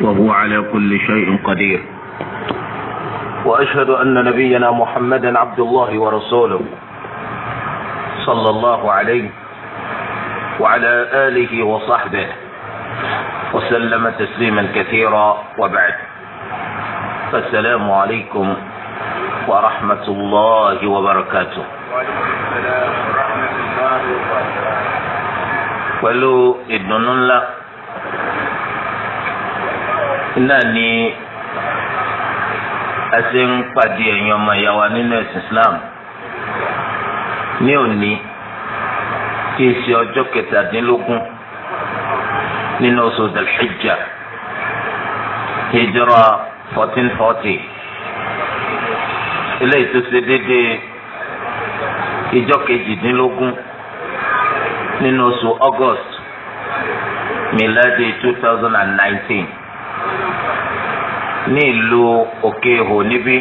وهو على كل شيء قدير وأشهد أن نبينا محمدا عبد الله ورسوله صلى الله عليه وعلى آله وصحبه وسلم تسليما كثيرا وبعد فالسلام عليكم ورحمة الله وبركاته وعليكم السلام pẹ̀lú ìdùnnú ńlá náà ni a ṣe ń pàdé ẹ̀yin ọmọ ìyá wa nínú ẹ̀sìn Islam ní òní tí í ṣe ọjọ́ kẹtàdínlógún nínú oṣù dhul hijra fourteen forty eléyìí tó ṣe déédéé ìjọ kejìdínlógún nínú oṣù August miladi two thousand and nineteen. ní ìlú òkè ihò níbí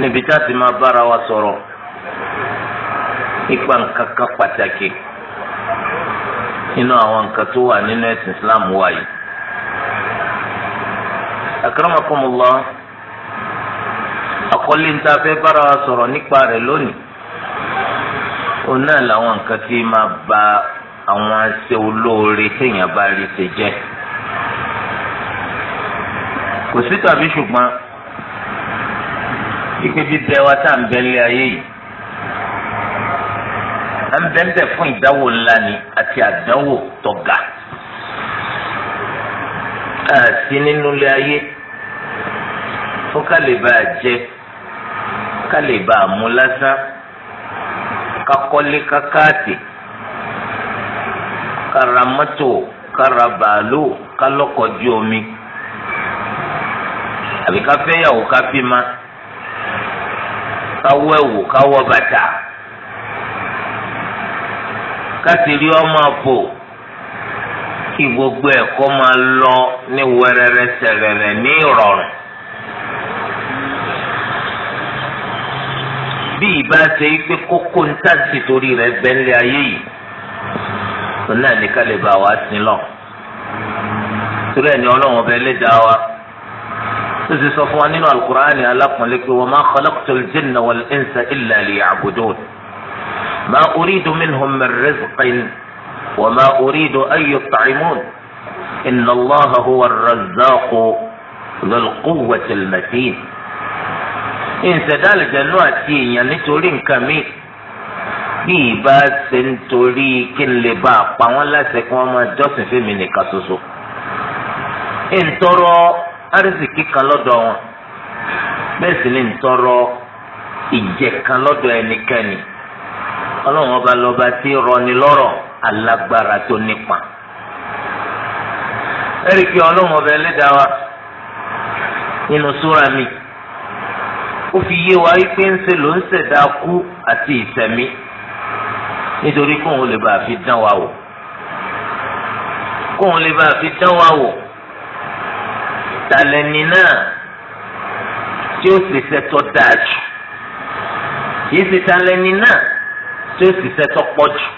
níbi tá a ti máa bára wa sọ̀rọ̀ nípa nǹkan kan pàtàkì nínú àwọn nǹkan tó wà nínú ẹ̀sìn Islam wa yìí. akramakumullah àkọlé níta fẹ́ bára wa sọ̀rọ̀ nípa rẹ̀ lónìí òun náà làwọn nǹkan tí máa ba àwọn aṣẹ olóore téèyàn bá rí ṣe jẹ́. kò sí tàbí ṣùgbọ́n ike bí bẹ́ẹ̀ wá tá à ń bẹ ayé yìí à ń bẹ fún ìdánwò ńlá ni àti àdánwò tọ̀gà àti nínú lé ayé fún ká lè bá a jẹ ká lè bá a mú lásán ká kọ́lé ká káàtì ká ra mọ́tò ká ra bàálù ká lọ́kọ̀ ju omi àbí ká fẹ́yàwó ká bímá ká wọ ẹ̀wò ká wọ bàtà ká ti rí ọmọ bò kí gbogbo ẹ̀kọ́ máa lọ ní wẹ́rẹ́rẹ́ sẹ̀rẹ̀rẹ̀ ní ìrọ̀rùn. bí ìbá ṣe pé kókó ń tàǹtì torí rẹ̀ gbẹ́ńlẹ̀ ayé yìí tó náà ní ká lè bá wa sin lọ. torí ẹ̀ ní ọlọ́run ọba ẹlẹ́dàá wa ó sì sọ fún wa nínú alukur'ani alákùnrin pé wa ma khalaqtul jinna wal insa illa liya'budun ma uridu minhum min rizqin wa ma uridu an yut'imun inna allaha huwa ar-razzaqu dhul quwwati al-matin. ìṣẹ̀dá àlùjànnú àti èèyàn nítorí nǹkan mi bí ìbá ṣe ń torí kí n lè bá a pa wọ́n láṣẹ kí máa jọ́sìn fún mi nìkan ṣoṣo. ìtọ́rọ arísìkí kan lọ́dọ̀ wọn bẹ́ẹ̀ sì ni ntọrọ ìjẹ kan lọ́dọ̀ ẹnikẹ́ni Ọlọ́run ọba lọba tí rọni lọ́rọ̀ alágbára tó nípa ẹrìkì Ọlọ́run ọba Ẹlẹ́dàá wa nínú súra mi ó fi yé wa wípé ńṣe ló ń ṣẹ̀dá kú àti ìṣẹ̀mí nítorí kóun lè bá fi dán wa wò kóun lè bá fi dán wa wò talẹni náà tí ó sì sẹ́tọ́ dáa jù kìí sì talẹni náà tí ó sì sẹ́tọ́ pọ̀ jù.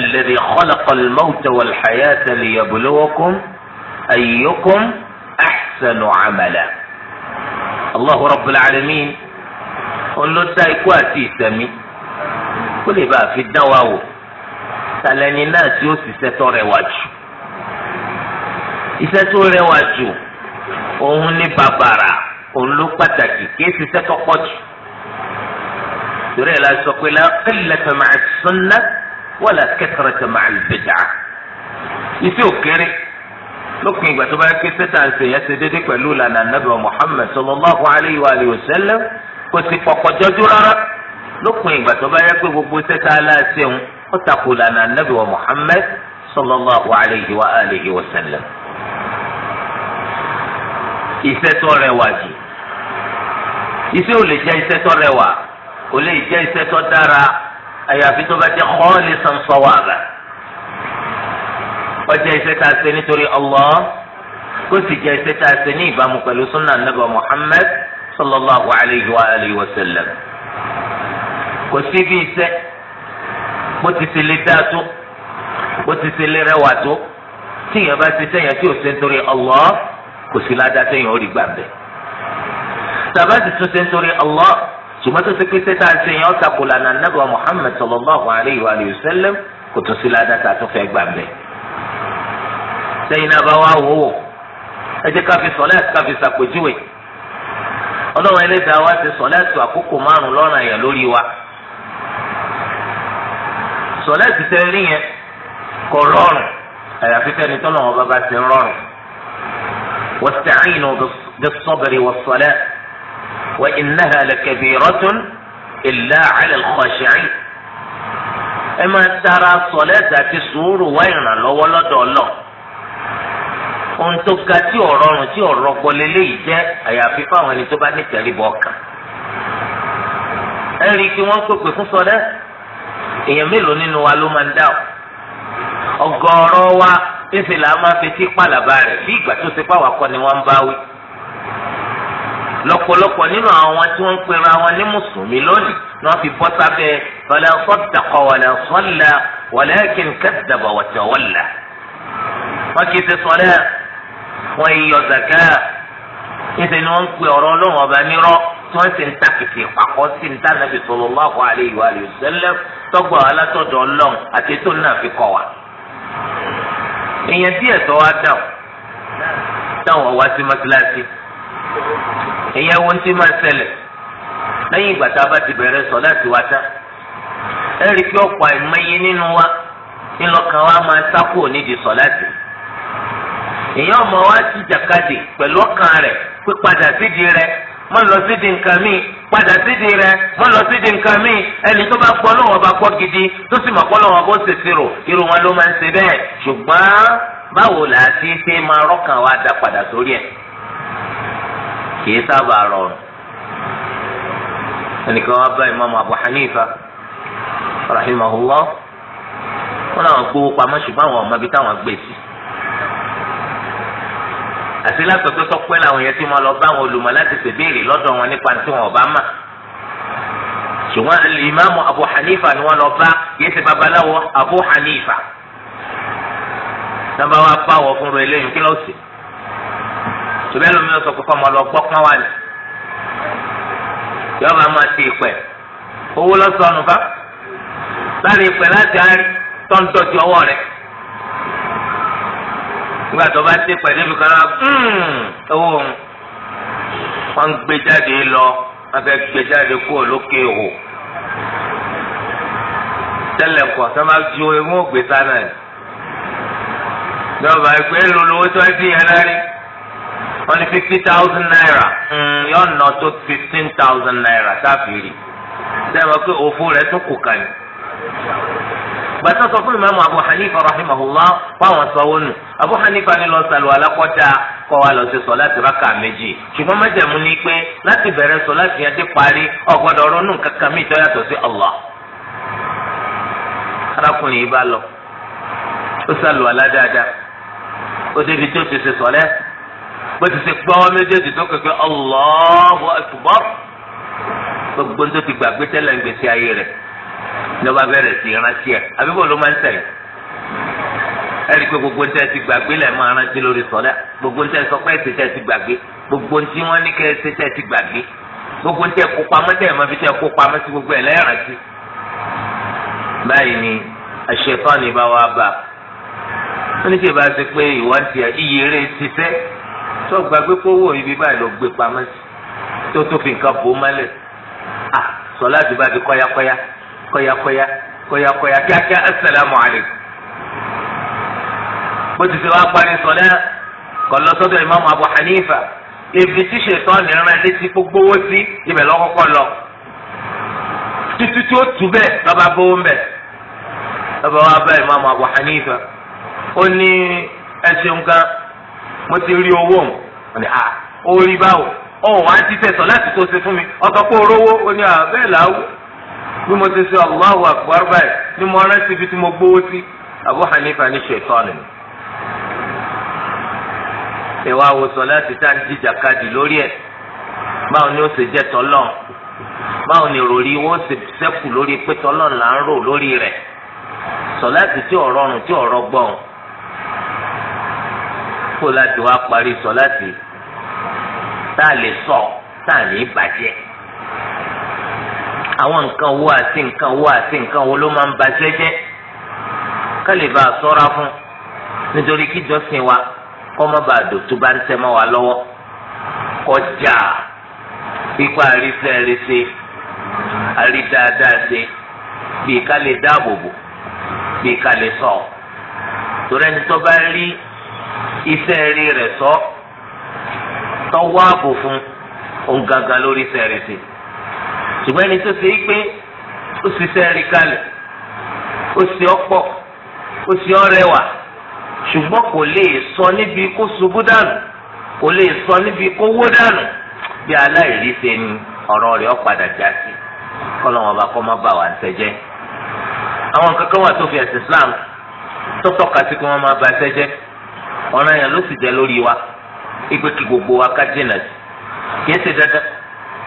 الذي خلق الموت والحياة ليبلوكم أيكم أحسن عملا الله رب العالمين òun ló dá ikú àti ìsẹ̀mí kó lè bá a fi dán wa wò talẹni náà tí ó sì sẹ́tọ́ rẹwà jù iṣẹ́ tó rẹwà jù òun ní bàbàrà òun ló pàtàkì kì í ṣiṣẹ́ tó pọ̀ jù torí ẹ̀ la sọ pé la qillata ma'a sunna wala kathrata ma'a al-bid'ah iṣẹ́ òkèrè lópin ìgbà tó bá ké sẹ́tà ń sèyàn ṣe déédéé pẹ̀lú ìlànà nàbẹ̀ Muhammad sallallahu alayhi wa alihi wa ìgbà tó bá yẹ pé gbogbo sẹ́tà aláṣẹ ń kó takò ìlànà nàbẹ̀ Muhammad sallallahu alayhi wa alihi wa iṣẹ́ tó rẹwà jù iṣẹ́ ò lè jẹ́ iṣẹ́ tó rẹwà ò lè jẹ́ iṣẹ́ tó dára àyàfi tó bá jẹ́ khalisan sawaba ó jẹ́ iṣẹ́ tá a ṣe nítorí Allah kó sì jẹ́ iṣẹ́ tá a ṣe ní ìbámu pẹ̀lú sunna nabi Muhammad sallallahu alayhi wa alayhi wa sallam kò sí bí bó ti ṣe lè dáa tó bó ti ṣe lè rẹwà tó. tíyàn bá ti sẹ́yìn tí o ṣe nítorí Allah kò sí ládàá sẹ́yìn ó rí gbà bẹ́ẹ̀. tàbá ti tún ṣe Allah ṣùgbọ́n tó ṣe pé sẹ́tà sẹ́yìn ọ̀tà kò lànà nàbà alayhi wa sallam kò tún sí ládàá tà tó fẹ́ gbà bẹ́ẹ̀. sẹ́yìn wò wò ẹ jẹ́ káfí káfí sàpèjúwe ọlọ́run ẹlẹ́dàá ti àyàfi fẹ́ni tọ́lọ̀ wọn bá ti ń rọrùn. wasta'inu bis-sabri was-salah wa innaha lakabiratun illa 'ala al-khashi'in. ẹ máa tara sọ̀lẹ́tà àti sùúrù wá ìrànlọ́wọ́ lọ́dọ̀ ọlọ́ ohun tó ga tí ọ̀rọ̀ ọ̀run tí ọ̀rọ̀ gbọ́lélé yìí jẹ́ àyàfi fáwọn ẹni tó bá ní tẹ̀lébọ̀ ọkàn. ẹ rí i kí wọ́n pèpè fún sọ̀lẹ́ èèyàn mélòó nínú wa ló máa ń dá o ọ̀gọ̀rọ̀ wa ẹsẹ là máa fetí pàlàbà rẹ bí ìgbà tó ṣe pàwọn akọni wọn ń bá wí. lọ́pọ̀lọpọ̀ nínú àwọn tí wọ́n ń pera wọn ní mùsùlùmí lónìí ni wọ́n fi bọ́ sábẹ́ fala saddaqa wala salla walakin kaddaba wa tawalla. wọ́n kì í ṣe sọ́lẹ̀ wọ́n yíyọ zaka ẹsẹ̀ ni wọ́n ń pe ọ̀rọ̀ ọlọ́run ọba nírọ́ tí wọ́n sì ń takìtì pàkọ́ sí ń tá nàbì sallallahu alaihi wa sallam tọ́gbà alátọ̀dọ̀ ọlọ́run àti ètò náà fi kọ́ wa. èèyàn tí ẹ̀tọ́ wa dà ọ́ táwọn sí mọ́síláṣí wo máa ṣẹlẹ̀ lẹ́yìn ìgbà tá a bá ti bẹ̀rẹ̀ sọ láti wá tá ẹ rí i pé ọ̀pọ̀ àìmọye nínú wa ńlọkàn wa máa sákò nídìí sọ láti ọmọ wa ti jàkadì pẹ̀lú má lọ sí di nǹkan mi padà sí di rẹ má lọ sí di nǹkan mi ẹni tó bá gbọ́ lọ́wọ́ bá gbọ́ gidi tó sì mọ̀ pọ́ lọ́wọ́ bó ṣe ṣèrò irun wọn ló máa ń ṣe bẹ́ẹ̀ ṣùgbọ́n báwo là á ti ṣe máa rọ́kàn wa dá padà sórí ẹ̀ kì í sábà rọrùn ẹnìkan wá bá imaamu abu hanifa rahimahullah wọn làwọn gbowó pamọ́ ṣùgbọ́n àwọn ọmọ ibi táwọn gbé sí àti lásán tó sọpẹ́ làwọn yẹn ti máa lọ bá àwọn olùmọ̀ láti ṣèbéèrè lọ́dọ̀ wọn nípa tí wọn ọba mà ṣùgbọ́n alimami abu hanifa ni wọ́n lọ bá yẹn babaláwo abu hanifa nàbà wa pa wọ fún rẹ lẹ́yìn kí ló sì ṣùgbọ́n ẹlòmíì ló sọ pé kọ́mọ lọ gbọ́ kán wà ní yọba máa ti ìpẹ́ owó lọ́sọ̀ọ́nù bá láti ìpẹ́ láti àárín tó ń dọ̀jú ọwọ́ rẹ̀ nígbà tó bá dé pẹ̀lú ibi kan hmm, owó wọn ń gbé jáde lọ wọn fẹ́ gbé jáde kúrò lókè o tẹ́lẹ̀ kọ́ sọ ma ju ewu ògbé sánà yìí dọ́ọ̀bà ìpè lolówó tó ẹ dín yẹn lẹ́rí wọ́n ní fifty thousand naira hmm, yóò nà tó fifteen thousand naira sáfìrì sẹ́wọ̀n pé òfò rẹ̀ tún kù kàn yìí. gbàtà sọ fún ìmáàmù abu hanifa rahimahullah fáwọn sanwó nù abu hanifa ni lọ sàlù alákọjá kọ wa lọ sí sọ láti rákà méjì ṣùgbọ́n májàmú ni pé láti bẹ̀rẹ̀ sọ láti yẹn dé parí ọ̀gbọ́dọ̀ kankan mi sí allah. arákùnrin yìí bá lọ ó sàlù ó débi lọ́ba bẹ̀rẹ̀ sí rántí ẹ̀ àbí bò ló máa ń ṣẹlẹ̀ ẹ̀rí pé gbogbo ń tẹ́ ti gbàgbé lẹ̀ máa rántí lórí sọ́dá gbogbo ń tẹ́ sọ pé ẹ̀sẹ̀ gbàgbé gbogbo ń tí wọ́n ní kẹ́ ẹ̀sẹ̀ tẹ́ gbàgbé gbogbo ń tẹ́ kó pamọ́ tẹ́ ẹ̀ fi tẹ́ kó pamọ́ sí gbogbo ẹ̀ lẹ́yìnrántí. báyìí ni àṣetán ni bá wàá bà ó ní kí ẹ bá ṣe pé ìwọ ń tiẹ̀ iye eré ti fẹ́ tó gbàgbé kówó ibi báyìí ló gbé pamọ́ sí tó tó fi nǹkan bò mọ́lẹ̀ ah sọ láti bá di kọyakọya kọyakọya kíákíá asalaamu aleykum bó ti ṣe wá parí sọlẹ kọlọsọdọ imaamu abu hanifa ibi tí ṣètọ́ nìran létí gbogbo owó sí ibẹ̀ lọ́kọ́kọ́ lọ títí tí ó tù bẹ́ẹ̀ lọ́ba bówó ń bẹ̀ lọ́ba wa bá imaamu abu hanifa ó ní ẹ kan mo ti rí owó mu ó à ó rí báwo ó wá ti tẹ̀sán láti tó ṣe fún mi ọ̀sán kó o ó ní à bẹ́ẹ̀ bí mo ṣe ṣe Allahu Akbar báyìí ni mo rántí ibi tí mo gbówó sí Abu Hanifa ní ṣètọ́nù mi. ìwà àwòsàn láti tá à ń jíjà kadì lórí ẹ̀ báwo ni ó ṣe jẹ́ tọ́lọ́n báwo ni ròrí wọ́n ṣe sẹ́kù lórí pé tọ́lọ́n là ń rò lórí rẹ̀ sọ̀láàtì tí ọ̀rọ̀ ọ̀run tí ọ̀rọ̀ gbọ̀n kó láti wá parí sọ̀láàtì tá a lè sọ tá a lè bàjẹ́ àwọn nǹkan wo àti nǹkan wo àti nǹkan wo ló máa ń baṣẹ́ jẹ́ ká lè bá a sọ́ra fún nítorí kí jọ́sìn wa kọ́ má bàa dòtú bá ń tẹ́ mọ́ wa lọ́wọ́ kọjá pípa àríṣẹ́ ríṣe àrí dáadáa ṣe bí ká lè dáàbò bò bí ká lè sọ torí ẹni tó bá rí iṣẹ́ rí rẹ̀ sọ tọ́wọ́ àbò fún òun gangan lórí iṣẹ́ ríṣe ṣùgbọ́n ẹni tó ṣe é pé ó ṣiṣẹ́ rí kalẹ̀ ó ṣe ọ̀pọ̀ ó ṣe ọ̀rẹ́wà ṣùgbọ́n kò lè sọ níbi kó ṣubú dànù kò lè sọ níbi kó wó dànù bí aláìrí ṣe ni ọ̀rọ̀ rẹ̀ ó já sí kọ́lọ́wọ́n bá kọ́ má bà wá ń tẹ́jẹ́ àwọn kankan wà tó fi ẹ̀sìn Islam tó tọ́ka sí kí wọ́n máa ba tẹ́jẹ́ ọ̀ràn yẹn ló sì jẹ́ lórí wa ìgbé gbogbo wa ká jìnà sí kì í ṣe dandan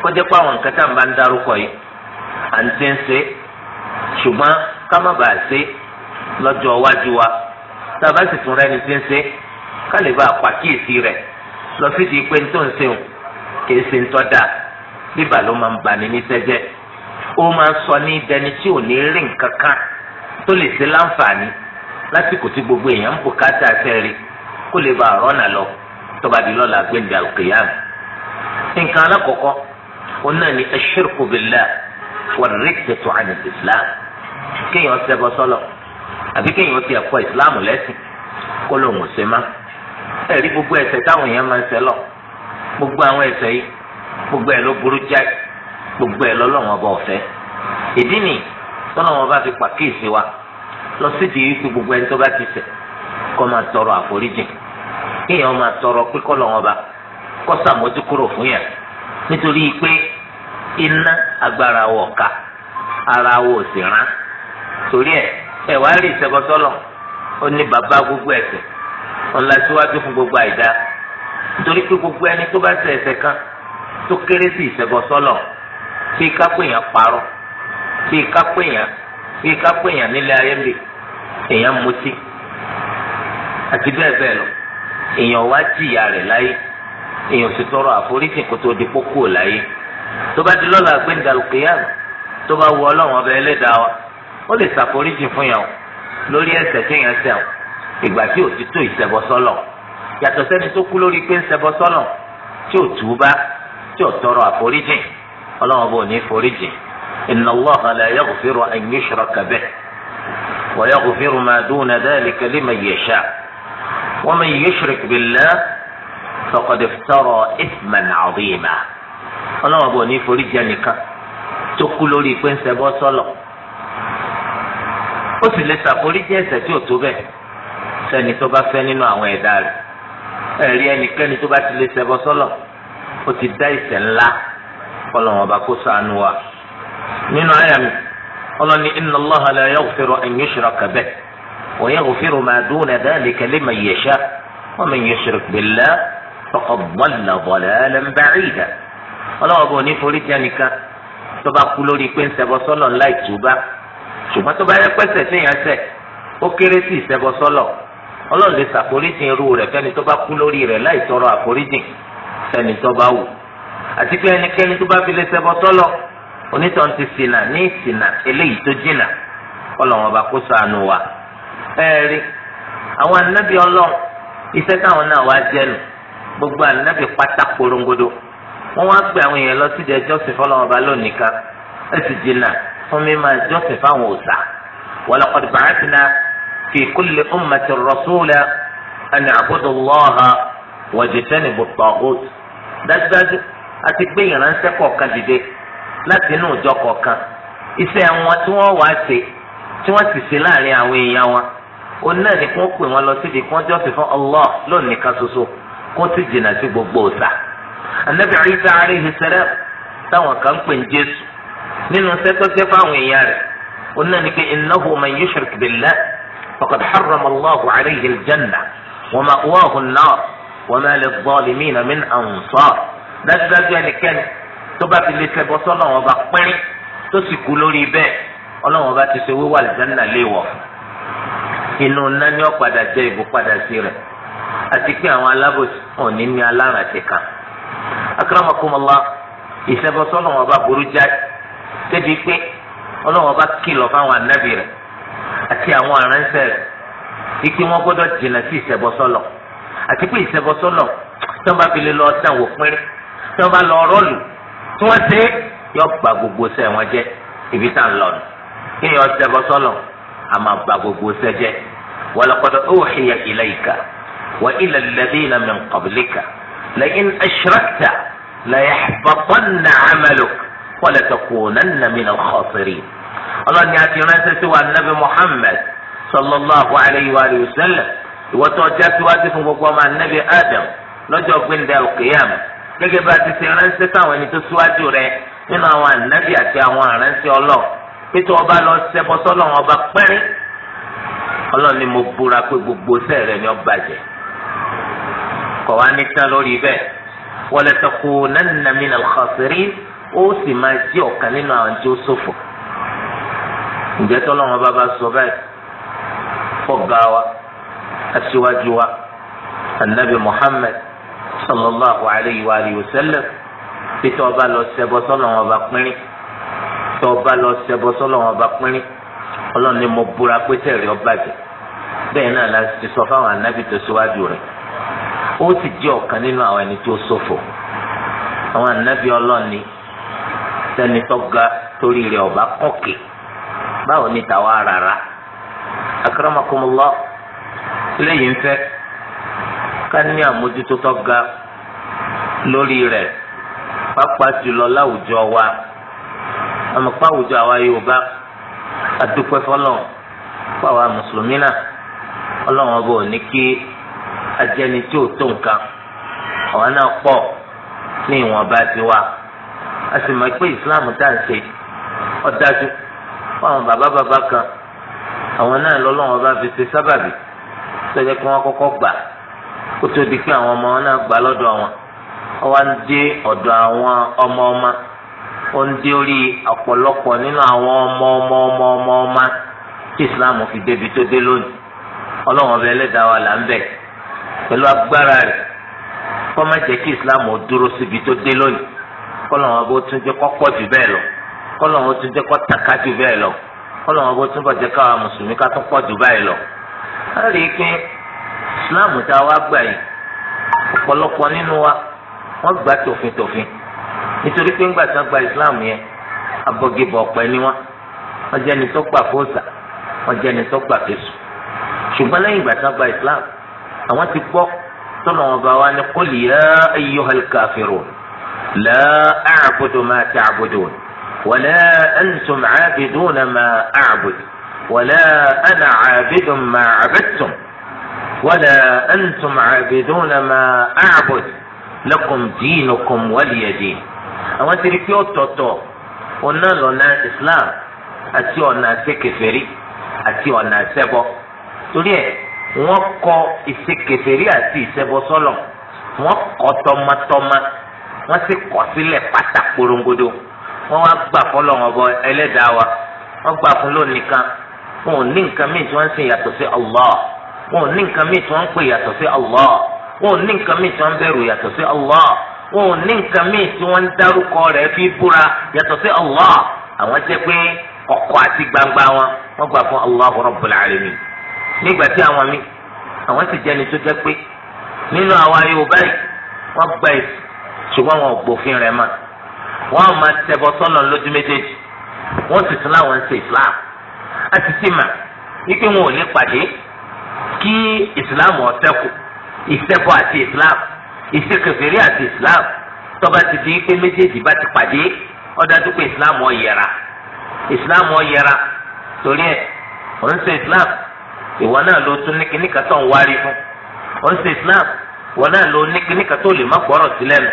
kọjá pé àwọn nǹkan tá à ń bá ń darúkọ yìí à ń ti ń ṣe ṣùgbọ́n ká má bàa ṣe lọ́jọ́ iwájú wa tá a bá sì tún rẹ́ni ti ń ṣe ká lè bá a pàkíyèsí rẹ̀ lọ sí di pé tó ń ṣeun kì í ṣe ń tọ́da bíbà ló máa ń bani ní sẹ́jẹ́ ó máa ń sọ ní dẹni tí ò ní rí nǹkan tó lè ṣe láǹfààní lásìkò tí gbogbo èèyàn ń bùkátà sẹ́ẹ̀rì kó lè bá a rọ́nà lọ tó bá di lọ́la gbẹ̀ǹdà òkè yá mi. nǹkan alákọ̀ọ́kọ́ òun náà ni ashirku billah wal-riddatu an al-islam kéèyàn ṣẹbọ sọlọ àbí kéèyàn ti ẹ̀kọ́ ìsìláàmù lẹ́sìn kó ló ń ṣe má ẹ̀rí gbogbo ẹ̀ṣẹ̀ táwọn èèyàn máa ń ṣẹ̀ lọ gbogbo àwọn ẹ̀ṣẹ̀ yìí gbogbo ẹ̀ ló burú jáì gbogbo ẹ̀ lọ́lọ́wọ́n ọba ọ̀fẹ́ ìdí nì tọ́lọ́wọ́n bá fi pàkíyèsí wa lọ sídi wípé gbogbo ẹni tó bá ti ṣẹ̀ kó máa tọrọ àforíjìn kéèyàn máa tọrọ pé kọ́lọ́wọ́n ọba kó ṣàmójúkúrò fún yàn nítorí pé iná agbára wọ ká ara wo sí rán torí ẹ ẹ wá rí ìṣẹ́kọ̀sọ́lọ̀ ó ní bàbá gbogbo ẹ̀ṣẹ̀ ńlá síwájú fún gbogbo àìdá nítorí pé gbogbo ẹni tó bá ṣe kan tó kéré sí ìṣẹ́kọ̀sọ́lọ̀ fi kápẹ́yàn parọ́ fi kápẹ́yàn fi kápẹ́yàn nílé ayé èèyàn mutí àti bẹ́ẹ̀ bẹ́ẹ̀ lọ èèyàn wá jìyà rẹ̀ láyé èèyàn sì tọrọ kó tó di tó bá di lọ́la gbé ndàlùkìyàn tó bá wọ ọlọ́run ọbẹ̀ ẹlẹ́dàá wa ó lè ṣàforíjì fún yàn lórí ẹ̀ṣẹ̀ téèyàn ṣẹ̀ ọ́ ìgbà tí ò ti tó ìṣẹbọ sọ́lọ̀ yàtọ̀ sẹ́ni tó kú lórí pé ń ṣẹbọ sọ́lọ̀ tí ò túbá tí ò tọrọ àforíjì ọlọ́run ọbẹ̀ ò ní foríjì inna Allaha la yaghfiru an yushraka bihi wa ọlọ́run ọba ò ní forí jẹ nìkan tó kú lórí pé ń ṣẹbọ sọ́lọ̀ ó sì lè ṣàforíjì ẹ̀ṣẹ̀ tí ò tó bẹ́ẹ̀ sẹ́ni tó bá fẹ́ nínú àwọn ẹ̀dá rẹ̀ ẹ̀rí ẹnikẹ́ni tó bá ti lè ṣẹbọ sọ́lọ̀ ó ti dá ẹ̀ṣẹ̀ ńlá ọlọ́run ọba kó ṣàánú wa nínú àyà mi ọlọ́ni inna Allaha la yaghfiru an yushraka bihi wa yaghfiru ma duna dhalika liman yasha wa man yushrik billahi faqad dhalla dhalalan ba'ida ọlọ́wọ́ bò ní forí jẹ nìkan tó bá kú lórí pé ń ṣẹbọ sọ́lọ̀ ńlá ìtúbá ṣùgbọ́n tó bá yẹ pẹ́sẹ̀ séèyàn ṣẹ̀ ó kéré sí ìṣẹbọ sọ́lọ̀ ọlọ́run lè ṣàforíjìn irú rẹ̀ fẹ́ni tó bá kú lórí rẹ̀ láì tọrọ àforíjìn fẹ́ni tó bá wù àti pé ẹnikẹ́ni tó bá fi lè ṣẹbọ sọ́lọ̀ onítàn ti ṣìnà ní ìṣìnà eléyìí tó jìnà ọlọ́run ọba kó ṣàánú wa ẹ̀rí àwọn anábì ọlọ́run iṣẹ́ táwọn náà wá jẹ́nu gbogbo anábì pátá korongodo wọn wá gbé àwọn èèyàn lọ sí ìdẹ jọ́sìn fọlọ́wọn ọba lónìí kan ẹ sì jìnnà fún mi máa jọ́sìn fáwọn fi kulli ummatin rasula ti a'budu Allaha wajtanibu at-taghut dájúdájú ti gbé ìránṣẹ́ kọ̀ọ̀kan dìde láti inú kọ̀ọ̀kan iṣẹ́ àwọn èèyàn wọn òun ni pè lọ síbi kí wọ́n fún lónìí kan ṣoṣo anabi isa alayhi salam táwọn kan pè ní jésù nínú sẹ́tọ́sẹ́ fáwọn èèyàn rẹ̀ ó náà ní pé innahu man yushrik billah faqad harrama allahu alayhi aljanna wa ma'wahu an-nar wa ma lil-zalimina min ansar dájúdájú ẹnikẹ́ni tó bá ti lè ṣẹbọ sọ́nà wọn bá pẹ́rín tó sì kú lórí bẹ́ẹ̀ ọlọ́run ọba ti ṣe wíwà aljanna léèwọ̀ inú nání ọ̀padà jẹ́ ìbò sí rẹ̀ àti pé àwọn alábòsí ò ní alárànṣe kan akramakumullah ìṣẹ́bọsọ́ náà wọn bá burú jáde débi pé ọlọ́wọ́n bá kìlọ̀ fáwọn anábì rẹ̀ àti àwọn aránṣẹ́ rẹ̀ ikpe wọn gbọ́dọ̀ jìnnà sí ìṣẹ́bọsọ́lọ̀ àti pé ìṣẹ́bọsọ́lọ̀ tí wọ́n bá fi lè lọ dàn wò pínrín tí wọ́n bá lọ rọ́ọ̀lù tí wọ́n ṣe yọ gba gbogbo sẹ́ wọn jẹ́ ibi tá à lọ nù kí ni ọṣẹ́bọsọ́lọ̀ àmà gba gbogbo sẹ́ jẹ́ walaqad uhiya ilayka wa ila alladhina min qablika لئن أشركت ليحبطن عملك ولتكونن من الخاسرين الله ni àti ránṣẹ́ sí wa nabi muhammed sallallahu alayhi wa sallam ìwọ tó ọjà síwájú fún gbogbo ọmọ anabi adam lọ́jọ́ gbẹ̀ndẹ̀ alqiyam gẹ́gẹ́ bá a ti ṣe ránṣẹ́ sáwọn ẹni tó síwájú rẹ̀ nínú àwọn anabi àti àwọn aránṣẹ́ ọlọ́ pété ọba lọ sẹ́bọ́sọ́lọ́ ọba pẹ́rín ọlọ́ni mo búra pé gbogbo sẹ́ẹ̀rẹ̀ ni ó bàjẹ́ kọ̀ wá ní tán lórí bẹ́ẹ̀ wala takunanna minal khasirin ó sì máa jẹ́ ọ̀kan nínú àwọn tí ó ṣòfò ǹjẹ́ tọ́lọ́wọ́n bá bá sọ báyìí fọ́gà wa aṣíwájú wa anabi muhammed sallallahu alayhi wa alihi wa sallam bí tọ́ba lọ ṣẹbọ sọ́lọ́wọ́n bá pínrín tọ́ba lọ ṣẹbọ sọ́lọ́wọ́n bá pínrín ọlọ́run mo búra pé tẹ̀rí ọba jẹ bẹ́ẹ̀ náà la ti sọ fáwọn anabi tó ṣíwájú rẹ̀ ó sì jẹ́ ọ̀kan nínú àwọn ẹni tí ó ṣòfò àwọn ànábì ọlọ́ni sẹ́ni tó ga torí rẹ̀ ọba kọ̀kì báwo ni tàwa rárá akramakumullah lẹ́yìn ń fẹ́ ká ní àmójútó tó ga lórí rẹ̀ pápá jùlọ láwùjọ wa àmọ̀pá àwùjọ àwa Yorùbá adúpẹ́ fọlọ́n fún àwa mùsùlùmí náà ọlọ́run ọba ò ní kí ajẹni tí ò tó nǹkan àwọn náà pọ̀ ní ìwọ̀nba tiwa a sì mọ̀ pé ìsìláàmù tá ń ṣe ó fún àwọn bàbá bàbá kan àwọn náà lọ́lọ́wọ́n bá fi ṣe sábàbí tó kí wọ́n kọ́kọ́ gbà kó tó di pé àwọn ọmọ náà gbà lọ́dọ̀ wọn ó wá ń dé ọ̀dọ̀ àwọn ọmọ ọmọ ó ń dé orí ọ̀pọ̀lọpọ̀ nínú àwọn ọmọ ọmọ ọmọ ọmọ ọmọ tí ìsìláàmù fi débi tó dé lónìí ọlọ́wọ́n bẹ ẹlẹ́dàá wa là ń bẹ̀ẹ́. pẹ̀lú agbára rẹ̀ kọ́ má kí islam ó dúró síbi tó dé lónìí kọ́lọ́wọ́n bó tún jẹ́ kọ́ pọ̀ jù bẹ́ẹ̀ lọ kọ́lọ́wọ́n tún jẹ́ kọ́ taka jù bẹ́ẹ̀ lọ kọ́lọ́wọ́n bó tún bọ̀ jẹ́ káwa mùsùlùmí ká tún pọ̀ jù báyìí lọ. a rí i islam tá a wá gbà yìí ọ̀pọ̀lọpọ̀ nínú wa wọ́n gbà tòfin tòfin nítorí pé gba islam yẹn ọ̀pẹ ni wọ́n wọ́n islam àwọn ti gbọ́ tọ́nà ọba wa ni kò lè yá ayyuhal kafirun la a'budu ma ta'budun wala antum 'abiduna ma a'budu wala ana 'abidun ma 'abadtum wala antum 'abiduna ma a'budu lakum dinukum waliya din àwọn ti rí pé ọ̀tọ̀ọ̀tọ̀ ọ̀nà lọ́nà islam àti ọ̀nà àti kèfèrí àti ọ̀nà àṣẹbọ torí ẹ̀ wọ́n kọ ìṣekèfèrí àti ìṣẹbọsọ́lọ̀ wọ́n kọ tọmatọma wọ́n sì kọ sílẹ̀ pátá porongodo wọ́n wá gbà fún lọ́wọ́ bọ ẹlẹ́dàá wa wọ́n gbà fún lónìí kan wọn ò ní nǹkan míì tí wọ́n ń yàtọ̀ sí wọn ò ní nǹkan míì tí wọ́n ń pè yàtọ̀ sí wọn ò ní nǹkan míì tí wọ́n ń wọn ò ní nǹkan míì tí wọ́n ń dárúkọ yàtọ̀ sí wọn wọ́n gbà fún Allahu Rabbul nígbà tí àwọn mi àwọn sì jẹni tó jẹ pé nínú àwa Yorùbá yìí wọ́n gba èsì ṣùgbọ́n wọn ò gbòfin rẹ̀ mọ́ wọ́n á máa tẹbọ sọ́nà lójú méjèèjì wọ́n sì tún láwọn ń ṣe Islam a ti ti mà wípé wọn ò ní pàdé kí Islam ọ̀sẹ́kù ìṣẹ́kù àti Islam ìṣekèfèrè àti Islam tọ́ba ti di pé méjèèjì bá ti pàdé ọ̀dájú pé Islam ọ̀ yẹra Islam ọ̀ yẹra torí ẹ̀ ò ń ṣe Islam ìwọ náà ló tún ní kíníkà tó ń wárí fún ó ń ṣe islam ìwọ náà ló ní kíníkà tó lè má gbọ́rọ̀ sí lẹ́nu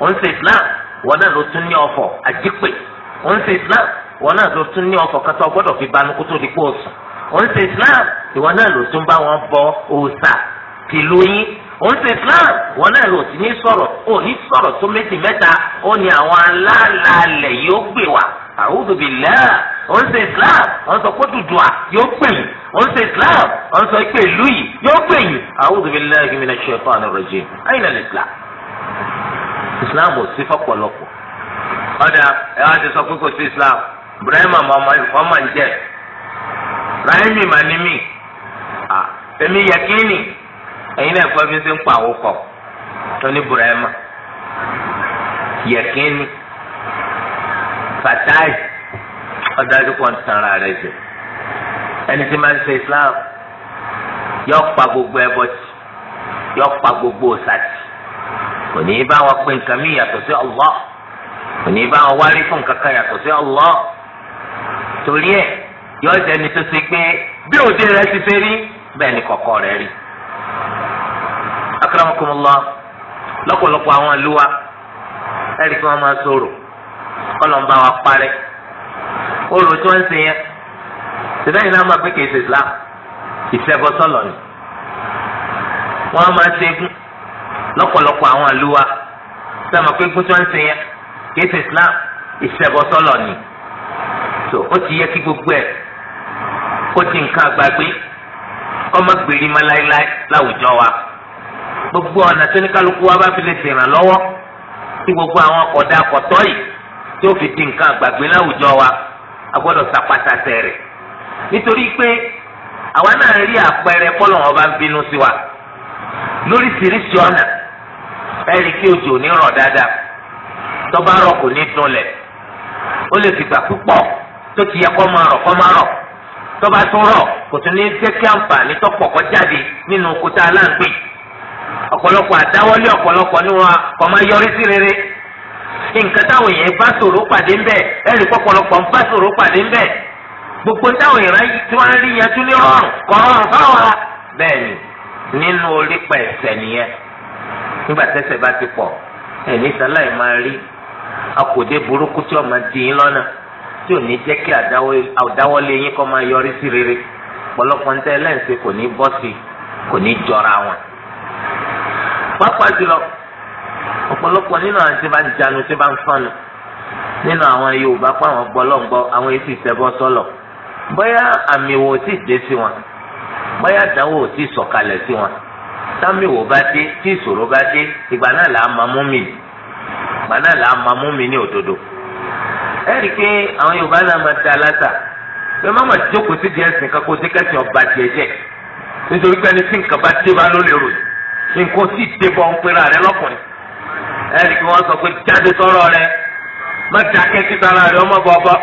ó ń ṣe islam ìwọ náà ló tún ní ọ̀fọ̀ àjípè ó ń ṣe islam ìwọ náà ló tún ní ọ̀fọ̀ kátó gbọ́dọ̀ fi banu kó tó di kó sùn ó ń ṣe islam ìwọ náà ló tún bá wọn bọ òòṣà tìlú yín òun ṣe islam wọn náà lò sí ní sọ̀rọ̀ ò ní sọ̀rọ̀ tó méjì mẹ́ta ó ní àwọn aláàlálẹ yóò gbé wa a'udhu billah òun ṣe islam òun sọ pé dùdùà yóò gbè yìí òun ṣe islam òun sọ pé ìlú yìí yóò gbè yìí a'udhu billahi minash shaitanir rajim ayna al-islam islam ò sí fọ́pọ̀lọpọ̀ ọ̀dà ẹ̀ wá ti sọ pé kò sí islam burama ọmọ ń jẹ rahimi manimi èmi yakini ẹ̀yin náà gbọ́ bí ń ṣe ń pa àwọn kọ̀ tó ní burama yẹ̀kínni fatai ọ̀dájú kan ń tan ara rẹ̀ jẹ ẹni tí máa ń ṣe islam yọ pa gbogbo ẹbọ tì yọ pa gbogbo òòṣà tì kò ní bá wọn pé nǹkan mí yàtọ̀ sí Allah kò ní bá wọn wárí fún nǹkan kan yàtọ̀ sí Allah torí ẹ̀ yọ jẹ́ni tó ṣe pé bí òde rẹ̀ ti ṣe rí bẹ́ẹ̀ ni kọ̀kọ́ rẹ̀ rí akramakumullah lọ́pọ̀lọpọ̀ àwọn ìlúwa ẹ̀rí kí wọ́n máa sọ̀rọ̀ ọlọ́nba wa parẹ́ orò tí wọ́n ń sìn yẹn sìdáyìn náà máa pé kìí ṣe islam ìṣẹ́bọ sọ̀lọ̀ ni wọ́n á máa ṣẹ́gun lọ́pọ̀lọpọ̀ àwọn ìlúwa sẹ́mi pé kí ń sìn yẹn kìí islam ìṣẹ́bọ sọ̀lọ̀ ni tó ó ti yẹ kí gbogbo ẹ̀ kó ti nǹkan àgbàgbé ọmọ gbèrè má láéláé láwùjọ wa gbogbo ọ̀nà tó ní kálukú wa bá fi lè ṣèrànlọ́wọ́ tí gbogbo àwọn ọ̀dà àkọ́tọ́ yìí tí ó fi di nǹkan àgbàgbé láwùjọ wa a gbọ́dọ̀ sapata tẹ̀rẹ̀ nítorí pé àwa náà rí àpẹẹrẹ kọ́lọ̀ wọn bá ń bínú sí wa lóríṣiríṣi ọ̀nà ẹ̀rí kí òjò ní rọ̀ dáadáa tọ́ba rọ̀ kò ní dunlẹ̀ ó lè fìgbà púpọ̀ tó ti yẹ kọ́ máa rọ̀ kọ́ máa rọ̀ tọ́ba tún rọ̀ kò tún ní jẹ́ kí àǹfààní tọ́pọ̀ kọ́ jáde nínú òkúta aláǹgbè ọ̀pọ̀lọpọ̀ àdáwọ́lé ọ̀pọ̀lọpọ̀ ni wọn kò máa yọrí sí rere nǹkan táwọn èèyàn bá pàdé ńbẹ ẹ̀rí pọ̀pọ̀lọpọ̀ ń pàdé ńbẹ gbogbo táwọn èèyàn tí wọ́n rí yẹn tún ní rọrùn kọ́ rọrùn fáwọn bẹ́ẹ̀ni nínú nìyẹn nígbà bá ti pọ̀ ẹ̀ tí ò ní jẹ́ kí àdáwọ́lé yín kọ́ máa yọrí sí rere pọ̀lọpọ̀ ń tẹ́ lẹ́ǹsẹ̀ kò ní bọ́ sí kò ní jọra wọn. pápá jùlọ ọ̀pọ̀lọpọ̀ nínú àwọn tí bá ń janu tí bá ń fọ́nu nínú àwọn Yorùbá pa àwọn gbọ́lọ́gbọ́ àwọn etí ìṣẹ́bọ́ sọ́lọ̀ bóyá àmì wò tí ì dé sí wọn bóyá àdánwò tí ì sọ̀kalẹ̀ sí wọn sámi wò bá dé tí ìṣòro bá dé ìgbà náà là máa mú mi ìgbà náà là máa mú mi ní òdodo ẹ rí i pé àwọn yorùbá náà máa da aláṣà pé má má jókòó sí díẹ̀ sìn kankan ojú kẹsì ọba tiẹ̀ jẹ́ nítorí pé ẹni tí nǹkan bá dé bá ló lè nǹkan sì dé bọ́ ń pera rẹ lọ́kùnrin ẹ pé wọ́n sọ pé jáde sọ́rọ̀ rẹ má dákẹ́ síta ara rẹ ọmọ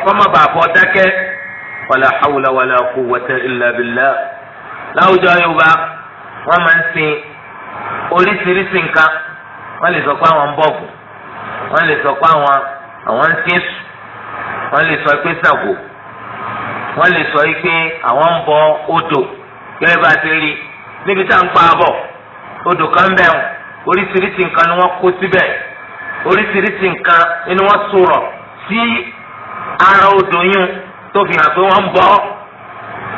bàbá bọ́ dákẹ́ wàlà hawla wàlà quwwata illa billah láwùjọ yorùbá wọ́n máa ń sin oríṣiríṣi nǹkan wọ́n lè sọ pé àwọn ń bọ̀gùn wọ́n lè sọ pé àwọn àwọn ń sin sùn wọ́n lè sọ pé sàgò wọ́n lè sọ pé àwọn ń bọ odò gẹ́gẹ́ bá a ti rí níbi tá à ń pa bọ̀ odò kan ń bẹ̀ wọn oríṣiríṣi nǹkan ni wọ́n kó síbẹ̀ oríṣiríṣi nǹkan ni wọ́n sọ̀rọ̀ sí ara odò yún tó fi hàn pé wọ́n ń bọ̀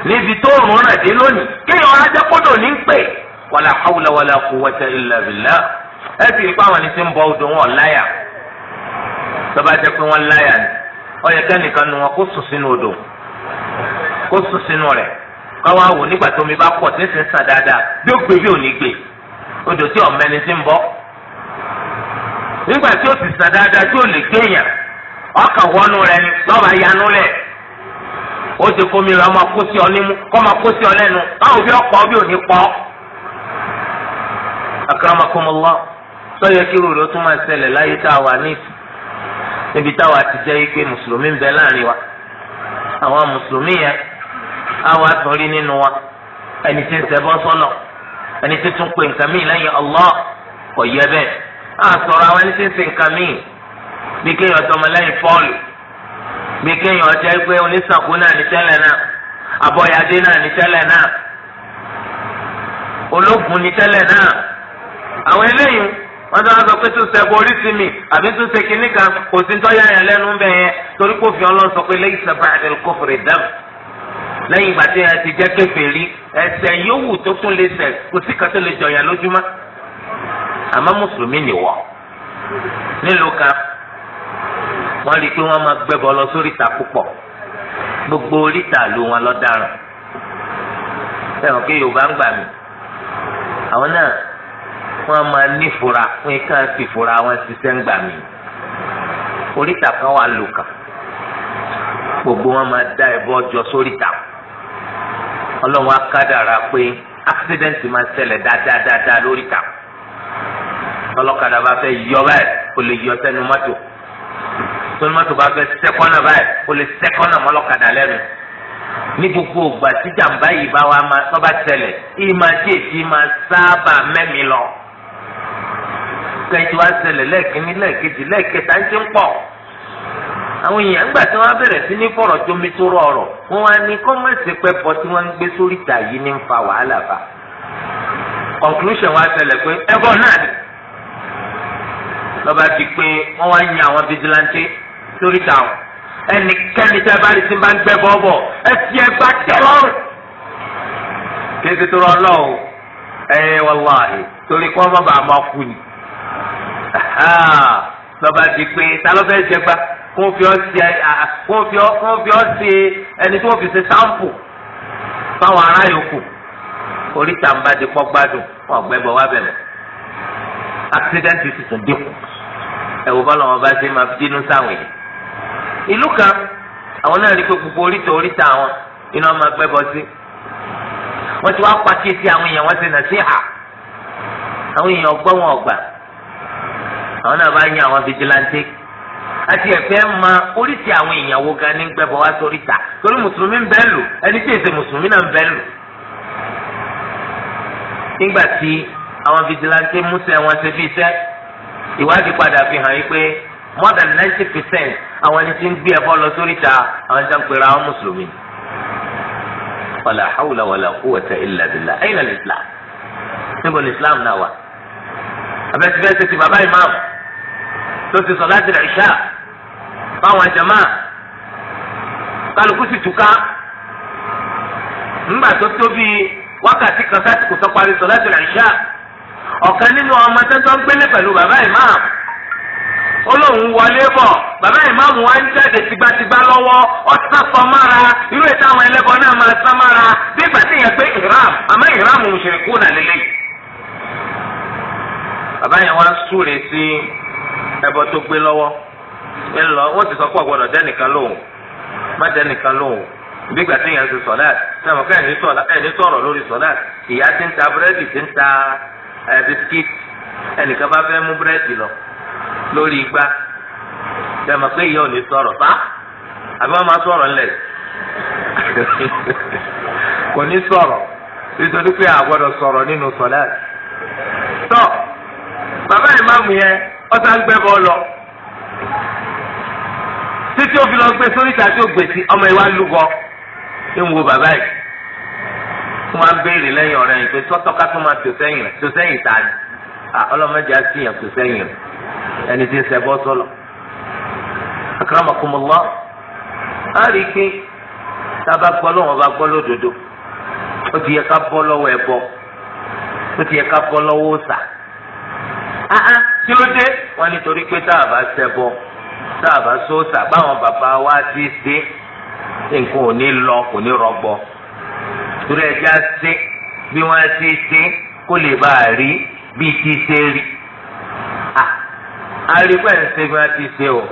níbi tó rùn rẹ̀ dé lónìí kéèyàn ọ̀rá jẹ́ kódò ní pè wàlà hawla wàlà quwwata illa billah ẹ sì rí pé àwọn ẹni tí ń bọ odò wọn láyà tó bá jẹ́ pé wọ́n láyà ni. ọyọ kẹ́nìkan nu wọn kó sùn sínú odò kó sùn sínú rẹ káwá wò nígbà tó mi bá pọ̀ tí ń sìn sàn dáadáa bí ó gbé bí ò ní gbé odò tí ọ̀mẹ́ni ti ń bọ́ nígbà tí ó sì sàn dáadáa tí lè ọkàn wọnú ni yanú ó ti kó mi ọmọ kó ọ nímú kọ́ ọmọ kó sí ọ bí ò ní sọ yẹ kí rúurú tún máa láyé tá a wà níbi táwa ti jẹ́ yí pé mùsùlùmí ń bẹ láàrin wa àwọn mùsùlùmí yẹn àwọn àtúnrí nínú wa ẹni tí ń ṣẹbọ sọ́nà ẹni tí tún pè nǹkan míì lẹ́yìn Allah kò yẹ bẹ́ẹ̀ á sọ̀rọ̀ àwọn ẹni tí ń ṣe nǹkan míì bí kéèyàn tọmọ lẹ́yìn Pọ́ọ̀lù bí kéèyàn jẹ́ pé onísàkó náà ní tẹ́lẹ̀ náà abọ́yadé náà ní tẹ́lẹ̀ náà ológun ní tẹ́lẹ̀ náà àwọn eléyìí wọ́n sọ sọ pé tún sẹ́gun orí sí mi àbí tún ṣe kinní kan kò sí tọ́yà yẹn lẹ́nu bẹ́ẹ̀ yẹn torí kò fi ọlọ́run sọ pé lẹ́yìn sábà àdìl kófìrì dàm lẹ́yìn ìgbà tí ẹ ti jẹ́ kèfèrí ẹ̀ṣẹ̀ yòówù tó tún lè ṣẹ̀ kò sí kan lè jọyàn lójúmọ́ àmọ́ mùsùlùmí nìwọ nílùú kan wọ́n rí i pé wọ́n máa gbẹ́bọ lọ sóríta púpọ̀ gbogbo oríta ló wọn lọ́daràn fẹ́ràn pé yorùbá ń gbà mí àwọn náà wọ́n máa nífura fún ká fìfura wọn ṣiṣẹ́ ń gbà mí oríta kan wà lò kàn gbogbo wọn máa dá ẹbọ jọ sóríta ọlọ́run akádàrà pé accident máa ṣẹlẹ̀ dáadáa lóríta ọlọ́kadà bá fẹ́ yọ báyìí kò lè yọ sẹ́nu mọ́tò tolumatu bá fẹ́ sẹkọnà báyìí o lè sẹkọnà mọlọkadà lẹ́nu ní gbogbo ògbà tí jàmbá yìí bá wa máa tọ́ba tẹlẹ̀ ìmà tí èsì máa sábà mẹ́mi lọ. nǹkan ẹ̀jú wá ṣẹlẹ̀ lẹ́ẹ̀kínní lẹ́ẹ̀kejì lẹ́ẹ̀kẹta ń ti ń pọ̀ àwọn èèyàn gbà tí wọ́n bẹ̀rẹ̀ sí ní fọ̀rọ̀ tó rọrọ̀ wọn wá ní kọ́mọ̀sì pẹ́pọ̀ tí wọ́n ń gbé sórí ìta yìí ní ń fa wàhálà bá conclusion wá ṣẹlẹ̀ pé ẹbọ náà ni lọ́ba ti pé wọ́n wá àwọn vigilante sórí ìta wọn ẹnikẹ́ni tẹ́ bá rí ń bọ́ọ̀bọ̀ ẹ ti ẹ bá tẹ lọ́rùn kí ti tó rọ lọ́wọ́ ẹ torí kọ́ mọ́ bàá máa kú lọ́ba di pé ta ló fẹ́ jẹgba kó fi ọ́ sí kó fi ọ́ kó fi ọ́ sí ẹni tó fi ṣe sáǹpù fáwọn ará yòókù oríta ń bá di pọ́ gbádùn wọn gbẹ́bọ̀ wá bẹ̀rẹ̀ accident ti tún dínkù ẹ̀wò bọ́lá wọn bá ṣe máa fi dínú sáwọn yìí ìlú kan àwọn náà rí pé gbogbo oríta oríta àwọn iná máa gbẹ́bọ̀ sí wọ́n ti wá pàkíyèsí àwọn èèyàn wọ́n ti nà sí hà àwọn èèyàn ọgbọ́n wọn ọgbà àwọn náà bá ń yan àwọn fìjìláńtì àti ẹ̀fẹ́ ma oríṣi àwọn èèyàn wo gan ní gbẹ́bọ̀ wá sórí ta torí mùsùlùmí ń bẹ́ẹ̀ lò ẹni tí èsè mùsùlùmí náà ń bẹ́ẹ̀ lò. nígbà tí àwọn fìjìláńtì músẹ̀ wọn ṣe fi iṣẹ́ ìwádìí padà fi hàn yí pé more than ninety percent àwọn ẹni tí ń gbé ẹ̀fọ́ lọ sórí ta àwọn ẹni tí wọ́n pera àwọn mùsùlùmí. wàlà hàwùlà wàlà kúwàtà ìlà bìlà ẹ̀yìn náà ní islam wà ló ti sọ láti rẹ̀ ṣá fáwọn jama kálukú sì túká ńgbà tó tóbi wákàtí kan sáti kò sọ láti rẹ̀ ṣá ọ̀kan nínú ọmọ tẹ́tọ́ ń gbélé pẹ̀lú bàbá ó lóun wọlé bọ̀ bàbá ìmáàmù wa ń jáde tìgbàtìgbà lọ́wọ́ ó sàn sọ mára irú ètò àwọn ẹlẹ́bọn náà máa sàn mára bí ìgbà yẹn pé ẹbọ tó gbé lọ́wọ́ ńlọ wọ́n ti sọ pé ọ̀gbọ́dọ̀ dẹ́nìkan lóhùn má dẹ́nìkan lóhùn gbígbà tí ìyẹn ti sọ náà mọ̀ ká ẹ̀ní sọ̀rọ̀ lórí sọ̀láàt ìyá ti ń ta búrẹ́dì ti ń ta bisikíìtì ẹnìkan bá fẹ́ mú búrẹ́dì lọ lórí igbá náà pé ìyá ò ní sọ̀rọ̀ bá àbí wọ́n máa sọrọ. ńlẹ̀ kò ní sọ̀rọ̀ nítorí pé àgbọ̀dọ̀ sọ̀rọ̀ nínú sọ̀láàt tọ́ bàbá ìmáàmù yẹn ọ̀sà ń gbẹ bọ́ lọ títí ó fi lọ gbé sórí ìta tí ó gbèsè ọmọ ìwà lúgọ ń wo bàbá yìí tí wọ́n á béèrè lẹ́yìn ọ̀rẹ́ yìí pé sọ́tọ́ ká tó máa tò sẹ́yìn rẹ̀ tò sẹ́yìn ta ni ọlọ́mọdé á sì yàn tò sẹ́yìn ẹni tí ń sẹ́ bọ́ sọ́lọ̀ akramakumullah á rí i pé tá a bá gbọ́ lọ́wọ́ bá gbọ́ lódodo ó ti yẹ ká bọ́ lọ́wọ́ ẹbọ ó ti yẹ ká bọ́ lọ́wọ́ òòṣà áá kí ló dé wọn nítorí pé tá a bá ṣẹbọ tá a bá sóòtà báwọn bàbá wa ti ṣe nǹkan ò ní lọ kò ní rọgbọ torí ẹja ṣe bí wọn ti ṣe kó lè bá a rí bí ti ṣe rí a rí pẹ́ ń ṣe bí wọ́n ti ṣe o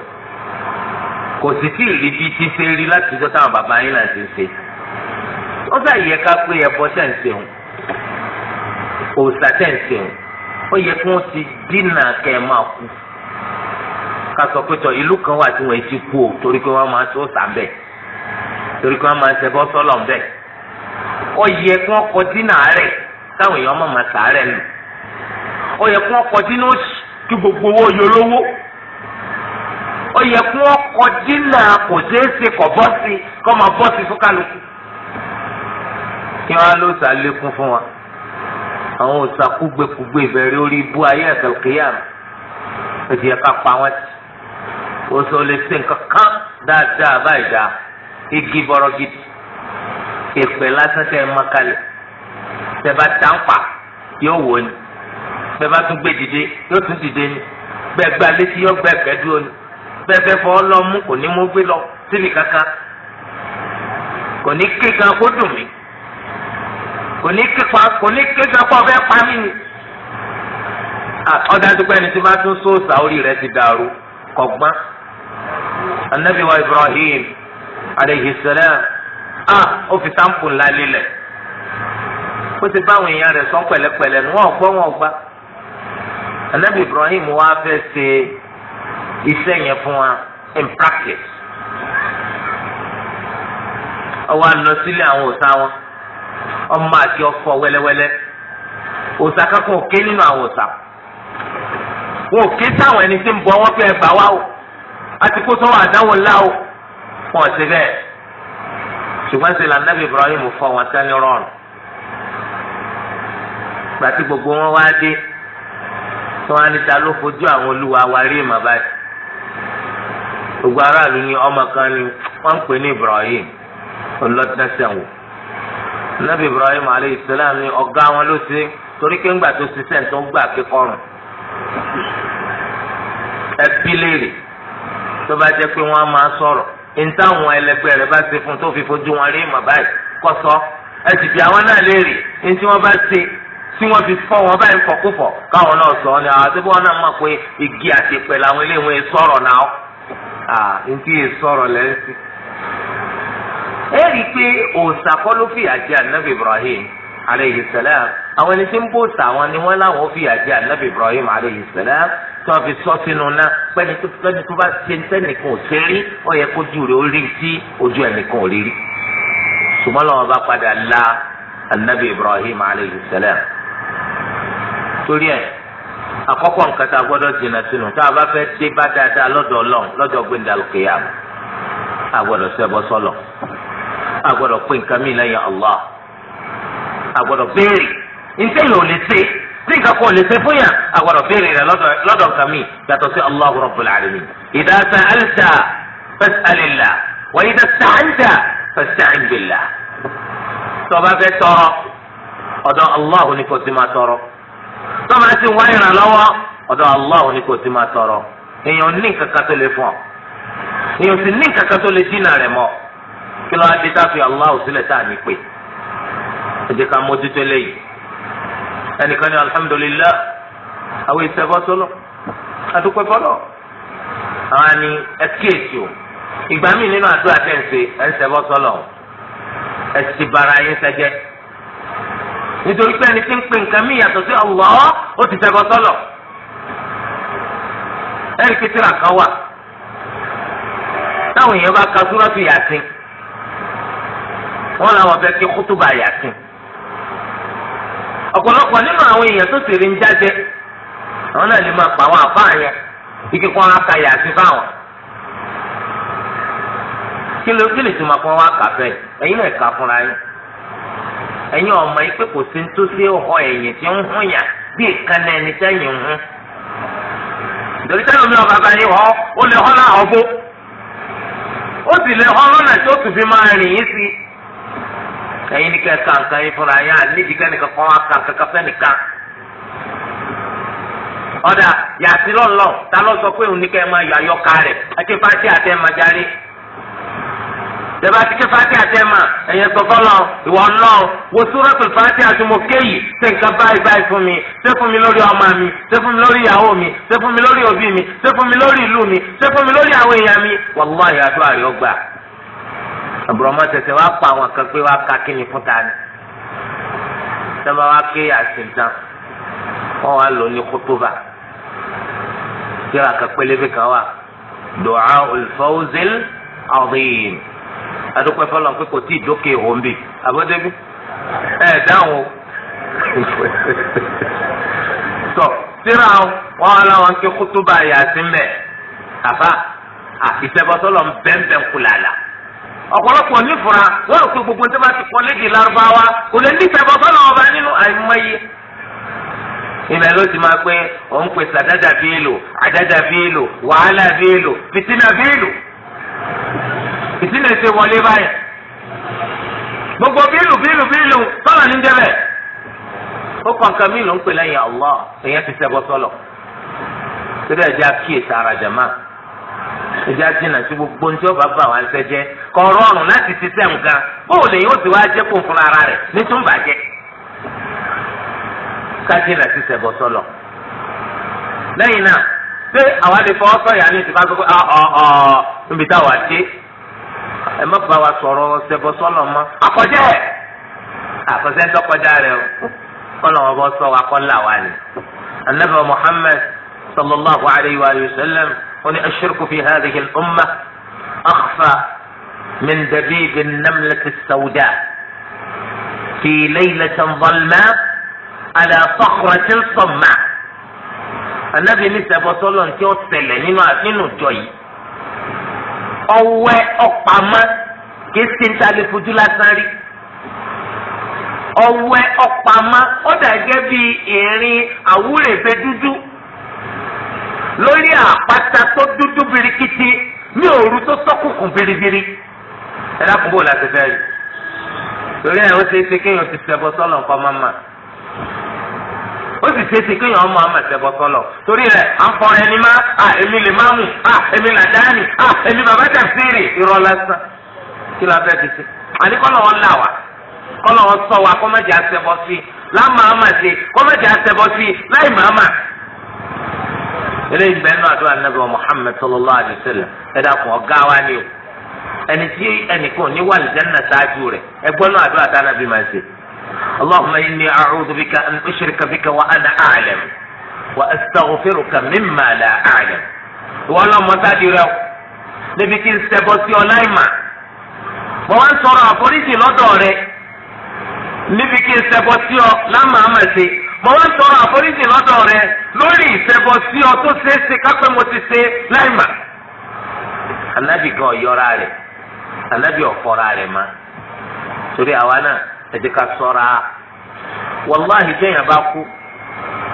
kò sì tí ì rí bí ti ṣe rí láti ìjọ táwọn bàbá yín náà ti ṣe ó sàyẹ ká pé ẹbọ tẹ̀ ń ṣe òòṣà tẹ̀ ń ṣe òun ó yẹ kí wọ́n ti dínà kẹ́ ẹ máa kú ká sọ pé tọ ìlú kan wà tí wọ́n ti kú o torí pé wọ́n máa tó sà bẹ́ẹ̀ torí pé wọ́n máa ṣe bọ́ sọ́lọ̀ bẹ́ẹ̀ ó yẹ kí wọ́n kọ dínà rẹ̀ táwọn èèyàn máa máa sàárẹ̀ lù ó yẹ kí wọ́n kọ dínà òṣì kí gbogbo owó yọ lówó ó yẹ kí wọ́n kọ dínà kò ṣeé ṣe kọ̀ bọ́sì kọ́ máa bọ́sì fún kálukú kí wọ́n á sàlékún fún wa àwọn òsàkúgbèkúgbè ìbẹ̀rẹ̀ orí ibú ayé àtẹ̀kíyàm ètò yẹ ká pa wọn tì oṣù lè ṣe nǹkan kan dáadáa báyìí dáa igi bọ̀rọ̀ gidi èpè lásán tẹ̀ ẹ̀ mọ́kálẹ̀ tẹ̀ bá tà ń pa yóò wò ni bẹ́ẹ̀ bá tún gbé dìde yóò tún dìde ni bẹ́ẹ̀ gba létí yóò gbẹ́ ẹ̀fẹ́ dúró ni bẹ́ẹ̀ fẹ́ fọ́ lọ mú kò ní mú gbé lọ síbi kankan kò ní ké kó dùn mí kò ní kí sọpọ fẹ pa mí ni. ọ̀dà tó pẹ́ ni tí bá tún sóòsà orí rẹ̀ ti dàrú kọ̀gbọ́n. anabi wa ibrahim aleyhi salam ah ó fi sáǹpù ńlá lélẹ̀ ó ti bá àwọn èèyàn rẹ̀ sọ pẹ̀lẹ́pẹ̀lẹ́ ni wọ́n gbọ́ wọn gbá anabi ibrahim wa fẹ́ ṣe iṣẹ́ yẹn fún wa in practice ọwọ́ àlọ́ sílé àwọn òòṣà wọn ọmọ àti ọfọ wẹlẹwẹlẹ òòṣà kankan òkè nínú àwọn òòṣà wọn òkè sáwọn ẹni tí ń bọ wọn fẹ bá wa o àti kó sọ̀rọ̀ àdáwò ńlá o wọn ti bẹ́ẹ̀ ṣùgbọ́n ṣe lànàbí Ibrahim fọ wọn sẹ́ni rọrùn gbàtí gbogbo wọn wá dé tí wọn á ní ta ló fojú àwọn olúwa wa rí ìmọ̀ báyìí gbogbo aráàlú ni ọmọ kan ni wọ́n ń pè ní Ibrahim ọlọ́dún sẹ́wọ̀n nabi ibrahim aleyhi salam ni ọ̀gá wọn ló ṣe torí pé ńgbà tó ṣiṣẹ́ tó ń gbà kíkọrùn ẹbí léèrè tó bá jẹ́ pé wọ́n á máa sọ̀rọ̀ ìntàwọn ẹlẹgbẹ́ rẹ̀ bá ṣe fún tó fi fojú wọn rí ìmọ̀ báyìí kọ́sọ́ ẹ sì bí àwọn náà léèrè ní tí wọ́n bá ṣe tí wọ́n fi fọ́ wọn báyìí fọ̀kúfọ̀ káwọn náà sọ ni àwọn àti bí wọ́n náà mọ̀ pé igi àti ìpẹ̀lẹ̀ àwọn ilé ìwé sọ̀rọ̀ náà à ntí sọ̀rọ̀ lẹ́sìn ẹ rí i pé òòṣà kọ́ ló fìyà jẹ ànábì Ibrahim aleyhi salam àwọn ẹni tí ń bò sà wọn ni wọn láwọn fìyà jẹ ànábì Ibrahim aleyhi salam tí wọn fi sọ sínú náà pẹni tó pẹni tó bá ṣe ń tẹnìkan ò ṣe rí ó yẹ kójú rẹ ó rí tí ojú ẹnìkan ò rí ṣùgbọ́n lọ́wọ́ bá padà la ànábì Ibrahim aleyhi torí ẹ àkọ́kọ́ nǹkan tá a gbọ́dọ̀ jìnnà sínú tá a bá fẹ́ dé bá dáadáa lọ́dọ̀ Ọlọ́run lọ́jọ́ gbẹndàlùkìyà a gbọ́dọ̀ sọlọ àgbọ̀dọ̀ pé nǹkan mi lẹ́yìn Allah àgbọ̀dọ̀ béèrè ntẹ́yìn ò lè ṣe tí nǹkan kan ò lè ṣe fún yàn àgbọ̀dọ̀ béèrè rẹ̀ lọ́dọ̀ nǹkan mi yàtọ̀ sí Allahu Rabbul Alamin. Idha sa'alta fas'alillah wa idha ista'anta fasta'in billah. tọ́ba fẹ́ tọrọ ọ̀dọ̀ Allah ni kò sí máa tọrọ tọ́ba ti wá ìrànlọ́wọ́ ọ̀dọ̀ Allah ni kò sí máa tọrọ èèyàn ní nǹkan kan tó lè fún ọ èèyàn sì ní nǹkan kan tó lè dínà rẹ̀ mọ́ kí ló wá dé tá a fi Allah sílẹ̀ tá a ní pè ẹ jẹ́ ká mójútó lẹ́yìn ẹnìkan ní alhamdulillah àwọn ìṣẹ́fọ́ sọ́lọ́ àdúpẹ́ fọ́lọ́ àwọn àni ẹ kíyèsí o ìgbà míì nínú àdúrà tẹ̀ ń ṣe ẹ ń ṣẹ́fọ́ sọ́lọ́ ẹ ti bara yín sẹ́jẹ́ nítorí pé ẹni tí ń pè nǹkan míì yàtọ̀ sí Allah ó ti ṣẹ́fọ́ sọ́lọ́ ẹnì kìtìrà kan wà táwọn èèyàn bá ka súrọ́tù yàtìn. wọn làwọn fẹ́ kí kútúbà yàtìn ọ̀pọ̀lọpọ̀ nínú àwọn èèyàn tó sì rí ń jáde àwọn náà lè máa pa àwọn àfáà yẹn ike wọn ka yàtìn fáwọn kí ló kí lè tún wọn kà náà kà fúnra yín ọmọ yìí pé kò sí tó ṣe ọ̀họ́ ẹ̀yìn tí ń hún nǹkan yín ní ká ká nǹkan yín fúnra yín àníjì ká nìkan kan wá ká nǹkan kan fẹ́ nìkan. ọ̀dà yàtí lọ́lọ́ ta ló sọ pé òun ní ká ẹ máa yọ àyọká rẹ̀ àti fàtí àti ẹ̀ máa darí. Dẹ̀bá ti ké fàtí àti ẹ̀ máa ẹ̀yẹ sọ̀kọ́ lọ ìwọ lọ wo suratul fàtí àti mo ké yìí ṣe nǹkan báyìí báyìí fún mi ṣe fún mi lórí ọmọ mi ṣe fún mi lórí ìyàwó mi ṣe fún mi lórí òbí mi ṣe fún mi lórí ìlú mi ṣe fún mi lórí àwọn èèyàn mi wàlúwàyà àdúrà gbà àbùrọ̀mọ́ tẹ̀sẹ̀ wá pa àwọn kan pé wá ka kí ni fún ta ni sábà wá ké àṣìntàn wọn wá lò ní kótóbà tíra kan pélébé kan wà dùcá olùfọwọ́sẹ́l ọ̀dìn adúpẹ́ fọlọ́ pé kò tí ì dókè òǹbì àbọ̀débí ẹ̀ dáhùn tọ tíra wọn wá láwọn ké kótóbà yàtí mẹ́ àbá àìsẹ́bọ́sọ́lọ́ ń bẹ́ẹ̀ bẹ́ẹ̀ kú làlà ọ̀pọ̀lọpọ̀ nífura wọ́n rò pé gbogbo nígbà tí wọ́n léde lárúbáwá kò lè ní ìfẹ́ bọ́sọ́nà ọba nínú àìmọye. ibẹ̀ ló ti máa pé òun pèsè àdáda bíélò àdáda bíélò wàhálà bíélò fìtínà bíélò fìtínà ṣe wọlé báyìí. gbogbo bíélò bíélò bíélò sọ́nà ní dẹ́bẹ̀. ó kàn kan mí ló ń pè lẹ́yìn Allah èèyàn ti sẹ́ bọ́sọ́lọ̀ síbẹ̀ jẹ́ àkíyèsí ara jàmáà ẹjẹ àjìnà sí gbogbo ní tí ó bá bá wa ṣe jẹ kọ rọrùn láti ti sẹ nǹkan bóò lè yóò ti wá jẹ kó fúnra ara rẹ nítorí bàjẹ. kájìnà sí sẹbọ sọlọ lẹ́yìn náà ṣé àwa lè fọwọ́ sọ̀yà ní ìtìpá gbogbo ọ ọ ọ níbi táwa dé ẹ má bá wa sọ̀rọ̀ sẹbọ sọlọ mọ́ akọjẹ àkọsẹ́ ńdọ́kọjá rẹ o kọ́nà wọn bọ́ sọ wa kọ́ là wa ni anabi muhammed sallallahu alayhi wa sallam. هنا الشرك في هذه الأمة أخفى من دبيب النملة السوداء في ليلة ظلماء على صخرة صماء النبي لسه بصول انتي اتسل لنما اتنو جوي اوه اقاما كيس كنت علي فجولة ساري اوه اقاما او دا جبي اني اولي بدودو lórí àpáta tó dúdú birikiti ní òru tó sọ́kùnkùn biribiri ẹ dákun bò láti fẹ́ rí torí ẹ̀ ó ṣe é ṣe kéèyàn ti ṣẹbọ sọ́lọ̀ nǹkan máma ó sì ṣe é ṣe kéèyàn ọmọ àmọ̀ ṣẹbọ sọ́lọ̀ torí rẹ̀ à ń fọrọ ẹni má à èmi lè má mú à èmi làdáni à èmi bàbá tàfsírì irọ́ lásán kí la fẹ́ ti ṣe àní kọ́ lọ́wọ́ là wá kọ́ lọ́wọ́ sọ wa kọ́ mẹ́jẹ̀ àṣẹbọ sí lámàá mà ṣe kọ́ mẹ́jẹ̀ àṣẹbọ sí láì màá eléyìí bẹ́ẹ̀ náà àdúrà nàbẹ̀ Muhammad sallallahu alayhi wa sallam ẹ̀dá kan ọ̀gá wa ni o ẹni tí ẹnìkan ní wà lìjánná ṣáájú rẹ̀ ẹgbọ́n náà àdúrà tá a nàbẹ̀ máa ṣe. اللهم إني أعوذ بك أن أشرك بك وأنا أعلم وأستغفرك مما لا أعلم ìwọ lọ́mọ sáájú rẹ o níbi tí ń ṣẹbọ sí ọ láìmà mo wá ń sọ̀rọ̀ àforíjì mo wá ń lọ́dọ̀ rẹ lórí ìfẹ́bọ sí ọ tó ṣeé ṣe kápẹ́ mo ti ṣe láìmà. anábì gan ọ̀yọ́ra rẹ̀ anábì ọ̀fọ́ra rẹ̀ ma torí àwa náà ẹ ká sọ́ra wàláhì téèyàn bá kú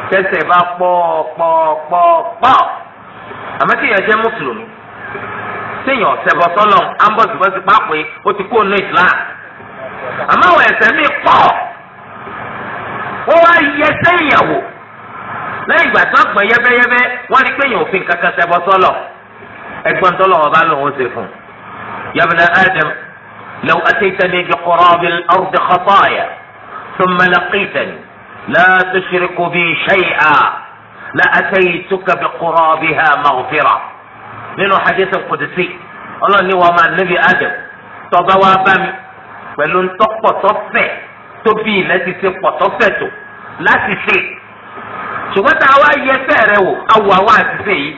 tẹ́sẹ̀ bá pọ̀ pọ̀ pọ̀ pọ̀ àmọ́ téèyàn jẹ́ mùsùlùmí téèyàn ọ̀sẹ̀ bọ́ sọ́lọ̀ ń pápẹ́ ó ti wá yẹ sẹ́yìn wò lẹ́yìn ìgbà tó gbọ̀n yẹ́bẹ́yẹ́bẹ́ wọ́n rí pé òfin kankan ṣẹbọ sọ́lọ̀ ẹgbọ́n tó lọ́wọ́ bá lòun ó ṣe fún un ya ibna Adam law ataytani bi qurabil ardi khataya thumma laqitani la tushriku bi shay'a la ataytuka bi qurabiha maghfira nínú hadith qudsi ọlọ́ni wọn máa nabi Adam tọ́ba wa bá mi ti ṣe pọ̀tọ́fẹ̀ tó. láti ṣe ṣùgbọ́n tá a wá yẹ ẹsẹ̀ rẹ wò awò àwọn àtìṣe yìí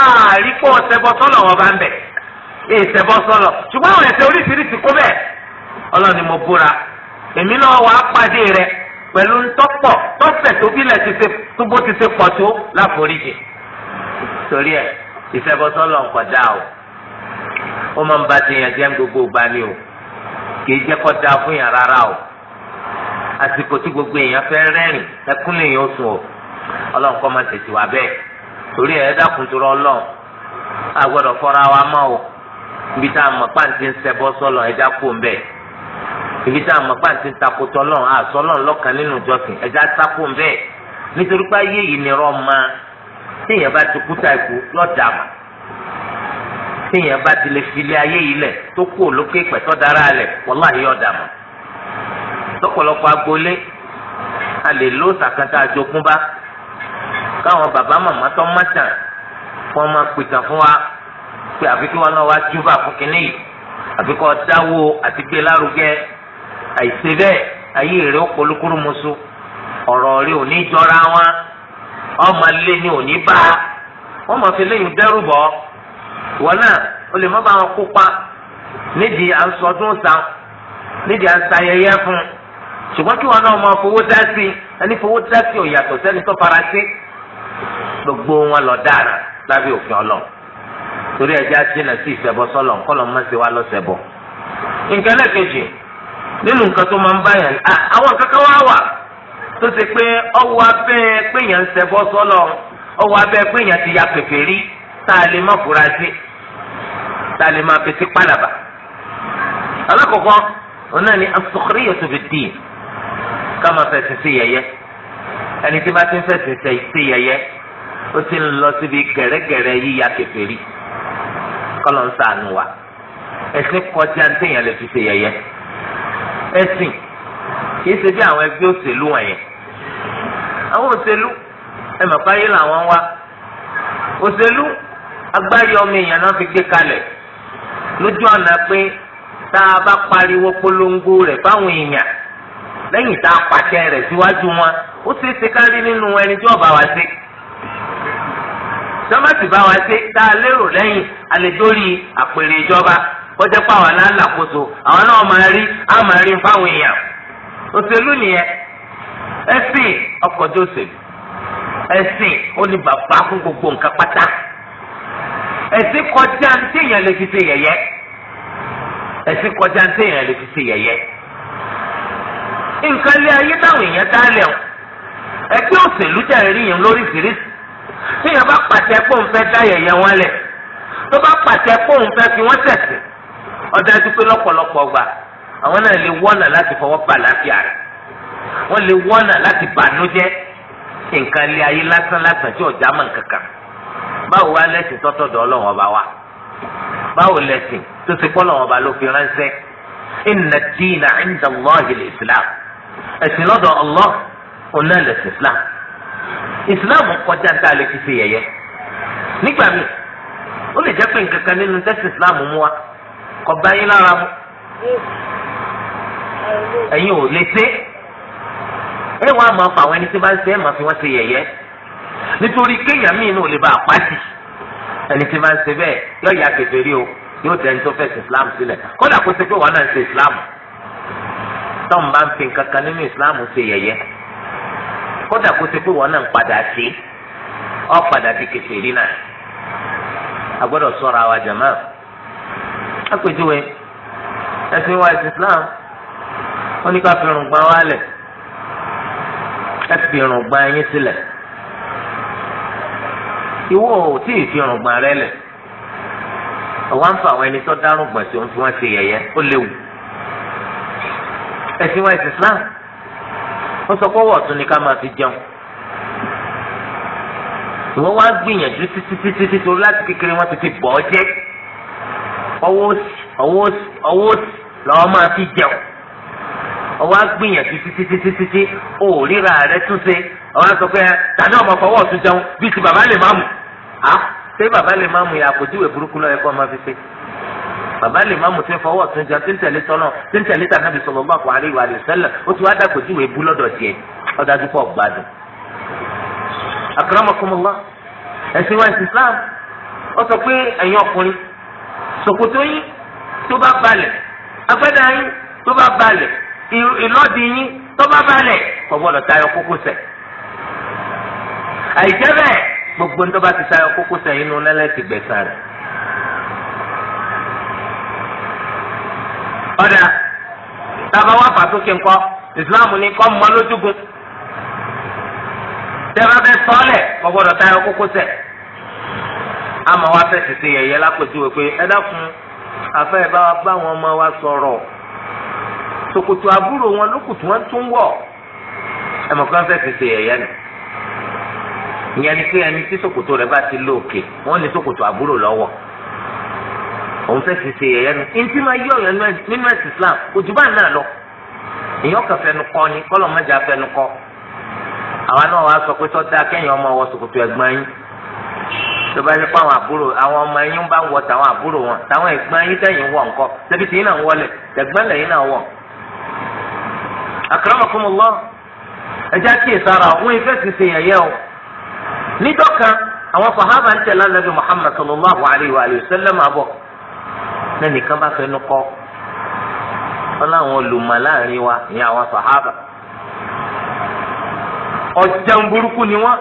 ààrí pọ̀ ṣẹbọ sọ́lọ̀ wọn bá ń bẹ̀ èè sọ́lọ̀ ṣùgbọ́n àwọn ẹ̀ṣẹ̀ oríṣiríṣi kó bẹ́ẹ̀ ọlọ́run ni mo búra èmi náà wà á pàdé rẹ pẹ̀lú ntọ́pọ̀ tọ́sẹ̀ tó bílẹ̀ ti ṣe tó bó ti ṣe pọ̀ tó láforíjì torí ẹ̀ ìṣẹbọ sọ́lọ̀ nǹkan dá o ó máa ń ba ti yàn jẹ́ gbogbo ìgbà o kì í jẹ́ kó fún yàn rárá o. àsìkò tí gbogbo èèyàn fẹ́ rẹ́rìn ẹkún sùn o ọlọ́run kọ́ máa tètè bẹ́ẹ̀ torí ẹ̀ a gbọ́dọ̀ fọ́ra wa mọ́ o ibi tá a mọ̀ pàǹtí ń ṣẹbọ sọ́lọ̀ ń ibi tá a mọ̀ pàǹtí ń takotọ́ lọ́run àsọ́lọ́run lọ́kàn nínú ni rọ́ọ̀ máa bá ti bá ti lè filé ayé yìí lẹ̀ tó kú òlókè pẹ̀tọ́ dára lẹ̀ lọ́pọ̀lọpọ̀ agboolé a lè ló sàkátà àjogúnbá káwọn bàbá màmá tó mọ̀tàn wọ́n máa pìtàn fún wa pé àfi kí wọ́n náà wá júbà fún kínní yìí àfi kọ́ dáwó àti gbé lárugẹ àìsè bẹ́ẹ̀ ayé èrè ó polúkúrú musu ọ̀rọ̀ rí òní jọra wọn ọmọ lé ní bá wọ́n máa fi léyìn dẹ́rù bọ́ wọn náà o lè má bá wọn kópa nídìí à ń sọdún sàn nídìí à ń sayẹyẹ fún un ṣùgbọ́n kí wọn náà máa fowó dá sí i ẹni fowó dá sí ò yàtọ̀ sẹ́ni tó fara sí gbogbo wọn lọ dára lábẹ́ òfin ọlọ́run torí ẹ̀jẹ̀ àjìnà sí ìṣẹ̀bọ sọ́lọ̀ kọ́lọ̀ má ṣe wá lọ́sẹ̀bọ. nǹkan náà kejì nínú nǹkan tó máa ń bá yàn àwọn kankan wá wà tó ṣe pé ọwọ́ abẹ́ péyàn ń ṣẹ̀bọ sọ́lọ̀ ọwọ́ abẹ́ péyàn ti ya pèpè rí tá a lè má fura sí tá a lè má fetí pàlàbà. alákọ̀ọ́kọ́ òun náà ni asọ̀kẹ́rẹ́ tó fi dì í Kama máa fẹ̀sìn sí yẹ̀yẹ́ ẹni tí bá ti ń fẹ̀sìn sí yẹ̀yẹ́ ó ti ń lọ síbi gẹ̀rẹ́gẹ̀rẹ́ yíya kèfèrí kọ́lọ̀ ń sànù wa ẹ̀sìn kọjá ń téèyàn lè fi ṣe yẹ̀yẹ́ ẹ̀sìn kìí ṣe bí àwọn ẹgbẹ́ òṣèlú wọ̀nyẹn àwọn òṣèlú ẹ mọ̀ làwọn wá òṣèlú agbárí ọmọ èèyàn náà fi gbé kalẹ̀ lójú ọ̀nà pé tá a bá pariwo polongo rẹ̀ fáwọn èèyàn lẹ́yìn tá a pàṣẹ rẹ̀ síwájú wọn ó ṣeé ṣe kárí nínú ẹni tí wa bá tá a lérò lẹ́yìn àlejòrí àpèrè ìjọba kọjá pa àwọn àwọn náà máa rí á máa rí fáwọn èèyàn òṣèlú nìyẹn ẹ̀sìn ọkọjọ òṣèlú ẹ̀sìn ó ní gbogbo nǹkan pátá kọjá ní lè fi ṣe kọjá nǹkan ilé ayé táwọn èèyàn dálẹ̀ o ẹgbẹ́ òṣèlú jẹ́ rí yẹn lóríṣiríṣi tíyẹn bá pàṣẹ pé òun fẹ́ dá yẹ̀yẹ́ wọn lẹ̀ tó bá pàṣẹ pé òun fẹ́ fi wọ́n tẹ̀sí ọ̀dájú pé lọ́pọ̀lọpọ̀ gbà àwọn náà lè wọ́nà láti fọwọ́ bà láfíà rẹ̀ wọ́n lè wọ́nà láti bànújẹ́ nǹkan ilé ayé lásán lásán tí ọ̀já mọ̀ kankan báwo wá lẹ́sìn tọ́tọ̀dọ̀ ọlọ́run ọba wa báwo lẹ́sìn tó ti pọ́ ọlọ́run ọba ló fi ránṣẹ́ inna ad-dina ẹ̀sìn lọ́dọ̀ Allah òun náà lẹ̀sìn Islam Islam kọjá tá a lè fi ṣe yẹ̀yẹ́ nígbà míì ó lè jẹ́ pé nǹkan kan nínú tẹ́sí Islam mú wa kò bá yín lára mu ẹ̀yin ò lè ṣe ẹ wọ́n á máa fa àwọn ẹni tí bá ń ṣe é máa fi wọ́n ṣe yẹ̀yẹ́ nítorí kéèyàn míì náà ò lè bá a ẹni tí bá ń ṣe bẹ́ẹ̀ yóò yá kèfèrí o yóò dẹni tó fẹ́ Islam sílẹ̀ kódà kó ṣe pé wọ́n náà ń ṣe Islam. tọ́n bá ń fi kankan nínú ìsìláàmù ṣe yẹ̀yẹ́ kódà kó ṣe pé wọn náà ọ padà ti kèfèrí náà a gbọ́dọ̀ sọra wa jàmá àpèjúwe ẹ̀sìn wa ẹ̀sìn islam wọn ní ká fi irùngbà wa le ẹ fi irùngbà yín sílẹ̀ ìwọ ò tí ì fi irùngbà rẹ lẹ̀ ọwọ́ ń fa àwọn ẹni ẹ̀sìn wa ẹ̀sìn Islam wọ́n sọ pé ọwọ́ ọ̀tún ni ká máa fi jẹun ìwọ́n wá gbìyànjú títí títí títí láti kékeré wọ́n ti fi bọ́ jẹ́ ọwọ́ òsì ọwọ́ òsì lọ́wọ́ máa fi jẹun ọwọ́ á gbìyànjú títí títí títí ó ríra rẹ túnṣe ọwọ́ á sọ pé tani ọmọ fọwọ́ ọ̀tún jẹun bíi ti bàbá lè máàmù á ṣé bàbá lè máàmù yà àpòjúwe burúkú lọ́yẹ̀kọ́ máa fi ṣe bàbá lè má mú tí ń fọwọ́ tún jẹ tí ń tẹ̀lé tọ́nà tí ń tẹ̀lé tànàbí sallallahu alaihi wa sallam ó ti wá dàgbò tí ìwé bú lọ́dọ̀ tiẹ̀ ọ̀dà tó pọ̀ gbádùn. akramakumullah ẹ̀sìn wa ẹ̀sìn Islam ó sọ pé ẹ̀yin ọkùnrin ṣòkòtò yín tó bá balẹ̀ agbádá yín tó bá balẹ̀ ìlọ́dì yín tó bá balẹ̀ kò gbọ́dọ̀ tayọ kókósẹ̀ àìjẹ́ bẹ́ẹ̀ gbogbo ń tó bá ti tayọ kókósẹ̀ inú lẹ́lẹ́ ti gbẹ̀sán rẹ̀ ọ̀dà tábà wà fàtókè ńkọ ìsìláàmù ní kọ́ mọ́ lójúgun tẹ́lá bẹ́ sọ́ọ̀lẹ̀ gbọ́gbọ́dọ̀ táyà kókó sẹ̀ àmọ́ wa fẹ́ tètè yẹ̀yẹ́ lápèjúwe pé ẹ dákun afẹ́ bá wọn ọmọ wa sọ̀rọ̀ ṣòkòtò àbúrò wọn lókùtù wọn tún wọ̀ ẹ mọ̀ kí wọ́n fẹ́ yẹ̀yẹ́ ìyẹn ni pé ẹni tí ṣòkòtò rẹ̀ bá ti lóòkè wọ́n ní ṣòkòtò àbúrò lọ́wọ́ òun fẹ́ fi ṣe yẹ̀yẹ́ mi ntí máa yọ ọ̀yọ́ nínú ẹ̀sìn Islam òjò bá náà lọ èèyàn kan fẹnu kọ ni kọ́lọ̀ mẹ́jà fẹnu kọ àwa náà wàá sọ pé sọ́dá kẹ́yìn ọmọ wọ ṣòkòtò ẹ̀gbọ́n yín tó bá yẹ pé àwọn àbúrò àwọn ọmọ yín bá wọ tàwọn àbúrò wọn tàwọn ẹ̀gbọ́n yín tẹ̀yìn wọ̀ nǹkan tẹ̀bí tìyín náà wọlé tẹ̀gbọ́n lẹ̀yìn náà wọ̀. ẹja kí ìsara òun ìfẹ́ ti ṣe o nídọ́kan àwọn lẹ́nìkan bá fẹnu kọ wọn láwọn olùmọ̀ láàrin wa n'i àwọn sàhábà ọ̀jẹun burúkú ni wọ́n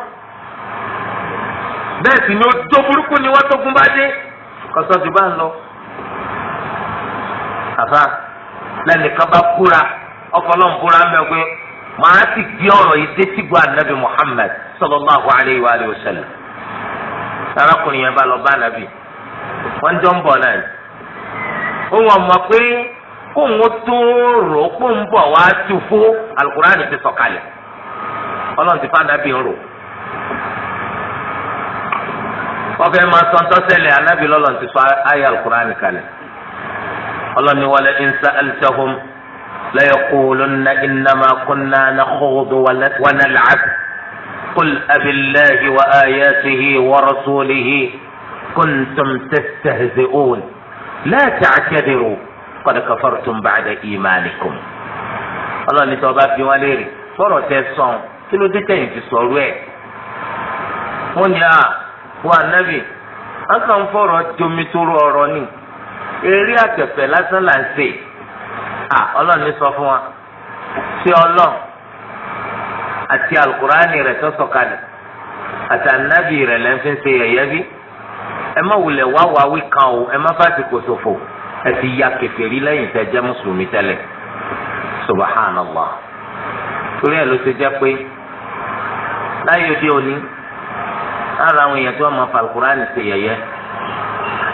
bẹ́ẹ̀ sì ni ó tó burúkú ni wọ́n tó gún bá dé kọ́sọ́ ju bá ń lọ. àbá lẹ́nìkan bá búra ọkọlọ́n búra mẹ́ màá sì gbé ọ̀rọ̀ yìí dé gba Muhammad wa arákùnrin yẹn bá lọ bá jọ ń bọ̀ òun ọmọ pé kóun tó rò ó kóun bọ̀ wá tu fún alukurani ti sọ̀kalẹ̀ ọlọ́run ti fa nàbì ń rò ọfẹ máa sọ ntọ́sẹ̀lẹ̀ anábì lọ́lọ́ ti sọ ayé alukurani kalẹ̀ ọlọ́ni wàlẹ̀ insa alisahum lẹ́yìn kúlún na innama kunna na kóòdù wàna làcàb kul abilahi wa ayatihi wa rasulihi kuntum testahzi'un. la ta'tadiru qad kafartum ba'da imanikum ọlọ́ni tí wọ́n bá fi wọ́n léèrè sọ̀rọ̀ tẹ sọ̀n kí ló dé tẹ̀yìn ti sọ̀rọ̀ ẹ̀ wọ́n ní à wọ́n ànábì wọ́n kàn ń fọ̀rọ̀ jomitoro ọ̀rọ̀ ni eré àtẹ̀fẹ̀ lásán là ń ṣe à ọlọ́ni sọ fún wa ṣé ọlọ́n àti alukurani rẹ̀ tó sọ̀kalẹ̀ àti ẹ má wulẹ̀ wá wá wí kan o ẹ má bá ti kò ṣòfò ẹ ti ya kèfèrí lẹ́yìn tẹ́ jẹ́ mùsùlùmí tẹ́lẹ̀ subhanallah torí ẹ̀ ló ṣe jẹ́ pé láyé òde òní ara àwọn èèyàn tí wọ́n máa fa alukur'ani ṣe yẹ̀yẹ́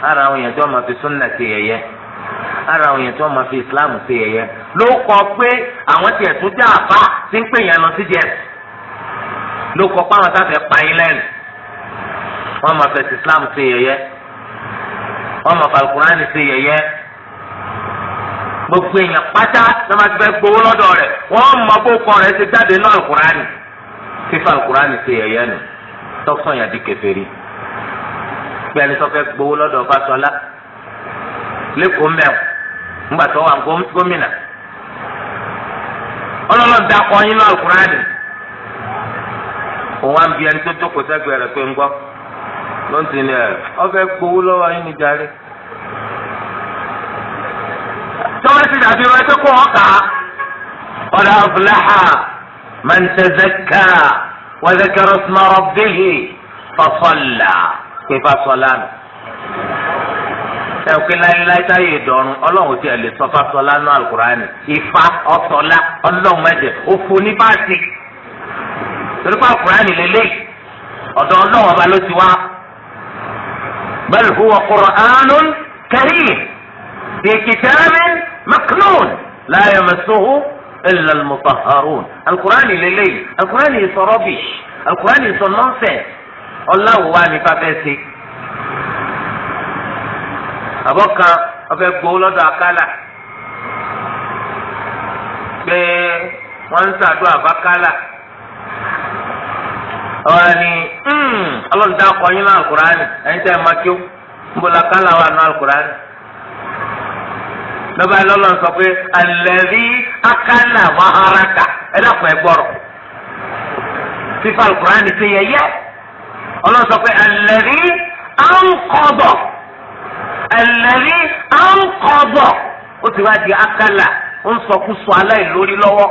ara àwọn èèyàn tí wọ́n máa fi sunna ṣe yẹ̀yẹ́ ara àwọn èèyàn tí wọ́n máa fi islam ṣe yẹ̀yẹ́ ló kọ pé àwọn tiẹ̀ tó jẹ́ àbá ti ń pè yẹn lọ sí jẹ́ ló kọ pé àwọn táfẹ́ pa yín lẹ́nu wọ́n máa fẹsẹ̀ islam se yẹ̀yẹ́ wọ́n máa fa alukurani ṣe yẹ̀yẹ́ gbogbo èèyàn pátá ló gbowó lọ́dọ̀ rẹ wọn mọ bó kọ rẹ̀ jáde náà alukurani fífa alukurani ṣe yẹ̀yẹ́ nù tọ́sán yàn di gbowó wọ́n ti ní ẹ̀ ọ̀fẹ́ gbowó lọ́wọ́ yín ní jàre. tọ́wọ́ ti dàbí wọn tó kó wọn kà á. ọ̀dà aflaha man tazakka wa zakara isma rabbih fa salla pé fa salla nù. ẹ̀ pé láyéláyé táyé ìdọ̀rùn ọlọ́run ti ẹ̀ lè sọ fa nù alukurani ifá ọ̀sọ̀lá ọlọ́run mẹ́jẹ̀ òfò ní bá a ti. torí pé alukurani lélẹ́yìí ọ̀dọ̀ ọlọ́run ọba ló ti wá. بل هو قرآن كريم في كتاب مكنون لا يمسه إلا المطهرون القرآن لليل القرآن يصربش القرآن يصنعسه الله وامي فابسي أبوكا أبوكا بولو داكالا بي وانسا دوا باكالا ọ̀rọ̀ ni hmm, ọlọ́run dá ọkọ̀ yín náà alukurani ẹ̀yin tẹ́ ẹ máa kí ó ń bọ̀ làkàlà wà nù alukurani. lọ́ba lọ́lọ́run sọ pé alẹ́rí akálà maharaka ẹ dàpọ̀ ẹ gbọ́rọ̀ fífa alukurani ti yẹ yẹ ọlọ́run sọ pé alẹ́rí ankọ́bọ̀ alẹ́rí ankọ́bọ̀ ó ti wá di akálà ó ń sọkúsọ aláìlórí lọ́wọ́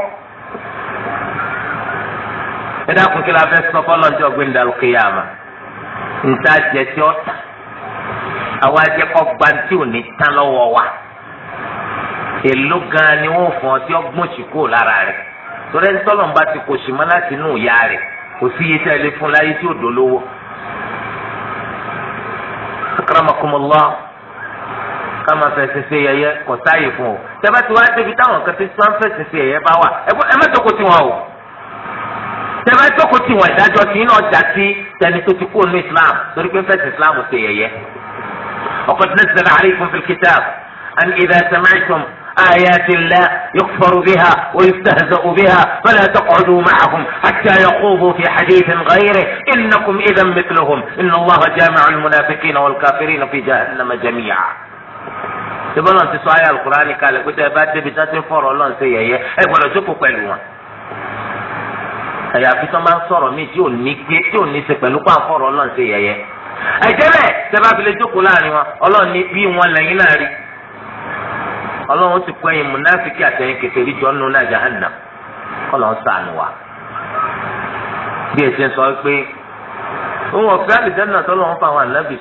ẹ dákun kí la fẹ́ sọ fọlọ́ ní ọgbẹ́ni dàlùkì yá ma nta jẹ tí ọ ta àwa jẹ kọ gba tí ò ní tán lọ́wọ́ wa èló gan ni wọn fọ tí ọ gbọ́n sí kó lára rẹ torí ẹni tọ́lọ̀ ń bá ti kò sí mọ́ láti inú ìyá rẹ kò sí iye tí a lè fún láyé tí ò dolówó. akramakumullah kama fẹsẹ̀ ṣe yẹ̀yẹ́ kọsáyè fún o tẹbẹ tí wàá débi táwọn kan ti sọ fẹsẹ̀ ṣe yẹ̀yẹ́ bá wà ẹ mẹtọkọ tiwọn o. tẹ́lẹ̀ tókò tí wọ́n ìdájọ́ tí iná ọjà sí tẹni tó ti won idajo ti ina oja ti teni to ti ku ona islam torí pé fẹ́ẹ́ islam ṣe yẹyẹ. oko ti bí fọrọ ha وقد نزل عليكم في الكتاب أن إذا سمعتم آيات الله يكفر بها ويستهزأ بها فلا تقعدوا معهم حتى يخوضوا في حديث غيره إنكم إذا مثلهم إن الله جامع المنافقين والكافرين في جهنم جميعا tibọ́lọ̀ ti sọ ayé alukur'ani kalẹ̀ kó tẹ́ ẹ bá débi tá a ti fọ̀rọ̀ ọlọ́run ṣe yẹ̀yẹ́ ẹ gbọ́dọ̀ jókòó pẹ̀lú wọn. àyàfi tó máa ń sọ̀rọ̀ mi tí ò ní gbé tí ò ní ṣe pẹ̀lú pàǹfọ̀rọ̀ ọlọ́run ṣe yẹyẹ ẹ̀jẹ̀ bẹ́ẹ̀ tẹ́lá fi lè jókòó láàrin wọn ọlọ́run ní bí wọn lẹ́yìn náà rí ọlọ́run ti kọ́ ẹ̀yin múnáfíkì àtẹ̀yìn kẹfẹ́rí jọ nù náà jahannam ọlọ́run sànù wa bí ẹ ṣe sọ pé òun ọ̀fẹ́ àlìjáná tọ́lọ́run fún àwọn ànábì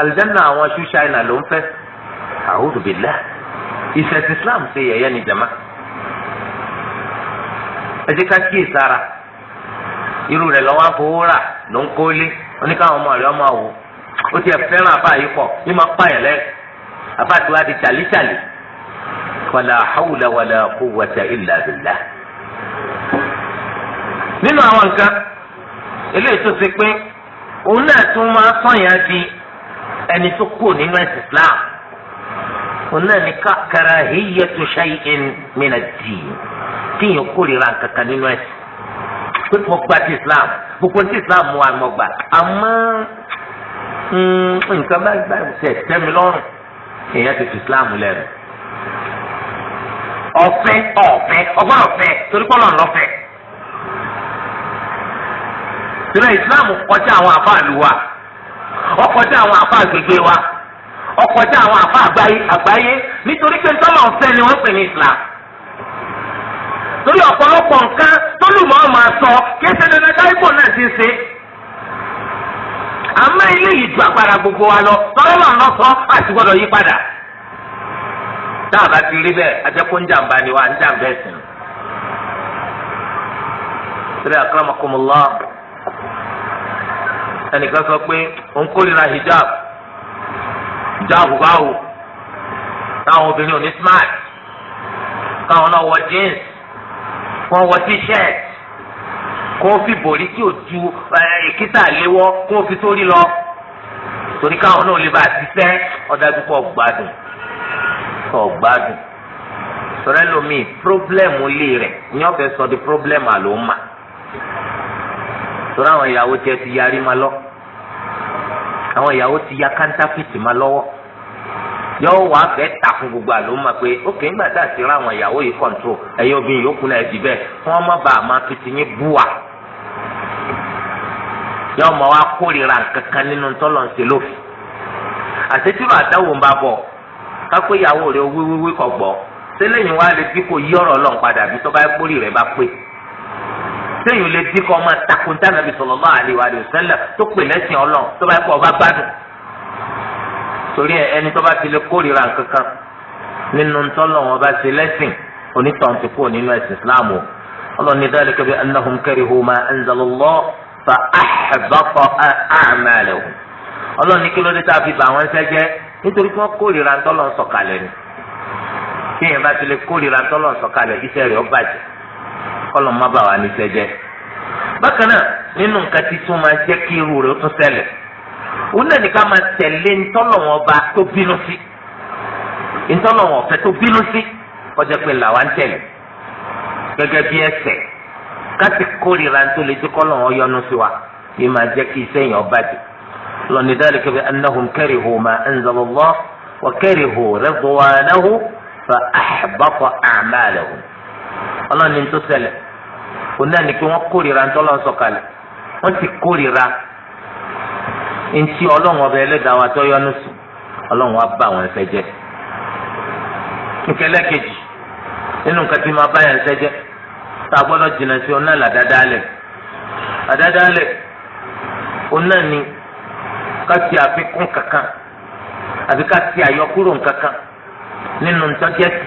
àlìjáná àwọn ṣú ló ń fẹ́ àwòrán bìlá Islam ṣe yẹ̀yẹ́ ẹsẹ ká kíyè sára irú rẹ̀ lọ́wọ́ àfọwọ́ ló ń kólé oníkàwọn ọmọ rẹ̀ ọmọ àwò ó ti ẹ̀ fẹ́ràn àbá yìí pọ̀ bí máa pààyàn lẹ́yìn àbá tí wàá di tàlítàlí wàlà hawla wàlà illa nínú àwọn nǹkan eléyìí tó ṣe pé òun náà tún máa di ẹni tó kù nínú ẹ̀sìn Islam òun náà ní tíyàn kórìíra kankan nínú ẹ̀sìn pé mo gba ti islam gbogbo ti islam mu àmọ́ gbà mm, àmọ́ nǹkan báyìí báyìí ṣe tẹ́mi lọ́rùn èèyàn ti fi islam lẹ́nu ọ̀fẹ́ ọ̀fẹ́ ọgbọ́n ọ̀fẹ́ torí pọ́nlọ́ ńlọ́fẹ́ tẹ́lẹ̀ islam kọjá àwọn àbá àlù wa ọkọjá àwọn àbá àgbègbè wa ọkọjá àwọn àbá àgbáyé nítorí pé ntọ́lọ̀ ọ̀fẹ́ ni wọ́n pè ní islam. torí ọ̀pọ̀lọpọ̀ nǹkan tó lù mọ́ ọmọ àtọ kìí ṣe dandan náà ti ṣe. àmọ́ ilé yìí ju agbára gbogbo wa lọ tọ́lọ́ náà lọ sọ àti gbọ́dọ̀ yí padà. ti rí bẹ́ẹ̀ ajẹ́kọ́ ń jàǹbá ni wá ń jàǹbá ẹ̀sìn. sori ẹnìkan sọ pé òun hijab hijab báwo táwọn obìnrin ò ní smart káwọn náà wọ jeans wọ́n wọ t-shirt kó fi bòrí tí ò ju ìkísà léwọ́ kó fi sórí lọ torí káwọn náà lè bá àtisẹ́ ọ̀dájú kọ́ gbádùn kọ́ gbádùn sọ̀rọ̀ lomi pírọ́blẹ́mù lé rẹ̀ ní ọ̀fẹ́ sọ di pírọ́blẹ́mù àlòmà sọ̀rọ̀ àwọn ìyàwó tiẹ̀ ti yarí ma lọ àwọn ìyàwó ti ya kántáfìtì ma lọ́wọ́ yóò wá fẹ́ takun gbogbo àlọ́ ma pé ókè ńgbà tá a ti ra àwọn ìyàwó yìí kọ̀ǹtró ẹ̀yin obìnrin yòókù náà ẹ̀dì bẹ́ẹ̀ wọ́n má bàa máa fi ti yín bú wa. yóò mọ wá kórìíra kankan nínú tọ́lọ̀ ń ṣe lófin. àṣetúrò àdáwò ń bá bọ̀ kápẹ́ ìyàwó rẹ̀ wíwíwí kọ̀ gbọ́ sẹ́lẹ̀yìn wá lè dípò yí ọ̀rọ̀ lọ́n padà bí tọ́ bá kórì rẹ̀ bá pé sẹ́yìn lè dípò ọmọ takuntà nàbì torí ẹ ẹni tó bá ti lè kórìíra kankan nínú ntọ́lọ̀ wọn bá ti lẹ́sìn onítàn ti nínú ẹ̀sìn islam o ma fa tá a fi nítorí kórìíra sọ̀kalẹ̀ ni tí yẹn bá ti lè kórìíra sọ̀kalẹ̀ iṣẹ́ rẹ̀ ó bàjẹ́ má bà wà ní bákan náà nínú nǹkan máa jẹ́ kí irú rẹ̀ ó tún òun náà nìkan máa tẹ̀lé ntọ́lọ̀wọ̀n ọba tó bínú sí ntọ́lọ̀wọ̀n ọ̀fẹ́ tó bínú sí kọjá pé làwa tẹ̀lé gẹ́gẹ́ bí ẹsẹ̀ káti kórìíra tó lè dúkọ́ lọ́wọ́ yọnu sí wa yìí máa jẹ́ kí iṣẹ́ yẹn ọba jù ma fa ọlọ́ni tó náà kórìíra sọ̀kalẹ̀ ti kórìíra ntí ọlọ́run ọba ẹlẹ́dàá wa tọ́ yọnu sùn ọlọ́run wa bá àwọn ẹsẹ̀ jẹ́ nkẹlẹ́ kejì nínú nǹkan tí ma bá yẹn ẹsẹ̀ jẹ́ tá a gbọ́dọ̀ jìnnà sí ọ̀nà làdádálẹ̀ àdádálẹ̀ ọ̀nà ni ká ti àfikún kankan àbí ká ti àyọkúrò kankan nínú ntọ́jẹ́sì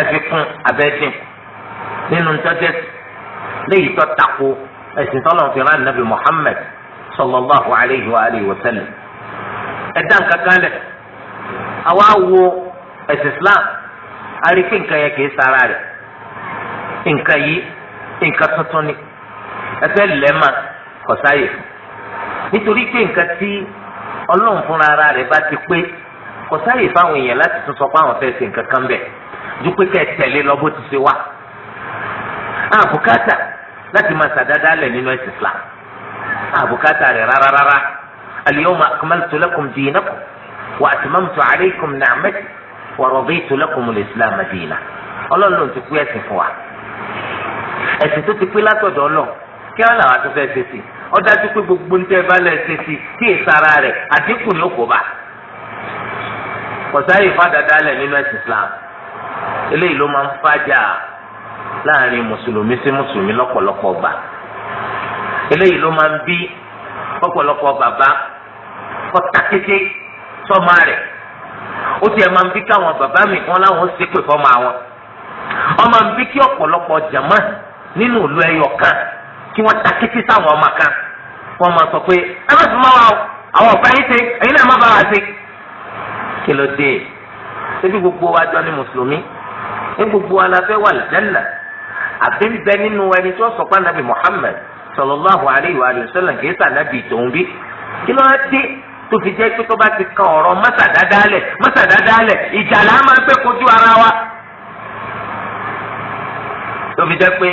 ẹ̀fikún abẹ́dín nínú ntọ́jẹ́sì léyìí tó tako ẹ̀sìn tọ́lọ̀ fi rán nàbì Muhammad sallallahu alayhi wa alihi wa sallam ẹ̀dá nǹkan kan lẹ̀ àwa wo ẹ̀sìn islam arífin nǹkan yẹn kìí sara rẹ̀ nǹkan yìí nǹkan tuntun ni ẹsẹ̀ lẹ́ẹ̀ma kò sáyè fún nítorí pé nǹkan tí ọlọ́run fúnra ara rẹ̀ bá ti pé kò sáyè fáwọn èèyàn láti tún sọ pé àwọn fẹ́ẹ́ ṣe nǹkan kan bẹ̀ ju pé kẹ́ ẹ tẹ̀lé lọ bó ti ṣe wá àbùkátà láti máa ṣàdádálẹ̀ nínú ẹ̀sìn islam àbùkátà ah, rẹ̀ rárára al-yawma akmaltu lakum dinakum wa atmamtu alaykum ni'mati wa raditu lakum al-islam dina ọlọ́run ló ti pé ẹ̀sìn fún wa ẹ̀sìn tó ti pé látọ̀dọ̀ ọlọ́ kí wọ́n làwọn atọ́fẹ́ ṣe sí ọ dájú pé gbogbo ń tẹ́ balẹ̀ ṣe sí kí ìsara rẹ̀ àdínkù ni ó kó bá kọ̀sáyì fàdàdàlẹ̀ nínú ẹ̀sìn islam eléyìí ló máa ń fàjà láàrin mùsùlùmí sí mùsùlùmí lọ́pọ̀lọpọ̀ gbà eléyìí ló máa ń bí ọ̀pọ̀lọpọ̀ bàbá kọ́ta kété sọ́mọ rẹ̀ ó tiẹ̀ máa ń bí káwọn bàbá mi wọn láwọn ó ṣépè fọ́mọ àwọn ọmọ ń bí kí ọ̀pọ̀lọpọ̀ jàmá nínú ìlú ẹyọ kan kí wọ́n ta kété sáwọn ọmọ kan wọ́n máa sọ pé ẹ bá sùn mọ́ àwọn ọ̀gá yín ṣe ẹ̀yin náà má bá wa ṣe. kí ló dé ṣébi gbogbo wa jọ ní mùsùlùmí ní gbogbo wa la fẹ́ wà lẹ́nà àbí ń bẹ nínú ẹni tí wọ́n sọ pé anabi Muhammad sallallahu alaihi wa sallam kì í sànàbì tòun bí kí ló dé tó fi jẹ́ pé tó bá ti kan ọ̀rọ̀ mọ́sàdádálẹ̀ mọ́sàdádálẹ̀ ìjà là á máa gbé kojú ara wa. tó fi jẹ́ pé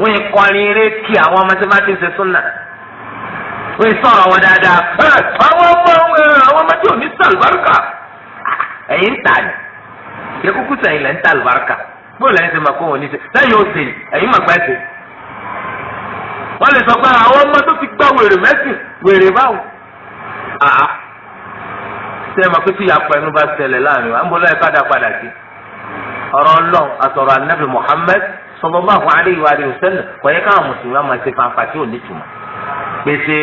wọ́n yẹ kọrin eré kí àwọn ọmọ tí ti ń ṣe súnà wọ́n yẹ sọ̀rọ̀ wọn dáadáa àwọn ọmọ àwọn ọmọ ò ní sàlùbáríkà ẹ̀yìn tà ní ìyẹ́kúkú sẹ́yìn lẹ́ ń tà bóòlù ẹ̀yìn ti kó wọn wọ́n lè sọ pé àwọn ọmọ tó ti gbá wèrè mẹ́sìn wèrè báwo. ṣé ẹ mọ̀ pé tíyà pa ẹnu bá ṣẹlẹ̀ láàrin wa ń bọ́lá ẹ̀ padà padà sí. ọ̀rọ̀ ọlọ́run àtọ̀rọ̀ anábì Muhammad sallallahu alaihi wa sallam kò yẹ káwọn mùsùlùmí máa ṣe fanfa tí ò ní tùmọ̀. pèsè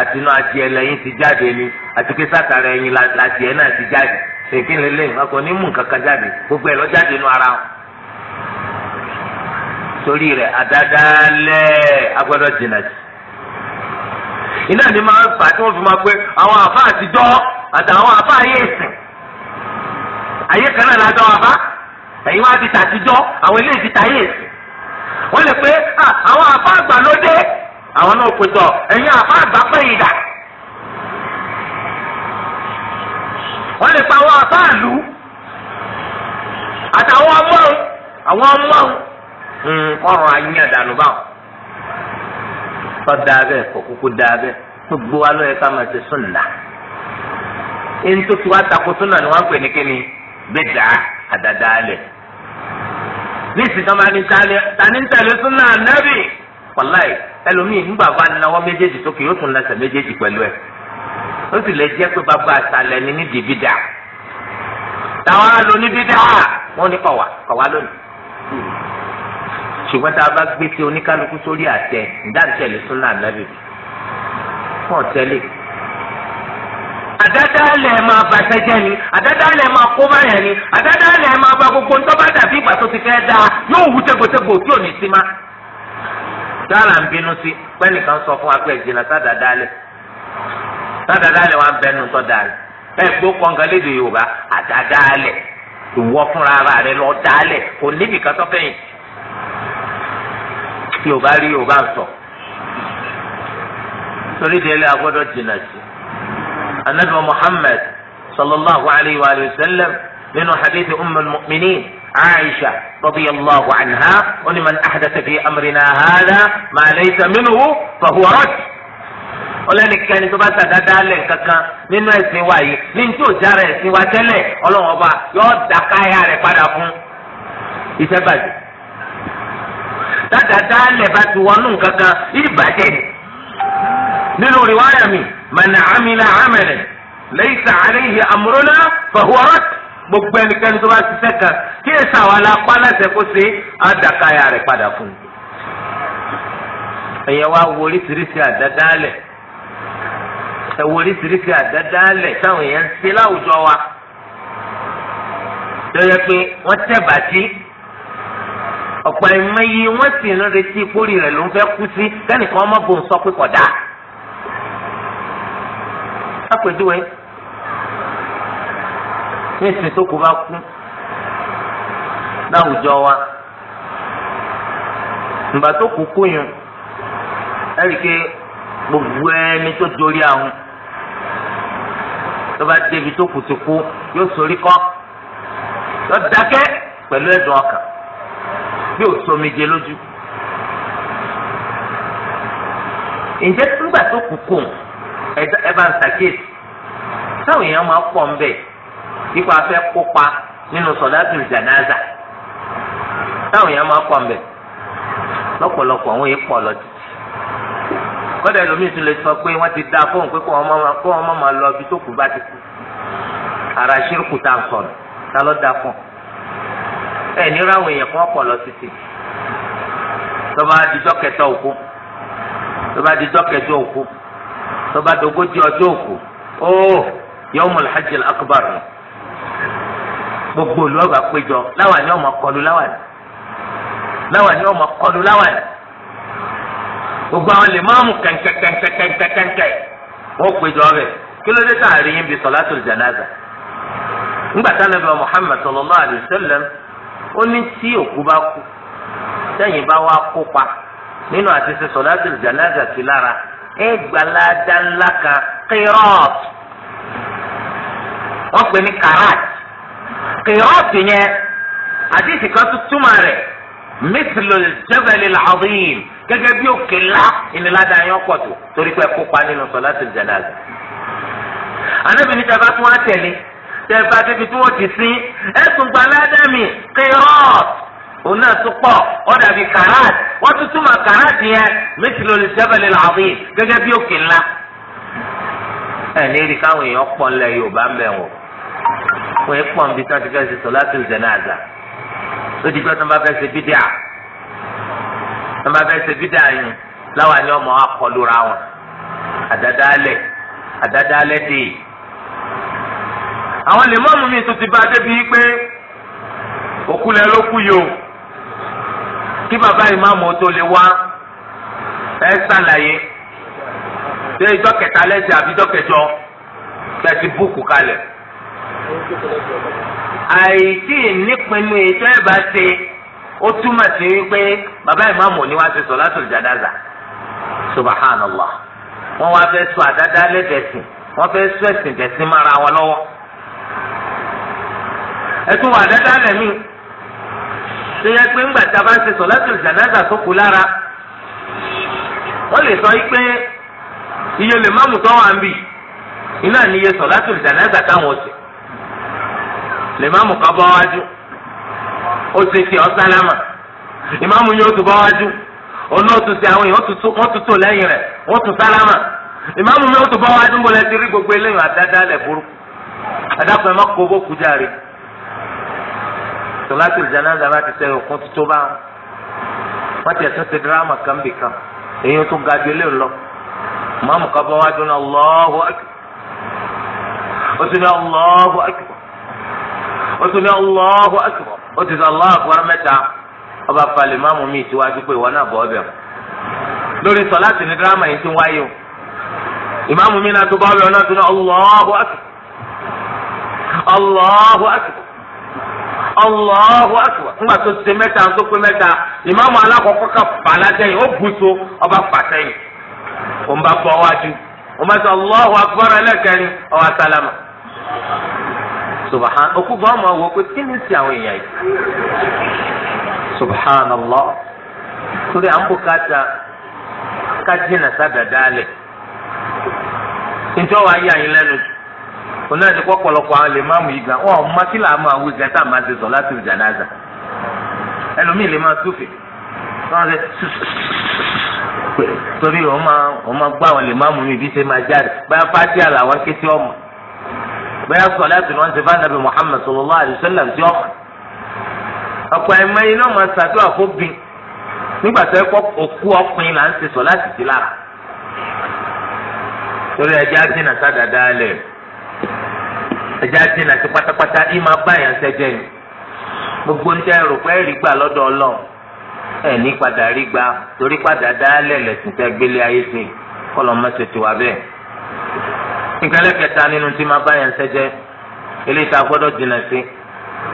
àtinú àti ẹlẹ́yìn ti jáde ni àti pé sátara ẹyin láti ẹ náà ti jáde èké lélẹ́yìn wọn kò ní mú nǹkan kan jáde gbogbo ẹ̀ lọ jáde nú ara wọn. torí rẹ̀ àdádálẹ̀ agbọ́dọ̀ jìnnà sí. iná ni máa ń fà tí wọ́n fi máa pé àwọn àfa àtijọ́ àtàwọn àfa ayé ìsìn ayé kan náà lájọ àbá ẹ̀yin wá ti tàtijọ́ àwọn ilé ti tàyè ìsìn wọ́n lè pé àwọn àfa àgbà àwọn náà ẹ̀yin àfa àgbà dà. wọ́n lè pa àwọn àfa àlù àtàwọn ọmọ àwọn kọrùn ayé àdánù báwọn sọ daa bẹ́ẹ̀ kò kúkú daa bẹ́ẹ̀ gbogbo wa ló yẹ ká máa ṣe sunna ntutu atako sunna ni wọn pè ní kíni bẹdà àdàdàlẹ nísìsiyìí tó máa ní tani ń tẹ̀lé sunna ànábì wàláì ẹlòmíì nígbà bá náwó méjèèjì sókè yóò tún lẹsẹ̀ méjèèjì pẹ̀lú ẹ̀ ó sì lè jẹ́ pé bàbá àṣàlẹ̀ ni ní dìbìdà táwọn alóníbìdà wọn ní kọ̀wá kọ̀wá lónìí. ṣùgbọ́n tá a bá gbé tí oníkálukú sórí àtẹ ìdáǹtẹ̀lẹ̀ súnà nàbì pọ̀ tẹ́lẹ̀. àdádálẹ̀ máa bàtẹ́ jẹ́ ni àdádálẹ̀ máa kó báyẹn ni àdádálẹ̀ máa ba gbogbo ń tọ́ba dàbí ìgbà tó ti fẹ́ dáa yóò wú tégbòtégbò tí ò ní sí ma. sára ń bínú sí pẹ́nìkan sọ fún apẹ́ ìjìnlẹ̀ sádàdálẹ̀ sádàdálẹ̀ wa ń bẹnu tọ́ dalẹ̀ ẹ gbó kọ́ńgálẹ́dẹ̀ Yorùbá àdádálẹ̀ ìwọ fúnra rẹ̀ lọ dálẹ̀ kò níbi kan fẹ́yìn yorùbá rí yorùbá ń sọ torí délé agbọ́dọ̀ jìnnà sí anabi muhammed sallallahu alayhi wa sallam nínú hadithi ummul mu'minin aisha radiyallahu anha ó ní man ahdatha fi amrina hada ma laysa minhu fa huwa rad ọlẹ́nikẹ́ni tó bá sàdáadáa lẹ̀ kankan nínú ẹ̀sìn wa yìí ní tí ò jára ẹ̀sìn wa tẹ́lẹ̀ ọlọ́wọ́n ọba yóò dàkáyà rẹ̀ padà fún iṣẹ́ bàjẹ́ tádàdá lẹ̀ bá ti wọnú kankan ìbàjẹ́ ni. nínú rìwáyà mi mànà àmìlà àmẹ̀rẹ̀ lẹ́yìn sàárẹ̀ yìí àmúrónà fọ̀húwọ́rọ́t gbogbo ẹnikẹ́ni tó bá ṣiṣẹ́ kan kí èsì àwọn alápá lẹ́sẹ̀ kó ṣe àdàkàyà rẹ̀ padà fún un. ẹ̀yẹ wa wo oríṣiríṣi àdàdá lẹ̀ ẹ wo oríṣiríṣi àdàdá lẹ̀ táwọn èèyàn ń ṣe láwùjọ wa. lọ́yẹ pé wọ́n tẹ̀ bàtí ọ̀pọ̀ ẹ̀mẹ́yìí wọ́n sì ń retí ìkórè rẹ̀ ló ń fẹ́ kú sí kẹ́nìkan ọmọ bò ń sọ pé kódà. lápèjúwe ní ìsìn tó kù bá kú láwùjọ wa ìgbà tó kù kú yun ẹ̀rí ké gbogbo ẹni tó dorí àwọn tó bá débi tó kù ti kú yóò sorí kọ́ yóò dákẹ́ pẹ̀lú ẹ̀dùn ọkàn bí ò sọ méje lójú. ǹjẹ́ nígbà tó kù kù ẹ bá ń ṣàkíyèsí táwọn èèyàn máa pọ̀ ń bẹ̀ nípa fẹ́ kópa nínú sọ̀dáàtùl jànáza táwọn èèyàn máa pọ̀ ń bẹ̀ lọ́pọ̀lọpọ̀ àwọn èèyàn pọ̀ lọ títí kọ́dà ẹlòmíì tún lè sọ pé wọ́n ti dá fóun pé kó wọn má máa lọ ibi tó kù bá ti kú ara ṣírùkù tá à ń sọ̀rọ̀ tá ló dá fóun. ẹ nira àwọn èèyàn kan pọ̀ lọ títì tọba adijọ́ kẹta òkú tọba adijọ́ kẹjọ òkú tọba dogoji ọjọ́ òkú ó hajjil akbar gbogbo olùwàgbà péjọ láwa ni ọmọ kọlu láwa ni láwa ni ọmọ kọlu láwa ni gbogbo àwọn lè máa mú péjọ a rí Muhammad sallallahu ó ní tí òkú bá kú sẹ́yìn bá wá kópa nínú àti ṣe sọ̀láṣì jànáza sí lára ẹ gbàládá ńlá kan kírọ́ọ̀t wọ́n pè ní karat kírọ́ọ̀t yẹn àdìsí kan tó túmọ̀ rẹ̀ mithlul jabalil azim gẹ́gẹ́ bí òkè ńlá ìnìládà yẹn pọ̀ torí pé kópa nínú sọ̀láṣì jànáza. anábìnrin tí a bá tún wá tẹ̀lé tẹ̀fà débi tí wọ́n ti sí ẹ̀sùn gbaládẹ́mì kírọ́ọ̀t òun náà tún pọ̀ ó dàbí karat wọ́n tún túmọ̀ karat yẹn mẹ́tìlú ní sẹ́fẹ̀lì làbí gẹ́gẹ́ bí òkè ńlá. ẹ ní rí káwọn èèyàn pọ̀ ńlẹ̀ Yorùbá mẹ́wọ̀n wọ́n yẹn pọ̀ níbi tí wọ́n ti fẹ́ ṣe sọ̀láṣì jánásà ó ti gbọ́ tí wọ́n bá fẹ́ ṣe bídíà tí fẹ́ ṣe bídíà yìí láwọn àni ọmọ akọlura wọn àdádálẹ̀ àdádálẹ̀ dèé àwọn lè mọ́mù mi tó ti bá a débi pé òkú lẹ ló kú yìí o kí bàbá ìmáàmù tó lè wá ẹ ṣàlàyé ṣé ìjọ kẹta lẹ́sẹ̀ àbí ìjọ kẹjọ tẹ̀sí búùkù kalẹ̀ àìsí nípinnu ètò ẹ̀ bá ṣe ó túmọ̀ sí wípé bàbá ìmáàmù ni wá ṣe solatul janaza subhanallah wọ́n wá fẹ́ sọ àdáda lẹ́dẹ̀sìn wọ́n fẹ́ sọ ẹ̀sìn dẹ̀sìn mára wọn lọ́wọ́. ẹtún wà dáadáa lẹ́mí tó yẹ pé ńgbà tí a bá ń ṣe sọ̀látùl jánásà tó kù lára wọ́n lè sọ yìí pé iye lè má mú tọ́ wà ń bì iná iye sọ̀látùl jánásà táwọn ọ̀sẹ̀ lè má mú kọ́ bọ́ wájú ó ti ṣe ọ̀sálámà ìmáàmù yóò tún bọ́ wájú olóòtú sí àwọn èèyàn wọ́n tún lẹ́yìn rẹ̀ wọ́n tún sálámà ìmáàmù yóò tún wájú gbogbo eléyìn àdáadáa lẹ̀ àdàpọ̀ ẹ̀ má kó sọláàtì janaza bá ti sẹ́yìn òkun tító bá wọn ti ẹ̀sùn ti dírámà kan bì kan èyí tó ga lọ mọ́mù kan bọ́ wájú náà Allahu akbar ó ti ní Allahu akbar ó ti ní ó ti sọ mẹ́ta ọba falẹ̀ mọ́mù mi ìtiwájú pé ìwọ náà bọ́ ọbẹ̀ lórí sọláàtì ní dírámà yìí ti wáyé o mi náà tó bá náà tó Allahu akbar ńgbà tó ṣe mẹ́ta tó pé mẹ́ta ìmáàmù alákọ̀ọ́kọ́ kan fà látẹ̀yìn ó so ọba bá wájú sọ ẹlẹ́kẹ̀rin ọwọ́ òkú ọmọ pé kí ni oní àti pọ̀pọ̀lọpọ̀ àwọn lè má mú igan wọn ò má kí làá máa wí gan tá a máa ṣe sọ láti jànáza ẹlòmíì lè máa súfè wọn ṣe torí wọn máa wọn máa gbọ́ àwọn lè má mú mi ṣe máa jáde báyà fáti àlàwọn kété ọmọ báyà sọ láti wọn ṣe bá Muhammad sallallahu alaihi máa nígbà tó òkú ọkùnrin là ń ṣe sọ láti ti lára torí á dáadáa ẹ̀jẹ̀ àti nàìjíríà pátápátá yìí máa sẹ́jẹ̀ yìí gbogbo níta ẹ̀rọ pé ẹ̀rí gbà lọ́dọ̀ ọlọ́run ẹ̀ní padà rí gbà torí padà dá lẹ̀lẹ̀ tìtẹ́ gbélé ayé sí kọ́lọ́ mọ́tò tiwa bẹ́ẹ̀. ìgbẹ́lẹ̀ kẹta nínú tí máa bá sẹ́jẹ̀ eléyìí tá a gbọ́dọ̀ jìnà sí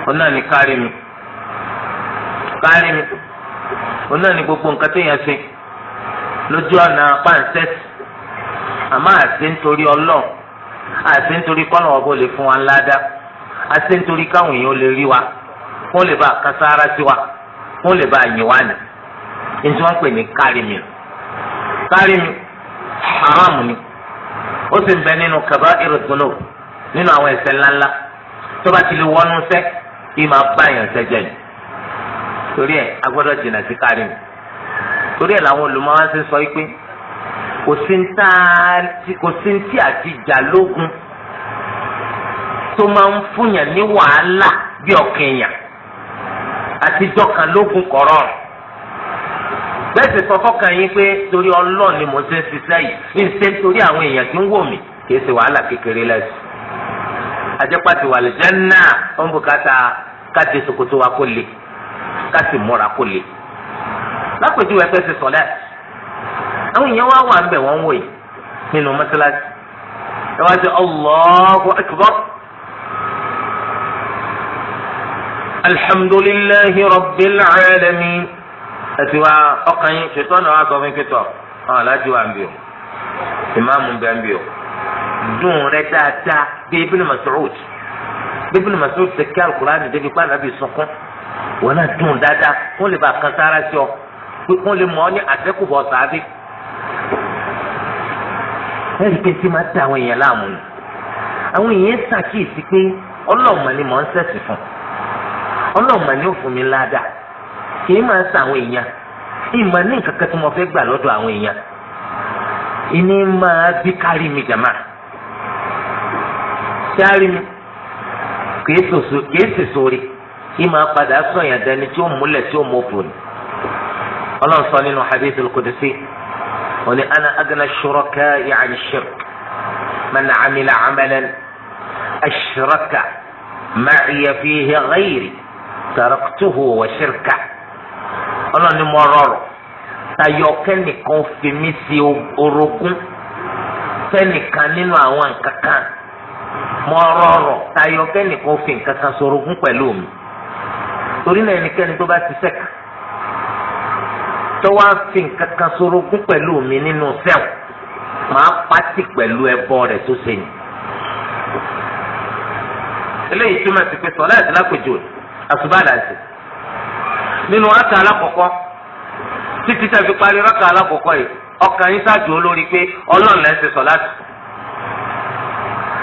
òun náà ní kárí mi náà ní gbogbo nǹkan àti nítorí kọ́nà ọ̀bọ lè fún wa ńlá dá àti nítorí káwọn èèyàn lè rí wa kó lè bá kan sára sí wa kó lè bá yìn wá nì ní tí wọ́n pè ní kárìmì kárìmì haramu ni ó sì ń bẹ nínú kaba irikolo nínú àwọn ẹ̀ṣẹ̀ ńláńlá tó bá ti lè wọnú sẹ kí máa bá yàn sẹ jẹ ni torí ẹ̀ a gbọ́dọ̀ jìnnà sí kárìmì torí ẹ̀ làwọn olùmọ̀ wá sí sọ yìí pé. kò sí ń kò sí ń tí àtijọ́ lógun tó máa ń fúnyàn ní wàhálà bí ọ̀kẹ́yàn àtijọ́ kan lógun kọ̀rọ̀ bẹ́ẹ̀ sọ fọ́kàn yín pé torí ọlọ́ọ̀ ni mo ṣe ń ṣiṣẹ́ yìí ń ṣe àwọn èèyàn tí ń wò mí kì ṣe wàhálà wa kó le káti àwọn èèyàn wá wà ń bẹ̀ wọ́n ń wò yìí nínú mọ́sálásí ẹ wá sí Allahu akbar alhamdulillahi rabbil alamin àti wa ọkàn yín ṣètò ọ̀nà wa sọ fún kẹtọ ọ̀hún aláàjì wa ń bì o ìmáàmù bẹ́ẹ̀ ń bì o dùn rẹ dáadáa bí Ibn Mas'ud bí Ibn Mas'ud ṣe kí al-Qur'an débi pa nàbì sunkún wọn náà dùn dáadáa wọn lè bá kan sára sí ọ pé lè mọ ọ ní àtẹkùbọ sáábì. ẹ̀rí pé tí máa tẹ àwọn èèyàn láàmú ni àwọn èèyàn ṣàkíyèsí pé ọlọ́ọ̀mọ ni mò ń fún ọlọ́ọ̀mọ ni ó fún mi ládàá kì í máa ṣe èèyàn ìmọ̀ ní nǹkan kan tí mo fẹ́ gbà lọ́dọ̀ àwọn èèyàn ìní máa bí kárí mi jàmá kárí mi kìí sèso rí kí máa padà sọ̀yàn dání tí ó múlẹ̀ tí ó mọ̀ fún ni ọlọ́run sọ nínú ولأن انا ادنى الشركاء عن الشرك من عمل عملا اشرك معي فيه غيري تركته وشركه انا نمرر تايو كني كون في ميسي اوروكو كني كانينو اوان كاكان مرر تايو كني كون في كاكان سوروكو كلوم تورينا يعني كني تو باتي سكه tó wá fi nǹkan kan sorogún pẹ̀lú mi nínú sẹ́wọ̀n máa pàtì pẹ̀lú ẹbọ rẹ̀ tó ṣe yìí. eléyìí túmọ̀ sí pé ìdílé àpèjọ nínú alákọ̀ọ́kọ́ títí parí alákọ̀ọ́kọ́ yìí ọkàn yín olórí pé ọlọ́run tù.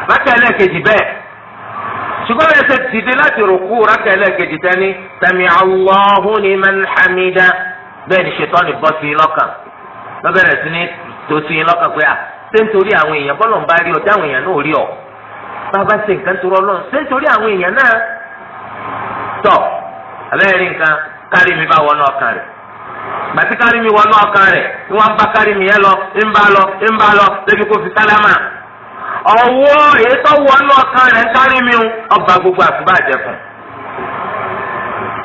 rákà ẹlẹ́ẹ̀kejì bẹ́ẹ̀ ṣùgbọ́n ẹsẹ̀ láti rò kú hamida. bẹ́ẹ̀ ni ṣètọ́ni bọ́ sí i lọ́kàn lọ́bẹ̀rẹ̀ sí ni tó sí i à ṣé nítorí àwọn èèyàn bọ́lọ̀ ń bá ọ àwọn èèyàn náà ọ bàbá ṣe nǹkan tó rọlọ́n ṣé nítorí àwọn èèyàn náà tọ̀ abẹ́rẹ́ nǹkan kárí mi bá wọnú ọkàn rẹ̀ gbàtí kárí mi wọnú ọkàn rẹ̀ ni wọ́n bá lọ ń bá lọ ń bá lọ kó fi èyí tó wọnú ọkàn gbogbo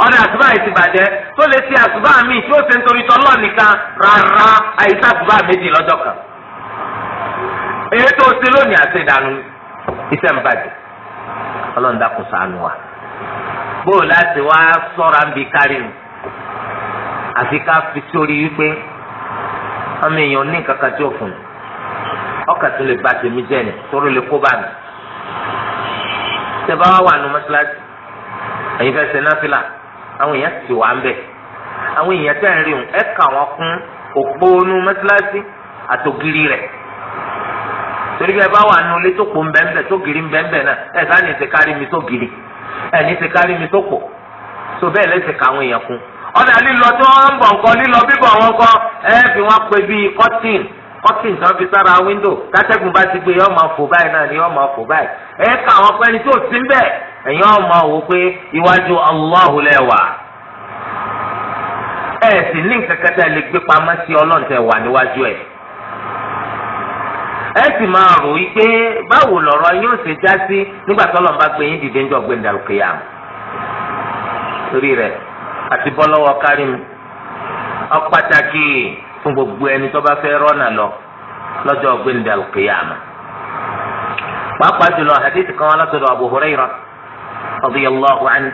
ọ̀nà àsùbá yìí ti bàjẹ́ tó lè ṣe àsùbá mi tí ó ṣe ń torí tọ́lọ́ nìkan rárá àyíká àsùbá méjì lọ́jọ́ kan. èyí tó ṣe lónìí àti ìdánù iṣẹ́ ń bàjẹ́ ọlọ́run dákun wa. bóò láti wá sọ́ra ń bi kárí nu àfi ká fi sórí wípé ọmọ èèyàn ní nǹkan tí ó fún un ọkàn tó lè ba tèmi jẹ ni tó lè kó bá mi. àwọn èèyàn ti wà ń bẹ̀ àwọn èèyàn tẹ̀ ń rí òun ẹ kà wọ́n kún òpó onú mẹ́tíláṣí àtògiri rẹ̀ torí bí ẹ bá wà nù ilé tó pò ń bẹ́ẹ̀ bẹ́ẹ̀ tó giri ń bẹ́ẹ̀ bẹ́ẹ̀ náà ẹ sáà ní ti kárí mi tó giri ẹ ní ti kárí mi tó pò so bẹ́ẹ̀ lẹ́sẹ̀ ká àwọn èèyàn kún ọ̀nà lílọ tí wọ́n ń bọ̀ nǹkan lílọ bíbọ̀ wọn kọ́ ẹ fi wọ́n pe bíi cotton cotton tí wọ́n fi sára window tátẹ́gùn bá ti gbé yọ́ọ́ máa fò báyìí náà ni yọ́ọ́ máa fò báyìí ẹ ká àwọn pẹ́ni tó sí bẹ́ẹ̀ ẹ̀yin ọmọ wò pé iwájú Allahu lẹ́wà ẹ̀ sì ní kankan tẹ́ lè gbé pamọ́ sí ọlọ́run tẹ́ wà níwájú ẹ̀ ẹ sì máa rò yí pé báwo lọ̀rọ̀ yóò ṣe já sí nígbà tọ́lọ́run bá gbé yín dìde torí àti bọ́ lọ́wọ́ kárí mi fún gbogbo ẹni tó bá fẹ́ rọ́nà lọ lọ́jọ́ gbé radiyallahu anhu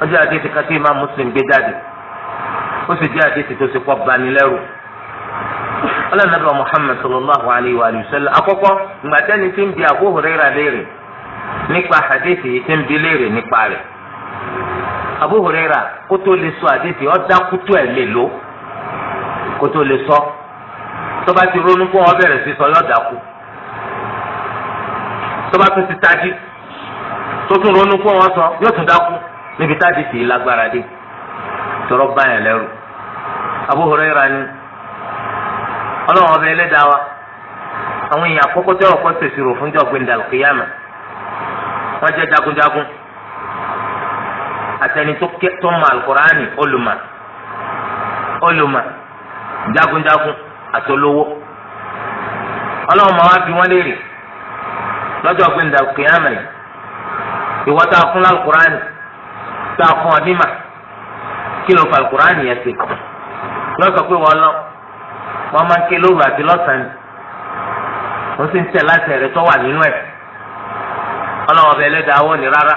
wọ́n jẹ́ àdéhùn kan tí imam muslim gbé jáde ó sì jẹ́ àdéhùn tó ti pọ̀ banilẹ́rù ọlọ́nàbà muhammed sallallahu alayhi wa sallam àkọ́kọ́ ngbàdẹ́ni tí ń bi Abu Hurairah léèrè nípa àdéhùn yìí tí ń bi léèrè nípa rẹ̀ Abu Hurairah kó tó lè sọ àdéhùn ó dá kútó ẹ̀ lè lò kó tó lè sọ tọ́ba ti ronú kó wọ́n bẹ̀rẹ̀ sí sọ yọ̀dà kú tọ́ba tó ti tají. tó tún ronú kó wọn sọ yóò tún dákú níbi táàdì sì lágbára dé tọrọ ni Ọlọ́run ọba Ẹlẹ́dàá wa àwọn èèyàn àkọ́kọ́ tí ọkọ ṣèṣirò fún jọgbìn dàlùkìyàmà wọn jẹ jagunjagun àtẹni tó mọ alukurani olùmọ jagunjagun àti olówó máa wá bí léèrè lọ́jọ́ ìwọ tá a fún lálùkùránì tá a fún ọ nímà kí ló fa alùkùránì yẹn ti lọ́sọ̀ pé wọ́n lọ wọ́n máa ń ké lóru àti lọ́sàn-án wọ́n sì ń tẹ̀ láti ẹ̀rẹ́ tó wà nínú ẹ̀ ọlọ́wọ́ bẹ́ẹ̀ lé dáwọ́ ni rárá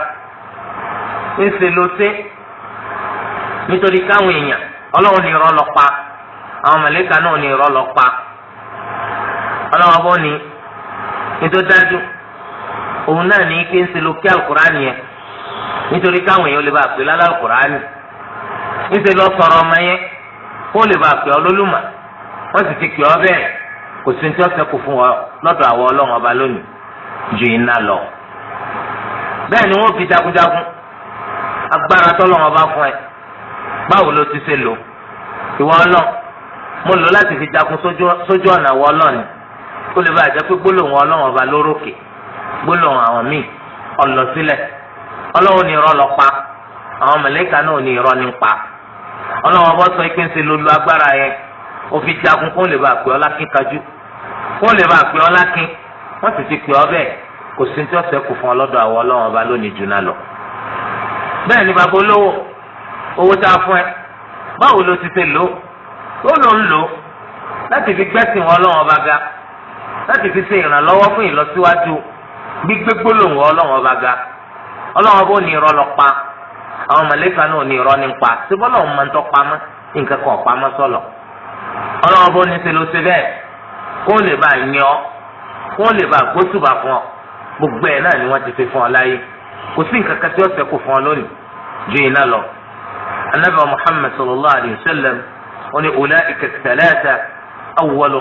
ń ṣe ló ṣe nítorí káwọn èèyàn ọlọ́wọ́ ni irọ́ lọ pa àwọn mọ̀lẹ́kà náà ni irọ́ lọ pa ọlọ́wọ́ bọ́ ni nítorí dájú òun náà ní pé ń ṣe ló kí alukurani yẹn nítorí káwọn èèyàn lè bá pè lálẹ́ alukurani ńṣe lọ sọ̀rọ̀ ọmọ yẹn kó lè bá pè ọ lólùmọ̀ wọ́n sì ti pè ọ bẹ́ẹ̀ kò sí ní tí wọ́n sẹ́kù fún ọ lọ́dọ̀ àwọn ọlọ́run ọba lónìí ju iná lọ. bẹ́ẹ̀ ni wọ́n fi jagunjagun agbára tọ́lọ́run ọba fún ẹ báwo ló ti ṣe lò ìwọ ọlọ́ mo lò láti fi jagun sójú ọ̀nà ìwọ ọlọ́ọ̀ni kó lè bá àjẹpé gbólóhùn ọlọ́run ọba lórókè gbólóhùn àwọn míì ọlọ sílẹ̀ ọlọ́wọ́ ni irọ́ lọ pa àwọn mẹ̀lẹ́kà náà ni irọ́ ní pa ọlọ́wọ́ bọ́ sọ pé ń ṣe lólu agbára yẹn òfin jagun kó lè bá pè ọ́ lákín kájú kó lè bá pè ọ́ lákín wọ́n sì ti pè ọ́ bẹ́ẹ̀ kò sí tí ọ̀sẹ̀ kù fún ọlọ́dọ̀ àwọn ọlọ́wọ́n ọba lónìí jù náà lọ. bẹ́ẹ̀ ni bàbá olówó owó tá a fún ẹ báwo ló ti ṣe lò ó ló ń lò láti fi gbẹ́sìn wọn ọlọ́wọ́n ọba ga láti fi ṣe ìrànlọ́wọ́ fún ìlọsíwájú gbígbé gbólóhùn ọlọ́run ọba ga ọlọ́run ọba ò ní irọ́ lọ pa àwọn mọ̀lẹ́kà náà ò ní irọ́ ní pa síbí ọlọ́run máa ń tọ́ pamọ́ nǹkan kan pamọ́ sọ̀lọ̀ ọlọ́run ọba ò ní ṣe ló ṣe bẹ́ẹ̀ kó lè bá yan ọ kó lè bá gbósùbà fún ọ gbogbo ẹ̀ náà ni wọ́n ti fi fún ọ láyé kò sí nǹkan kan tí ó ṣẹ́kù fún ọ lónìí ju iná lọ anabi muhammad sallallahu alayhi wa sallam ó ní ulaika thalatha awwalu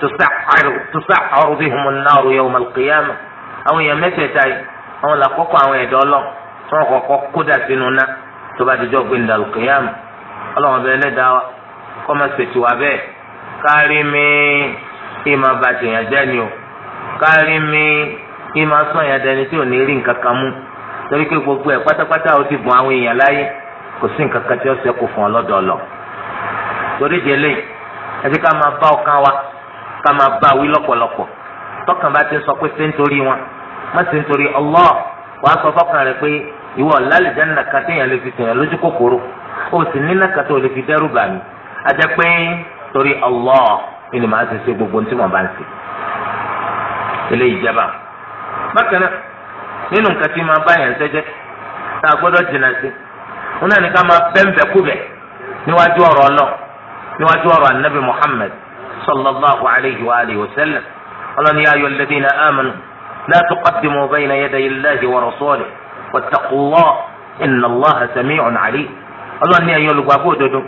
tusahharu bihumun naru yawmal qiyamah àwọn èèyàn mẹ́tẹ̀ẹ̀ta yìí àwọn làkọ́kọ́ àwọn ẹ̀dọ́ lọ tí wọ́n kọ́kọ́ kódà sínú ná tó bá dijọ́ gbé ndàlù qiyamah ọlọ́wọ́n bẹ́ẹ̀ lẹ́dàá wa kọ́ máa ṣètì wá bẹ́ẹ̀ kárí mi kí máa ba tèèyàn jẹ́ ni o kárí mi kí máa sọ èèyàn dẹni tí ò ní rí nǹkan kan mú torí pé gbogbo ẹ̀ pátápátá ó ti bùn àwọn èèyàn láyé kò sí nǹkan kan tí ó ṣẹ́kù fún ọlọ́dọọlọ torí jẹ́lẹ̀ ẹ ti ká máa bá ọkàn wa kama ba bá wí lọ́pọ̀lọpọ̀ tọkàn ti sọ pé ṣé nítorí wọn má ṣe nítorí Allah wàá sọ fọkàn rẹ pé ìwọ lè fi lójú kòkòrò ó sì lè fi dẹ́rù torí ti gbogbo tí mo bá ń ṣe ilé ìjẹba bákan nínú nǹkan tí bá yẹn Muhammad sallallahu alayhi wa alihi wa sallam ọlọ́ni ayọ̀ alladhina amanu la tuqaddimu bayna yaday illahi wa rasulihi wattaqullah inna allaha sami'un alim ọlọ́ni ayọ̀ olùgbàgbọ́ òdodo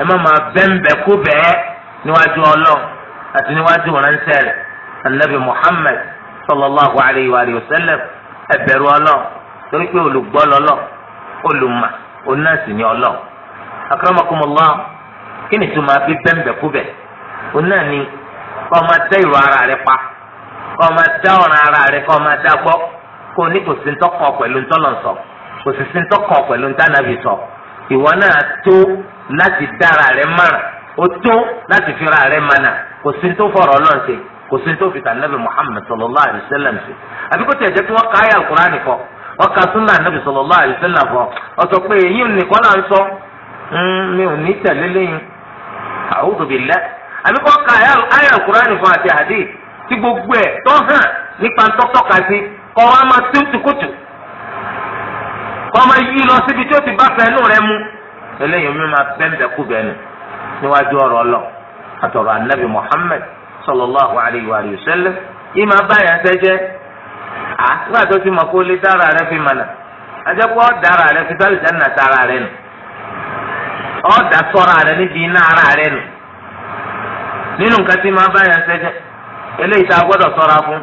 ẹ má máa bẹ́ńbẹ́ kú bẹ́ẹ̀ níwájú ọlọ́run àti níwájú ránṣẹ́ rẹ̀ anabi muhammad sallallahu alayhi wa alihi wa sallam ẹ bẹ̀rù ọlọ́run torí pé olùgbọ́ lọ́lọ́ olùmọ̀ onáàsì ni ọlọ́run akramakumullah kí ni tó máa fi bẹ́ńbẹ́ kú bẹ́ẹ̀ òun ni kọ́ ọ máa tẹ́ ìrọ ara rẹ pa kọ́ ọ máa dá ọ̀ràn ara rẹ kọ́ ọ máa dá gbọ́ kó o ní kò sí ń tọkàn pẹ̀lú ń tọ́lọ̀ sọ kò sì sí ń tọkàn pẹ̀lú ń sọ ìwọ náà tó láti dára rẹ márùn ó tó láti fira rẹ mánà kò sí ń tó fọ̀rọ̀ ọlọ́run kò sí tó fi tànàbì muhammed sallallahu alayhi wa sallam sí àbí kò tẹ̀jẹ́ kí wọ́n ka ayé alukur'an kọ wọ́n ka sunna anabi sallallahu alayhi wa sallam kọ ọ sọ pé èyí nìkan náà ń sọ hmm, mi ò ní tẹ̀lé lẹ́yìn a'udhu billah àbíkọ́ ka ayé alukurani fún àti hadith tí gbogbo ẹ̀ tó hàn nípa ntọ́tọ́ka sí kọ́ wa máa tún tukutu kọ́ máa yí lọ síbi tí ó ti bá fẹ́nu rẹ mu eléyìí mi máa bẹ́ńbẹ́ kú bẹ́ẹ̀nu níwájú ọ̀rọ̀ a àtọ̀rọ̀ anabi muhammed sallallahu alayhi wa sallam yìí máa bá yàn sẹ́jẹ́ à nígbà tó ti mọ̀ kó lé dára rẹ fi dára rẹ fi rẹ nù ọ̀ dà sọ́ra rẹ níbi iná ara rẹ nínú nǹkan tí máa bá yàn sẹ́jẹ̀ eléyìí tá a gbọ́dọ̀ sọ́ra fún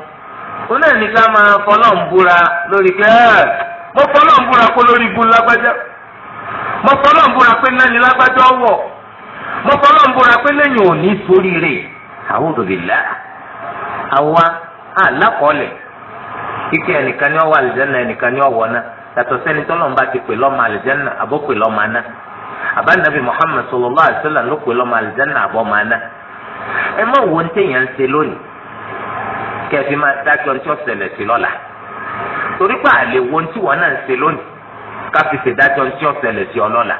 òun náà ní ká máa fọlọ́ ń búra lórí pé mo fọlọ́ ń búra kó lórí igun lágbájá mo fọlọ́ ń búra pé náà ní lágbájá mo fọlọ́ ń búra pé lẹ́yìn òní sórí rẹ̀ a'udhu billah àwa àlákọ̀ọ́lẹ̀ kíkẹ́ ẹnìkan ní ọwọ́ àlìjẹ́nà ẹnìkan ní ọwọ́ náà yàtọ̀ sẹ́ni ẹ má wo ní téèyàn ń ṣe lónìí kẹfì máa dájọ́ ní tí wọ́n ṣẹlẹ̀ sí lọ́la torí pé àlè wo ní tí wọ́n náà ń ṣe lónìí káfí ṣèdájọ́ ní tí wọ́n ṣẹlẹ̀ sí ọlọ́la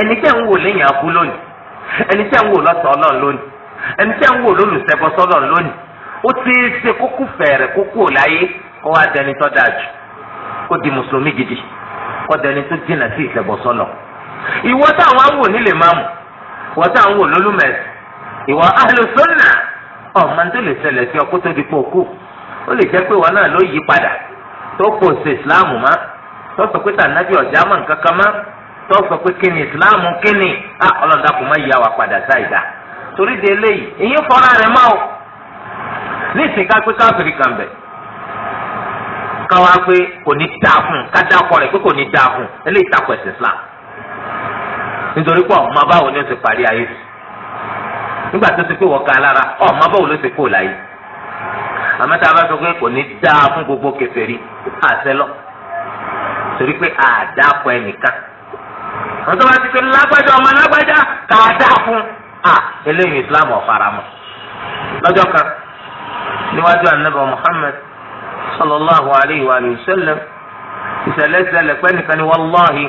ẹni tẹ́ ń wò lẹ́yìn abú lónìí ẹni tẹ́ ń wò lọ́sọ̀ ọlọ́run lónìí ẹni tẹ́ ń wò lólùsẹ́bọ sọ́lọ́run lónìí ó ti ṣe kókó fẹ̀rẹ̀ kókó láyé kó wá dẹni tó dáa jù kó di mùsùlùmí gidi kó dẹni tó dínà sí ìṣẹ̀bọ sọ́lọ̀ ìwọ táwọn wò nílé máàmù ìwọ táwọn wò lólùmẹ̀sì ìwà ahlu sunna ọmọ tó lè ṣẹlẹ̀ sí ọkú tó di le ó lè jẹ́ pé wọn náà ló yí padà tó kò ṣe ìsìláàmù má tó sọ pé tànàbí ọ̀já mọ̀ nǹkan má tó sọ pé kí ni ìsìláàmù kí ni ọlọ́dà kò má yà wá padà sáìdá torí de eléyìí fọ́nrán rẹ̀ má o ní ìsìnká pé káfíìrì kan bẹ̀ ká pé kò ní dáa fún ká dákọ rẹ̀ pé kò ní dáa fún eléyìí takò ẹ̀sìn Islam nítorí pé nígbà tó ti pé wọ́n ka lára ọmọ báwo ló ti kó láyé àmọ́ tá a bá sọ pé kò ní dáa fún gbogbo kèfèrí àṣẹ lọ torí pé àdàpọ ẹnìkan wọ́n tó bá ti pé lágbájá ọmọ lágbájá kà á dáa fún à eléyìí islam ọ̀faramọ̀ lọ́jọ́ kan níwájú anabi muhammed sallallahu alayhi wa sallam ìṣẹ̀lẹ̀ ìṣẹ̀lẹ̀ pé nìkan ni wàlláhi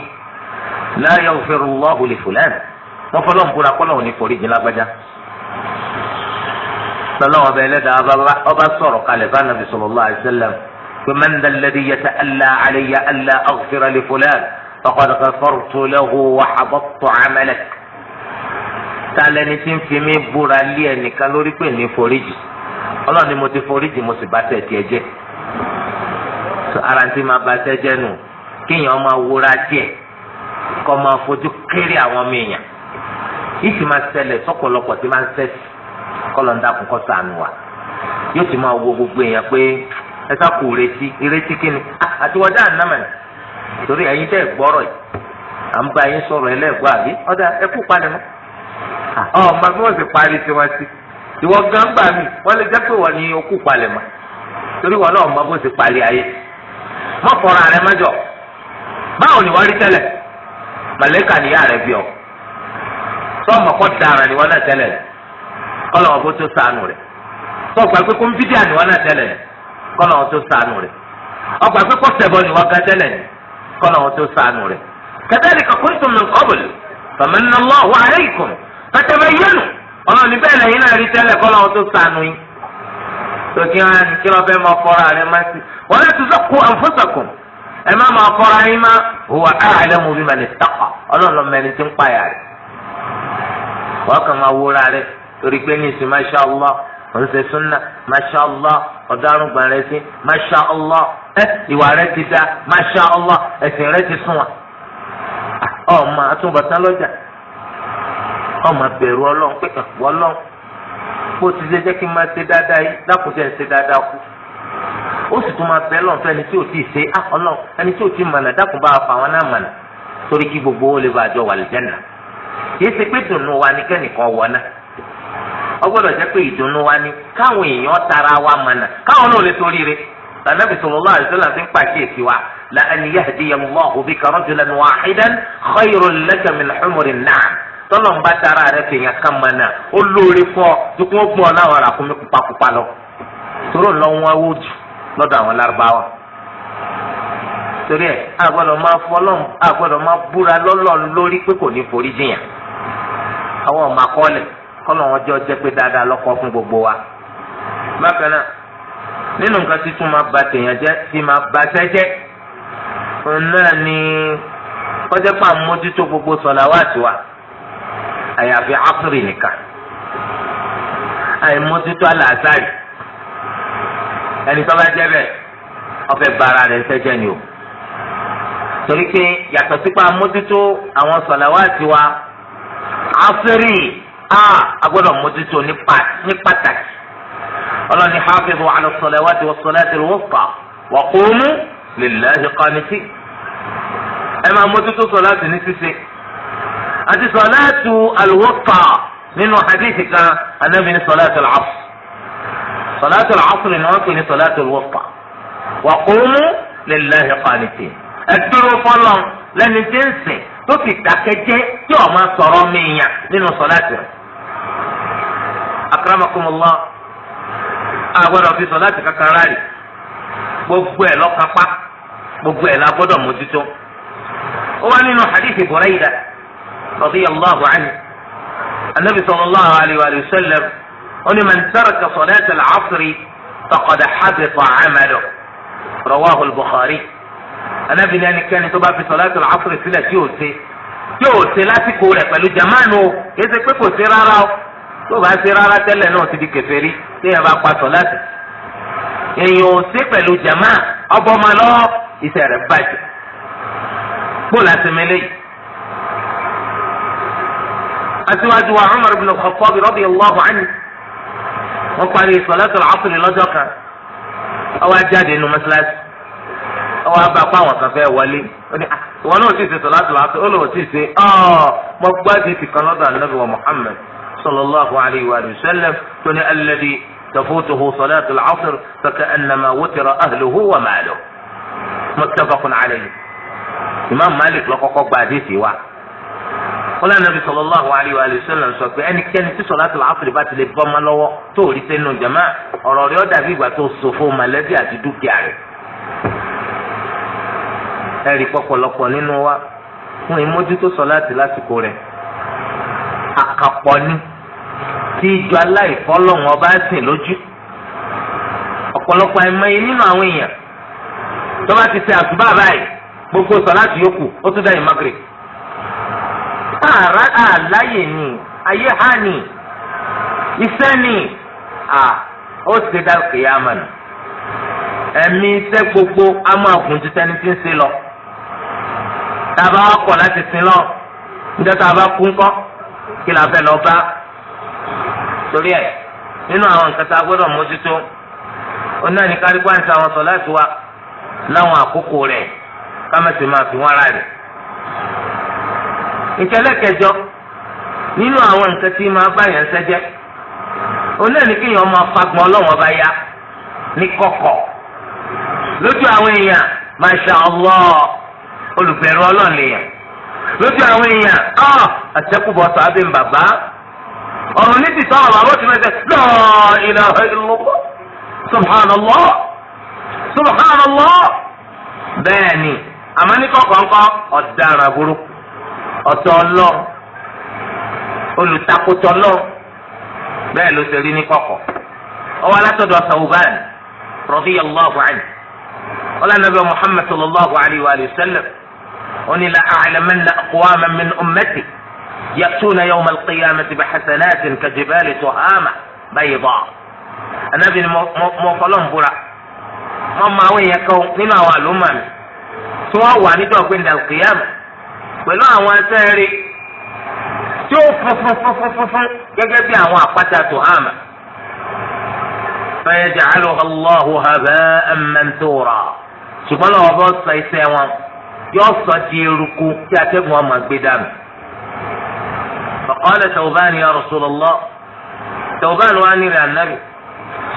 la yaghfirullahu li fulan wọ́n fọlọ́ ń búra kọ́lọ́ forí jìn lágbájá sọlọ́wọ́ ọba ẹlẹ́dàá ọba sọ̀rọ̀ kalẹ̀ bá nàbì sallallahu alaihi wasallam pé man dhal ladhi yata'alla alayya alla aghfira li fulan faqad ghafartu lahu wa habattu 'amalak. talẹ́ni tí ń fi mí búra lé ẹnìkan lórí pé ní foríjì ọlọ́run ni mo ti foríjì mo sì bá tẹ̀ tiẹ̀ jẹ́ ara ti máa ba tẹ́ jẹ́ nù kéèyàn máa wúra díẹ̀ kọ́ máa fojú kéré àwọn ọmọ èèyàn yìí ti máa ṣẹlẹ̀ sọ́kọ̀lọpọ̀ tí máa ń sẹ́sì kọ́lọ̀ ń dákun kọ́ sànù wa yóò ti máa wo gbogbo èèyàn pé ẹ kí ni àti wọ́n dáhà torí ẹ̀yin tẹ́ ẹ̀ gbọ́rọ̀ yìí à ń bá yín sọ̀rọ̀ ẹlẹ́gbọ́ àbí ọ̀dà ẹ ọ bí ti parí tí wọ́n ìwọ gan gbà mí lè pé torí wọn náà bó parí ayé ni rí rẹ bí ọ sọ́ọ̀mọ̀ kọ́ dara ni wọ́n na tẹ́lẹ̀ kọ́lọ̀ wọn kó tó sànù rẹ̀ sọ́ọ̀gbà pé kó ni wọ́n na tẹ́lẹ̀ wọn tó sànù rẹ̀ ọgbà pé kó ni wọ́n gan tẹ́lẹ̀ wọn tó sànù rẹ̀ kadhalika kuntum min qabl famanna Allahu alaykum fatabayyanu ọlọ́ọ̀ni bẹ́ẹ̀ lẹ́yìn náà rí tẹ́lẹ̀ kọ́lọ̀ wọn tó sànù yín tòkí wọn kí wọn fẹ́ máa má sí wọn lè tún ẹ má máa yín wọ́n kàn máa wúra rẹ̀ torí pé ní ìsìn masha allah òun ṣe súnà masha allah ọ̀darùngbọ̀n rẹ̀ sí masha allah ẹ ìwà rẹ̀ ti da masha allah ẹ̀sìn rẹ̀ ti sùn wọn. ọmọ atúbọ̀tán lọ́jà ọmọ bẹ̀rù ọlọ́run pẹ̀kẹ̀ wọ́ ọlọ́run bó ti ṣe jẹ́ kí n máa ṣe dáadáa yìí dákùnjẹ́ ń ṣe dáadáa kú ó sì tún máa bẹ lọ́n ẹni tí ò tí ṣe ah, ọlọ́run ẹni tí ò tí mọ̀nà dákùn bá náà mọ̀nà torí kí gbogbo ó lè bàjọ́ wà lè jẹ́ kìí ṣe pé dùnú wa ni kẹ́nìkan wọ̀ náà ọgbọ́dọ̀ jẹ́ pé ìdùnnú wa ni káwọn èèyàn tara wa mọ̀nà káwọn náà lè torí rẹ̀ lànàbì sallallahu alaihi wasallam ti ń pàkíyèsí wa la an yahdiyallahu bika rajulan wahidan khayrun laka min humurin na'am tọ́lọ̀ ń bá tara rẹ̀ fèèyàn kan mọ̀nà ó lóore ó gbọ́n láwọn rà kúmi pupapupa lọ. toró ń lọ wọn wó jù lọ́dọ̀ torí ẹ̀ àgbọ́dọ̀ máa fọlọ́n àgbọ́dọ̀ máa búra lọ́lọ́run lórí pé kò ní forí jiyàn àwọn ọmọ akọ́lẹ̀ kọ́lọ̀ wọn jọ jẹ́ pé dáadáa lọ́kọ́ fún gbogbo wa. bákan náà nínú nǹkan tí tún máa ba tèèyàn jẹ́ tí máa ba sẹ́ jẹ́ òun náà ni kọjá pa mójútó gbogbo sọ̀làwátì wa àyàfi áfírì nìkan àìmójútó àlàásàrì ẹni tó bá jẹ́ bẹ́ẹ̀ ọ̀fẹ́ bara rẹ̀ sẹ́jẹ́ ni o torí pé yàtọ̀ sípa mójútó àwọn sọ̀làwáàtì wa àṣírí a agbọ́dọ̀ mójútó ní pàtàkì ọlọ́ni hafizu ala sọ̀làwáàtì wa sọ̀làtì al-wusta wa qumu lillahi qanitin ẹ máa mójútó sọ̀làtì ní ṣíṣe àti sọ̀làtì al-wusta nínú hadithi kan anábìíní sọ̀làtì al-asr sọ̀làtì al-asr ni wọ́n pè ní sọ̀làtì al-wusta wa qumu lillahi qanitin ẹ dúró fọlọ́ lẹ́ni tí ń sìn tó fi dákẹ́jẹ́ tí ọ̀ máa sọ̀rọ̀ mìíyàn nínú sọ̀láàtì rẹ̀. akramakumullah agbọ́dọ̀ fi sọ̀láàtì kankan ráàlì gbogbo ẹ̀ lọ́kápá gbogbo ẹ̀ la gbọ́dọ̀ mójútó. ó wá nínú hadithi Burayda radiyallahu anhu anabi sallallahu alayhi wa sallam ó ní man taraka salata al-asri faqad habita amaluhu rawahu al-Bukhari anábì ní ẹnikẹ́ni tó bá fi sọ̀láàtì àfúrè sílẹ̀ tí ò ṣe tí ò ṣe lásìkò rẹ̀ pẹ̀lú jamaanu o kì í ṣe pé kò ṣe rárá o tó bá ṣe rárá tẹ́lẹ̀ náà ti di kèfèrí tí ẹ bá pa sọ̀láàtì èèyàn ò ṣe pẹ̀lú jamaa ọbọ̀ máa lọ iṣẹ́ rẹ̀ bàjẹ́ kó láti mẹ́lẹ̀ yìí. aṣíwájú wa Umar ibn al-Khattab radiyallahu anhu wọ́n parí sọ̀láàtì àfúrè lọ́jọ́ kan ọwọ́ ajáde nù mọ́ṣáláṣí ọwọ abá pa àwọn kan fẹ́ wọlé ó ní ah, ìwọ náà ti ṣe sọ láti wàásù ó lóun ti ṣe ọ mọ gbájú ti kan lọ́dọ̀ anabi wa muhammed sallallahu alayhi wa sallam tó ní alladhi tafutuhu salatu al-asr fakaannama wutira ahluhu wa maaluhu muttafaqun alayhi imam malik ló kọ́kọ́ gba àdéhìí wa wọ́n anabi sallallahu alayhi wa sallam sọ pé ẹnikẹ́ni tí sọ̀lá tòlá bá ti bọ́ ọmọ tó rí sẹ́nu jama ọ̀rọ̀ rẹ̀ ó ẹ̀rí pọ̀pọ̀lọpọ̀ nínú wa wọn ì sọ láti lásìkò rẹ̀ àkàpọ̀ ni tí ìjọ aláìfọlọ́wọn ọba sìn lójú ọ̀pọ̀lọpọ̀ ẹ̀mọ́ yìí nínú àwọn èèyàn tó bá ti ṣe báyìí gbogbo ó tún dá ìmọ̀gìrì àláyè ni ayé ha ni iṣẹ́ ni à ó ti dá àmàlà ẹ̀mí iṣẹ́ gbogbo lọ. tába wá kọ̀ láti sin lọ níjọ́ tába kú ńkọ́ kí la fẹ́ lọ bá torí ẹ̀ nínú àwọn nǹkan tá a gbọ́dọ̀ mójútó onáà ní kárí pàǹsá àwọn sọ láti wá láwọn àkókò rẹ̀ kámẹ́sì máa fi wọ́n ara rẹ̀. ìtẹ́lẹ̀ nínú àwọn nǹkan tí máa bá yẹn sẹ́jẹ́ onáà ní kéèyàn máa fagbọn ọlọ́wọ́n bá yá ní kọ̀kọ̀ lójú àwọn èèyàn masha Allah olùbẹ̀rù ọlọ́run lèèyàn lójú àwọn èèyàn ọ àtẹkùbọ sàbẹ bàbá ọ̀run ní ti sọ̀rọ̀ àwọn tí wọ́n ṣe lọ ìlà ìlọ́kọ́ subhanallah subhanallah bẹ́ẹ̀ ni àmọ́ ní kọ̀ọ̀kan ọ̀daràn burúkú ọ̀tọ̀ ọlọ́ olùtakùtọ̀ lọ bẹ́ẹ̀ ló ṣe rí ní kọ̀ọ̀kan ọwọ́ alátọ̀dọ̀ sàwùbáàn radiyallahu anhu ọlọ́nàbẹ́ muhammad sallallahu alayhi wa oni la a'lamanna aqwaman min ummati ya'tuna yawma al-qiyamati bi hasanatin ka jibali tuhama bayda anabi ni mo fọlọ́n búra mo ma àwọn èèyàn kan nínú àwọn àlùmọ́ mi tí wọ́n wà níjọ́ pé ndàlùkìyàmù pẹ̀lú àwọn asẹ́rẹ́ tí ó funfun funfun funfun gẹ́gẹ́ bí àwọn àpáta tuhama. فيجعلها الله هباء منثورا ṣùgbọ́n lọ́wọ́ bọ́ sọ iṣẹ́ wọn yóò sọ di eruku tí atẹ́gùn ọmọ gbé dànù. فقال ثوبان يا رسول الله ثوبان واني الى النبي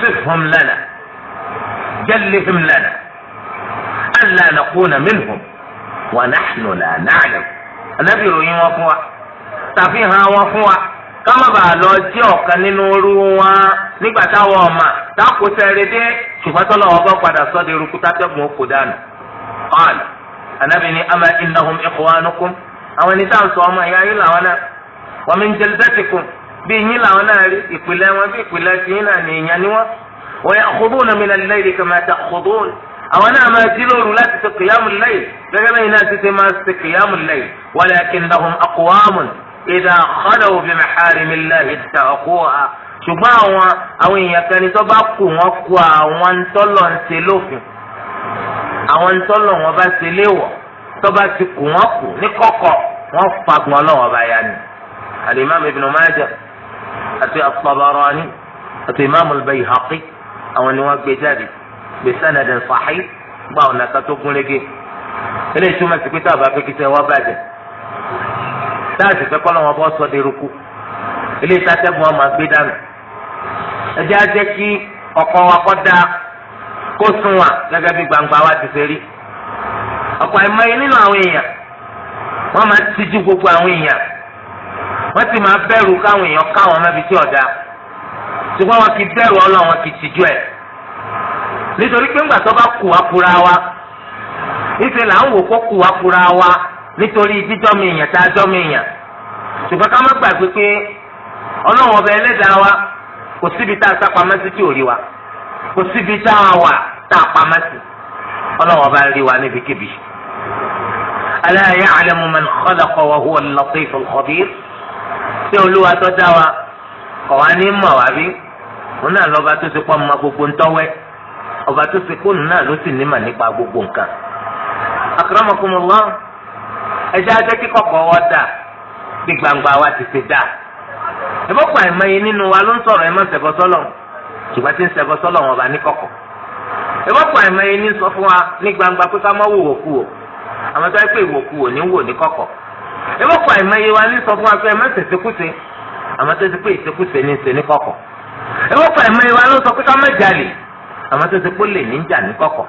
صفهم لنا جلهم لنا ألا نكون منهم ونحن لا نعلم النبي رؤيا وفوا تفيها وفوا kama baa lọ jẹ́ ọ̀kan nínú orú wọn nígbà táwọn ọmọ táwọn kò sẹ́rẹ̀ dé ṣùgbọ́n tọ́lọ́wọ́ bá padà sọ́dọ̀ eruku tátẹ́gùn ó kò dànù. ọ̀nà anabi ni ama innahum ikhwanukum àwọn ẹni tá à ń sọ ọmọ ìyá yín làwọn náà wa min jalbatikum bí yín làwọn náà rí ìpìlẹ̀ wọn bí ìpìlẹ̀ ti yín náà nìyẹn ni wọn wa ya'khuduna min al-layli kama ta'khudun àwọn náà máa jí lóru láti ṣe kìyàmù lẹ́yìn gẹ́gẹ́ bẹ́ẹ̀ náà ti ṣe máa ṣe kìyàmù lẹ́yìn walakinnahum aqwamun idha khalaw bi maharimillahi ta'quha ṣùgbọ́n àwọn àwọn ntọ́lọ̀ wọn bá ṣe léwọ̀ tọ́ba ti kù wọ́n kù ní kọ́kọ́ wọ́n fagbọn ọlọ́wọ́ bá yá ni. alimami ibn Majah àti at-Tabarani àti imaamu al-Bayhaqi àwọn ni wọ́n gbé jáde bi sanadin sahih gba ọ̀nà kan tó gúnrégé. eléyìí túmọ̀ sí pé tá a bá fẹ́ táàsì fẹ́ kọ́lọ́ wọn bọ́ sọ de ruku eléyìí tá a tẹ́gun gbé dànù. ẹ jẹ́ ajẹ́ kí ọkọ wa kọ́ dáa kó sún wọn gẹ́gẹ́ bí gbangba wa ti seri rí ọ̀pọ̀ àìmọye nínú àwọn èèyàn wọ́n máa tijú gbogbo àwọn èèyàn wọ́n ti máa bẹ̀rù káwọn èèyàn káwọn ọmọ ibi tí ṣùgbọ́n wọn kì bẹ̀rù ọlọ́run tijú nítorí pé ńgbà tó bá kù wá kura wa ìṣe là ń wò kó kù wá kura wa nítorí jíjọ́ mi èèyàn tá a jọ́ mi èèyàn ṣùgbọ́n ká má gbàgbé pé ọlọ́run ọba wa. kò síbi tá a wà tá a pamọ́ sí ọlọ́wọ́ bá ń rí wa níbikíbi. ala ya'lamu man khalaqa wa huwa al-latif al-khabir ṣé olúwa tó dá wa kọ̀ wá ní mọ̀ wá bí òun náà lọ́ba tó ti pọ́ mọ gbogbo ntọ́wẹ́ ọba tó ti kóònù náà ló sì nímọ̀ nípa gbogbo nǹkan. akramakumullah ẹ̀ṣẹ́ ajẹ́ kíkọ̀ kọ́ wọ́ dà bí gbangba wa ti ti dà. ìbọ̀pọ̀ àìmọye nínú wa ló ń sọ̀rọ̀ ẹ̀ má ṣùgbọ́n tí ń ṣẹbọ sọ́lọ̀ wọn bá ní kọ̀kọ̀. ìwọ́pọ̀ àìmọ̀ yẹn ní sọ fún wa ní gbangba pé ká má wò wòkú o àwọn tó yẹ pé ìwòkú ò ní wò ní kọ̀kọ̀. ìwọ́pọ̀ àìmọ̀ yẹn wa ní sọ fún wa pé ẹ má ṣèṣekúṣe àwọn tó ti pé ìṣekúṣe ní ṣe ní kọ̀kọ̀. ìwọ́pọ̀ àìmọ̀ yẹn wa ló sọ pé ká má jalè àwọn tó ti pé lè ní jà ní kọ̀kọ̀.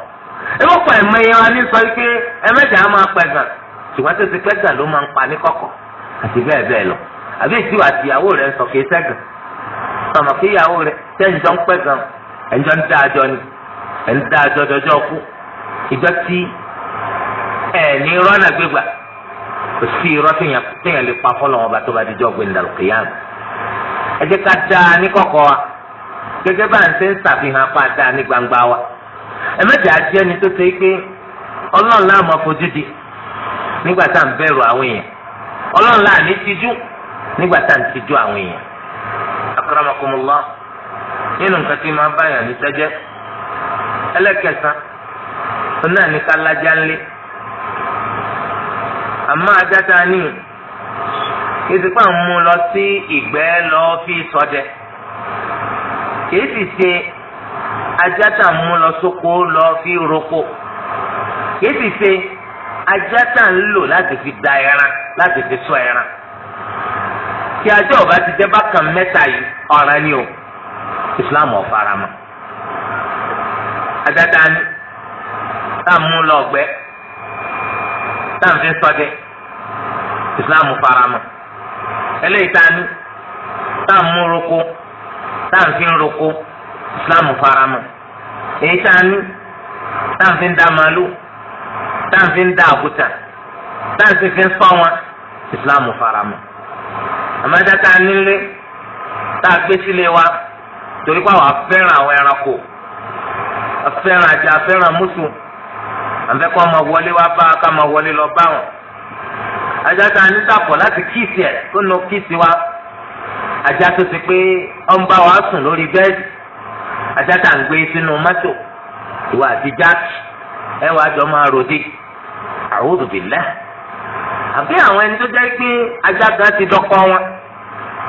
ìwọ́pọ̀ àìmọ̀ yẹn wa ní sọ pé ẹ mẹ́jà á máa pẹ̀gàn ṣùgbọ́n tó ti pẹ́gàn ló máa ń pa ní kọ̀kọ̀ àti bẹ́ẹ̀ kàn mọ̀ kí ìyàwó rẹ tẹ́ǹjọ́ ń pẹ́ gan ẹ̀ǹjọ́ ń dá ni ẹ̀ dá àjọ dọjọ́ kú ìjọ tí ẹ̀ ní rọ́nà gbégbà kò sí irọ́ téèyàn lè pa fọ́lọ́ wọn bá tó bá ẹ ká dá wa gẹ́gẹ́ bá ń ń dá ní gbangba wa ẹ akramakumullah nínú nǹkan tí máa báyà ní sẹ́jẹ́ ẹlẹ́kẹsàn án náà ní kálájà ńlẹ̀ àmọ́ ajá tá a níyìn kìí pa ń mú lọ sí ìgbẹ́ lọ fi ṣọdẹ kìí sì ṣe ajá tá a mú lọ sóko lọ fi roko kìí sì ṣe ajá tá a ń lò láti fi da ẹran láti fi ṣọ́ ẹran tí ajá ọba ti jẹ́ bákan mẹ́ta yìí ọ̀ràn ni o islam ọ̀farama adada ni táàmù lọ́gbẹ́ táàmù sọ́dẹ islam farama eléyìí tá a ní táàmù roko táàmù roko islam farama èyí tá a ní táàmù dá màlúù táàmù dá àkútà táàmù fi islam farama. àmọ́tàtà nílé tá a gbé sílé wa torí pé àwọn afẹ́ràn àwọn ẹranko afẹ́ràn àti afẹ́ràn mùsùn kọ́ ọmọ wọlé wa bá ká ọmọ wọlé lọ bá wọn ajá tá a ní láti kíìsì ẹ̀ wa ajá tó ti pé ọ́n bá wa sùn lórí bẹ́ẹ̀dì ajá tá a ń gbé sínú mọ́tò ìwà jọ máa àbí àwọn ẹni tó jẹ́ pé ajá gan ti dọ́kọ wọn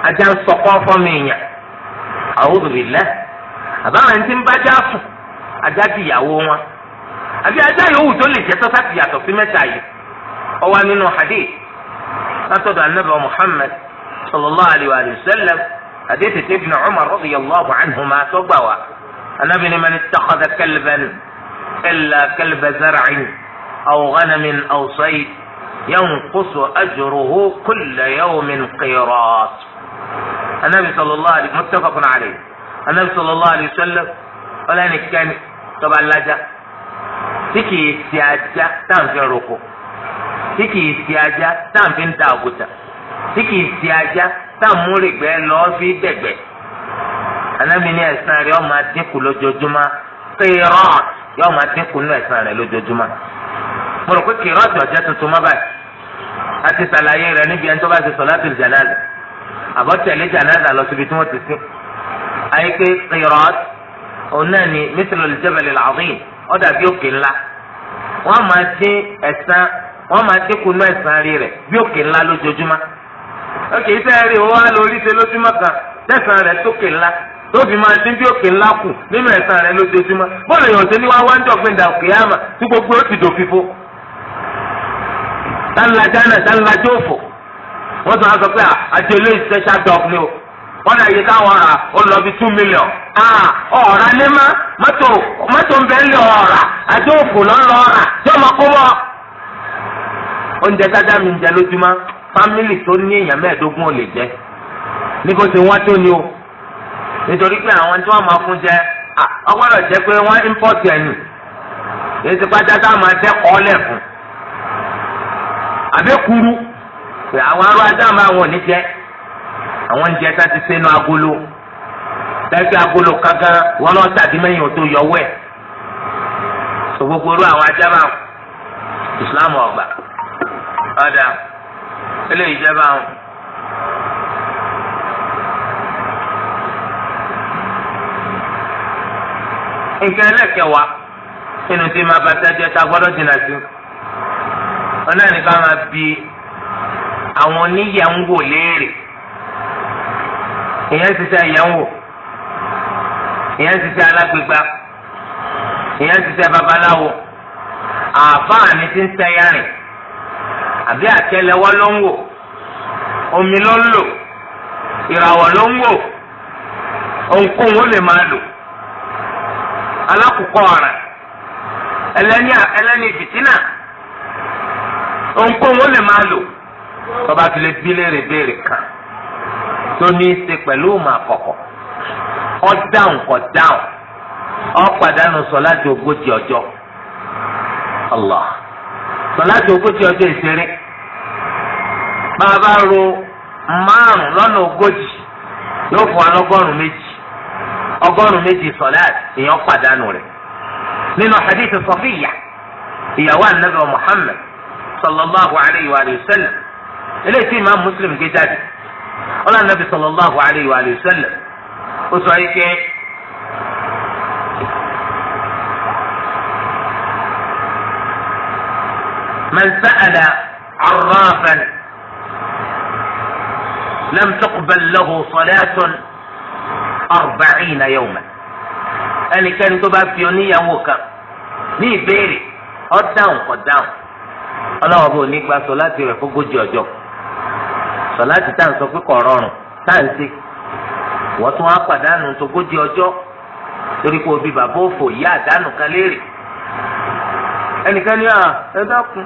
ajá ń sọkọ́ fọ́mọ èèyàn àwòrán ìlẹ́ àbáwọn ẹni tí ń bájá fún ajá ti ìyàwó wọn àbí ajá yòówù tó lè jẹ́ sọ́sá ti yàtọ̀ sí mẹ́ta yìí ọwọ́ nínú hadith látọ̀dọ̀ anábì Muhammad sallallahu alayhi wa sallam hadith ibn Umar radiyallahu anhuma tó gbà wá anábì ni man ittakhadha kalban illa kalba zar'in aw ghanamin aw sayd yanqusu ajruhu kulla yawmin qirat anabi sallallahu alayhi muttafaqun alayhi anabi sallallahu alayhi wasallam ọlẹ́nìkẹ́ni tọ́ba lajà tí kìí ṣe ajá táǹfẹ́ roko tí kìí ṣe ajá táǹfẹ́ ń da òkúta tí kìí ṣe ajá táǹmúrègbẹ́ lọ́ọ́ fi dẹ̀gbẹ́ anabi ní ẹ̀sán rẹ̀ ọmọ adínkù lójoojúmọ́ kírọ́ọ̀t yọ̀ọ́ máa dínkù nínú ẹ̀sán rẹ̀ lójoojúmọ́ mo rò pé kírọ́ọ̀t ọ̀jẹ́ tuntun má báyìí a ti sàlàyé rẹ̀ níbi ẹni tó bá ti sọ̀láàtì janaza àbọ̀ tẹ̀lé janaza lọ síbi tí wọ́n ti sìn. ayé pé qirat òun náà ni mísìlò jabal al-azim ó dàbí òkè ńlá wọ́n máa dín ẹ̀sán wọ́n máa dínkù náà ẹ̀sán rí rẹ̀ bí òkè ńlá lójoojúmọ́. òkè iṣẹ́ rí wọ́n á lọ orí ṣe lójúmọ́ kan tẹ̀sán rẹ̀ sókè ńlá tóbi máa dín bí òkè ńlá kù nínú ẹ̀sán rẹ̀ lójoojúmọ́ bọ́ọ̀lù yòòṣe sálà Ghana sálà jófò wọn tún sọ pé ah, special dog ni o wọ́n náà káwọn ra ó lọ bí two million ah, ọ̀ọ́ra ní má mọ́tò mọ́tò ń bẹ́ẹ̀ lé tí a dá jẹ fámìlì tó ní èèyàn ò lè jẹ níbo ti tó ni o nítorí pé àwọn tí wọ́n máa fún jẹ ọgbọ́dọ̀ jẹ́ pé wọ́n ń máa kọ́ lẹ̀ àbẹ́kuru àwọn ará adáàmú àwọn ò àwọn oúnjẹ tá ti sẹ́nu agolo tẹ́tí agolo kankan wọn lọ tàbí mẹ́yìn ò tó yọwọ́ ẹ̀ gbogbo irú àwọn adáàmú Islam ọgbà ọ̀dà eléyìí jẹ́ báwọn. nǹkan ẹlẹ́kẹ̀wá nínú tí máa bá tẹ́jẹ́ tá a gbọ́dọ̀ jìnnà sí i. ọlọ́run ká máa bi àwọn oníyàwó léèrè ìyẹn ti sẹ ìyàwó ìyẹn ti sẹ alágbègbà ìyẹn ti sẹ babaláwo àfáàní ti ń sẹyàrìn àbí àtẹ́lẹwọ́ ló ń wò omi ló ń lò ìràwọ̀ ló ń wò ohunkóhun ó lè máa lò alákòókò ọ̀ràn ẹlẹ́ni fìtínà. ohunkóhun ó lè máa lò tọ́ba ti lè bí léèrè béèrè kan tó ní í ṣe pẹ̀lú òun àkọ́kọ́ ọ dáhùn kọ dáhùn ọ pàdánù sọ láti ogójì ọjọ́ Allah sọ láti ogójì ọjọ́ ìṣeré ro márùn lọ́nà ogójì yóò fún wa lọ́gọ́rùn méjì ọgọ́rùn méjì sọláàtì èèyàn pàdánù rẹ̀ nínú hadith Safiya ìyàwó anabi Muhammad. صلى الله عليه وآله وسلم إليه في إمام مسلم كتاب ولا النبي صلى الله عليه وآله وسلم وصحيك من سأل عرافا لم تقبل له صلاة أربعين يوما أني كان تبقى في يونية موكا ني بيري قدام قدام ọlọ́wọ́n bò ní gba sọláàtì rẹ̀ fógójì ọjọ́ sọláàtì tá à ń sọ pé kọ̀ rọrùn tá à ń ṣe wọ́n tún á pàdánù tógójì ọjọ́ torí pé òbí bàbá òfò yá àdánù kan léèrè ẹnìkan ní à ẹ dákun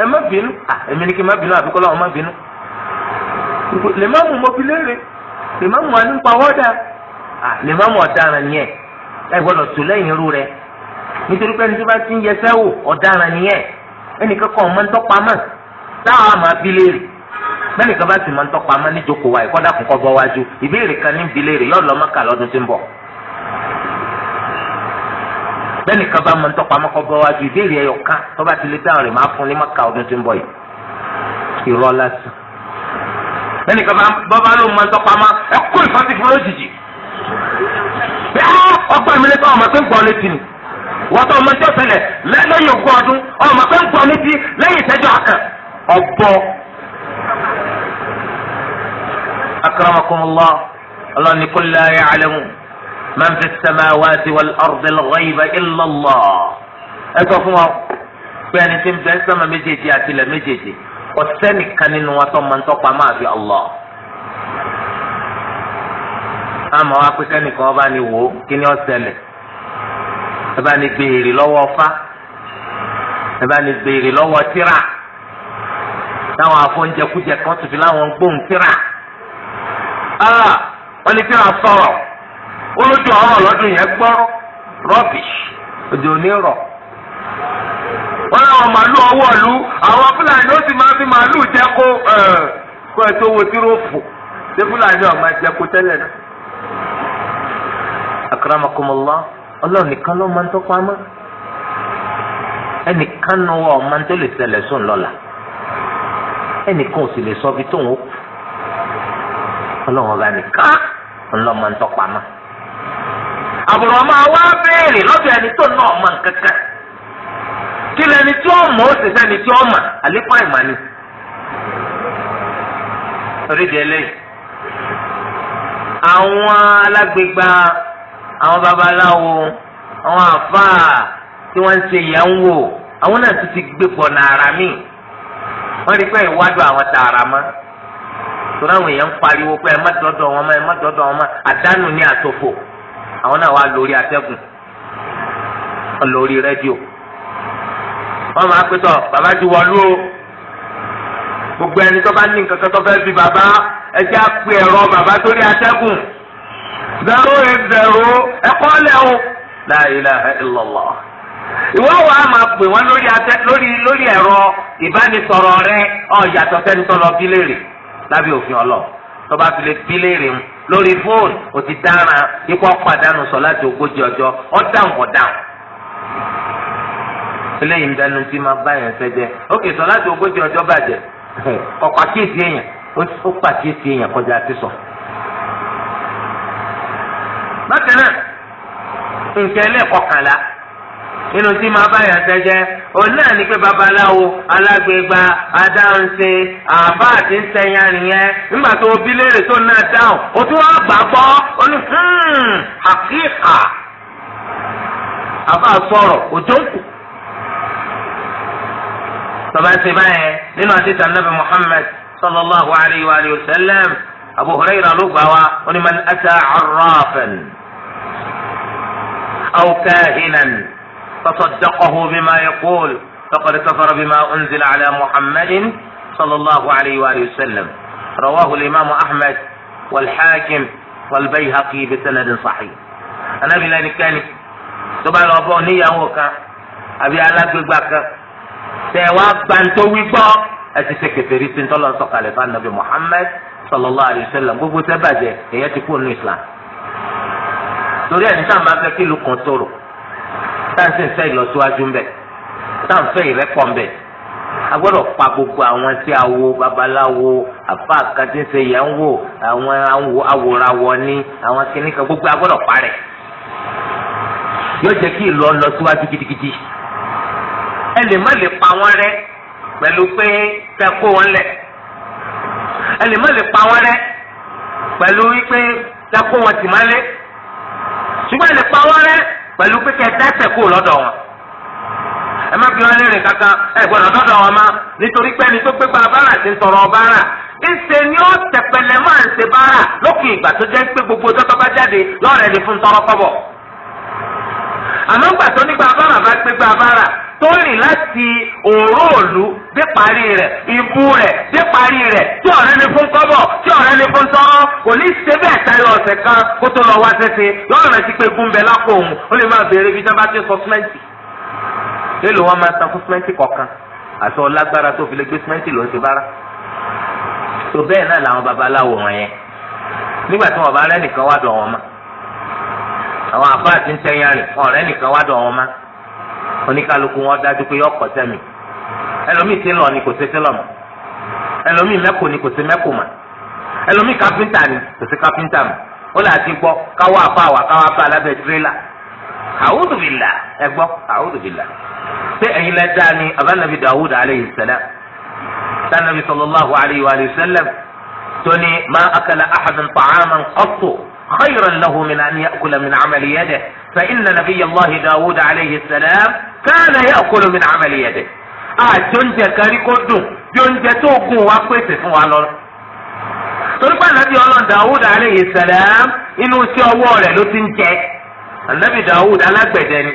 ẹ má bínú à èmi ni kí n má bínú àbíkọ́ lọ́wọ́ má bínú lè má mú mo fi léèrè lè má mú wa nípa wọ́dà à lè má mú ọ̀daràn yẹn ẹ gbọ́dọ̀ tó lẹ́yìn irú rẹ nítorí pé ẹni tó bá ti ń yẹsẹ́ wò ọ̀daràn yẹn ẹnìkan kan ọmọ ntọ́pamọ́ táwọn àmọ́ abilérì mẹ́nìkan bá sì mọ ntọ́pamọ́ níjókòó wa ìkọ́dà kún kọ́ bọ́ wájú ìbéèrè kan ní bilérì yọ lọ́mọ kà lọ́dún tí ń bọ̀ mẹ́nìkan bá mọ ntọ́pamọ́ kọ́ bọ́ wájú ìbéèrè ẹyọ kan tó bá ti lè dáhùn rẹ̀ máa fún ní mọ́kà ọdún tí ń bọ̀ yìí irọ́ lásán mẹ́nìkan bá bá ló mọ ntọ́pamọ́ ẹ kó ìfọ́sí fún lójijì bẹ́ẹ̀ ọgbà mi lé wọ́tọ̀ ọmọ tí ó ṣẹlẹ̀ lẹ́yìn ogún ọdún ọmọ pé ń gbọ́ mi ti lẹ́yìn ìṣẹ́jú akàn ọ̀bọ. akramakumullah ọlọ́ni kò láyé alẹ́mu máa ń fi samawati wal ardi al-ghayba illa Allah. ẹ sọ fún wa pé ẹni tí ń bẹ sánmà méjèèjì àti ilẹ̀ méjèèjì ọ̀sẹ́nìkan nínú wọn tó máa ń tọ́pa máa fi Allah. àmọ́ wa pé ọba ni wò kí ni ó ẹ bá ní béèrè lọ́wọ́ fá ẹ bá ní béèrè lọ́wọ́ tíra táwọn afọ́njẹkújẹ kan tó fi láwọn gbóhùn tíra wọ́n ní tíra sọ̀rọ̀ olójú ọ̀rọ̀ lọ́dún yẹn gbọ́ rubbish òjò ní rọ̀ wọ́n láwọn màálù ọwọ́ lu àwọn fúlàní ó sì máa fi màálù jẹ́ kó ẹ tó wo tírófù ṣé fúlàní ọ̀ máa jẹ́ kó náà akramakumullah ọlọ́run nìkan ló máa ń tọ́pọ̀ amọ́ ẹnìkan náà wọ́n máa ń tó lè ṣẹlẹ̀ sóun lọ́la ẹnìkan ò sì lè sọ fi tóun ó kù ọlọ́run ọba nìkan ńlọ máa ń tọ́pọ̀ amọ́ àbùrọ̀ máa wá béèrè lọ́dọ̀ ẹni tó náà mọ̀ nǹkan kan kí lẹni tí ó mọ̀ ó sì sẹ́ni tí ó mọ̀ àlékún àìmọ̀ ni orídìí ẹlẹ́yìn àwọn alágbègbà àwọn babaláwo àwọn àfáà tí wọ́n ń ṣe ìyàwó àwọn náà tún ti gbé pọ̀ nàrà mí wọ́n rí pé ìwádùn àwọn tààrà mọ́ torí àwọn èèyàn ń pariwo pé ẹ má dọ́dọ̀ wọn mọ́ ẹ má dọ́dọ̀ wọn mọ́ àdánù ní àtòfò àwọn náà wà lórí atẹ́gùn lórí rédíò wọ́n máa pé bàbá ti wọlú o gbogbo ẹni tó bá ní nǹkan kan tó fẹ́ bí bàbá ẹ jẹ́ àpè ẹ̀rọ bàbá torí atẹ́gùn. zero eight zero ẹ̀kọ́ lẹ́wọ̀ la ilaha illallah ìwọ wa ma pè wọn lórí atẹ lórí lórí ẹ̀rọ ìbánisọ̀rọ̀ rẹ ọ yàtọ̀ sẹ́ni tó lọ bí léèrè òfin ọlọ tó bá fi ń ti dára ikú ọ̀pàdánù sọ láti ogójì ọ dáhùn kọ dáhùn eléyìí ń dánú tí máa bá yẹn sẹ́jẹ́ ókè sọ láti ogójì ọjọ́ bàjẹ́ ọ̀pàkíyèsí èèyàn ó pàkíyèsí èèyàn kọjá ti sọ. So. bákan náà nǹkan ẹlẹ́ẹ̀kọkànlá nínú tí máa bá yàn tẹ́jẹ́ òun náà ní pé babaláwo alágbègbà adáhunṣe àbá àti ńsẹ̀yà nìyẹn nígbà tó bí léèrè tó náà dáhùn ó tún wá gbàgbọ́ ó ní hmm, àkíkà àbá sọ̀rọ̀ òjò ń kù tọ́ba ṣe báyẹn nínú àdìsá nàbẹ Muhammad sallallahu alayhi wa sallam Abu Hurayra ló gbà wá ó ní man ata arrafan aw kahinan fasaddaqahu bima yaqul faqad kafara bima unzila ala muhammadin sallallahu alayhi wa sallam rawahu al-imam ahmed wal-hakim wal-bayhaqi bi sanadin sahih. anabi lẹni kẹni tó bá lọ bọ níyàwó kan àbí alágbègbà kan tẹ wá gbàǹtó ẹ ti ṣe kẹfẹ́ rí sí ń fún anabi muhammed sallallahu alayhi wa sallam gbogbo tẹ́ bàjẹ́ èyẹ ti kú nínú islam torí ẹni tá à ń bá fẹ́ kí ìlú kan tòrò tá à ń sì ń fẹ́ ìlọsíwájú ńbẹ tá à ń fẹ́ ìrẹ́pọ̀ ńbẹ a gbọ́dọ̀ pa gbogbo àwọn tí awo babaláwo àfa àkàtúnṣe yẹn ń wò àwọn awòrawọ ní àwọn kìnnìkan gbogbo a gbọ́dọ̀ parẹ́ yóò jẹ́ kí ìlú lọ síwájú gidigidi ẹ lè má lè pa wọ́n rẹ́ pẹ̀lú pé kẹ́ kó wọn lẹ̀ ẹnì má lè pa wọn rẹ pẹ̀lú wípé lẹ́kọ́ wọn tì má lé ṣùgbọ́n ẹ lè pa wọn rẹ pẹ̀lú pé kẹ́ ẹ dẹ́sẹ̀ kú lọ́dọ̀ wọn ẹ má fi wọn léèrè kankan ẹ gbọ́dọ̀ lọ́dọ̀ wọn má nítorí pé ẹni tó gbé gba bára ti ń tọrọ bára ńṣe ni ó tẹpẹlẹ máa ń ṣe bára lókè ìgbà tó jẹ́ pé gbogbo tọ́tọ́ bá jáde lọ́rẹ̀ẹ́ ni fún tọrọ kọ́bọ̀ àmọ́ ńgbà tó ní gba bá gbé gba tó rìn láti òró òlu dé parí rẹ̀ ìbú rẹ̀ dé parí rẹ̀ tí ọ̀rẹ́ ni fún kọ́bọ̀ tí ọ̀rẹ́ ni fún sọ́rọ́ kò ní ṣe bẹ́ẹ̀ tayọ ọ̀sẹ̀ kan kó tó lọ wá sẹ́sẹ̀ yọ̀ọ́ rẹ̀ ti pé gúnbẹ̀ lápò òun ó lè máa béèrè bíi sábà tí ó sọ símẹ́ǹtì lélo wọn máa san fún símẹ́ǹtì kọ̀ọ̀kan àti ọlágbára tó fi lè gbé símẹ́ǹtì ló ń ṣe bára tó bẹ́ẹ̀ náà làwọn babaláwo wọn yẹn nígbà tí wọn bá rẹ́ nìkan wá dọ̀ wọn mọ́ àwọn àbá àti ń tẹ́yà rẹ̀ ọ̀rẹ́ nìkan wá dọ̀ wọn mọ́ oníkálukú wọn dájú pé ọkọ̀ sẹ́mi ẹlòmíì ti ń lọ ni kò ṣe ti lọ mọ́ ẹlòmíì mẹ́kò ni kò ṣe mẹ́kò mọ́ ẹlòmíì káfíńtà ni kò ṣe káfíńtà mọ́ ó là ti gbọ́ káwọ́ àbá wa káwọ́ àbá alábẹ́ tirẹ́là a'udhu billah ẹ gbọ́ a'udhu billah ṣé ẹ̀yin lẹ dáa ni abánabi dawud aleyhi salam sanabi sallallahu alayhi wa sallam tóni ma akala ahadun ta'aman qattu khayran lahu min an ya'kula min amali yadihi allahi dawud alayhi salam. káàna yà kóló mi nàá mẹ́lẹ̀ yẹ̀dẹ̀ àti oúnjẹ kárí kó wa bí to wa lọ. torí pé ànábì ọlọ́run dàwúdà alayhi salam inú iṣẹ́ ọwọ́ rẹ̀ ló ti ń jẹ ànábì dàwúdà alágbẹ̀dẹ ni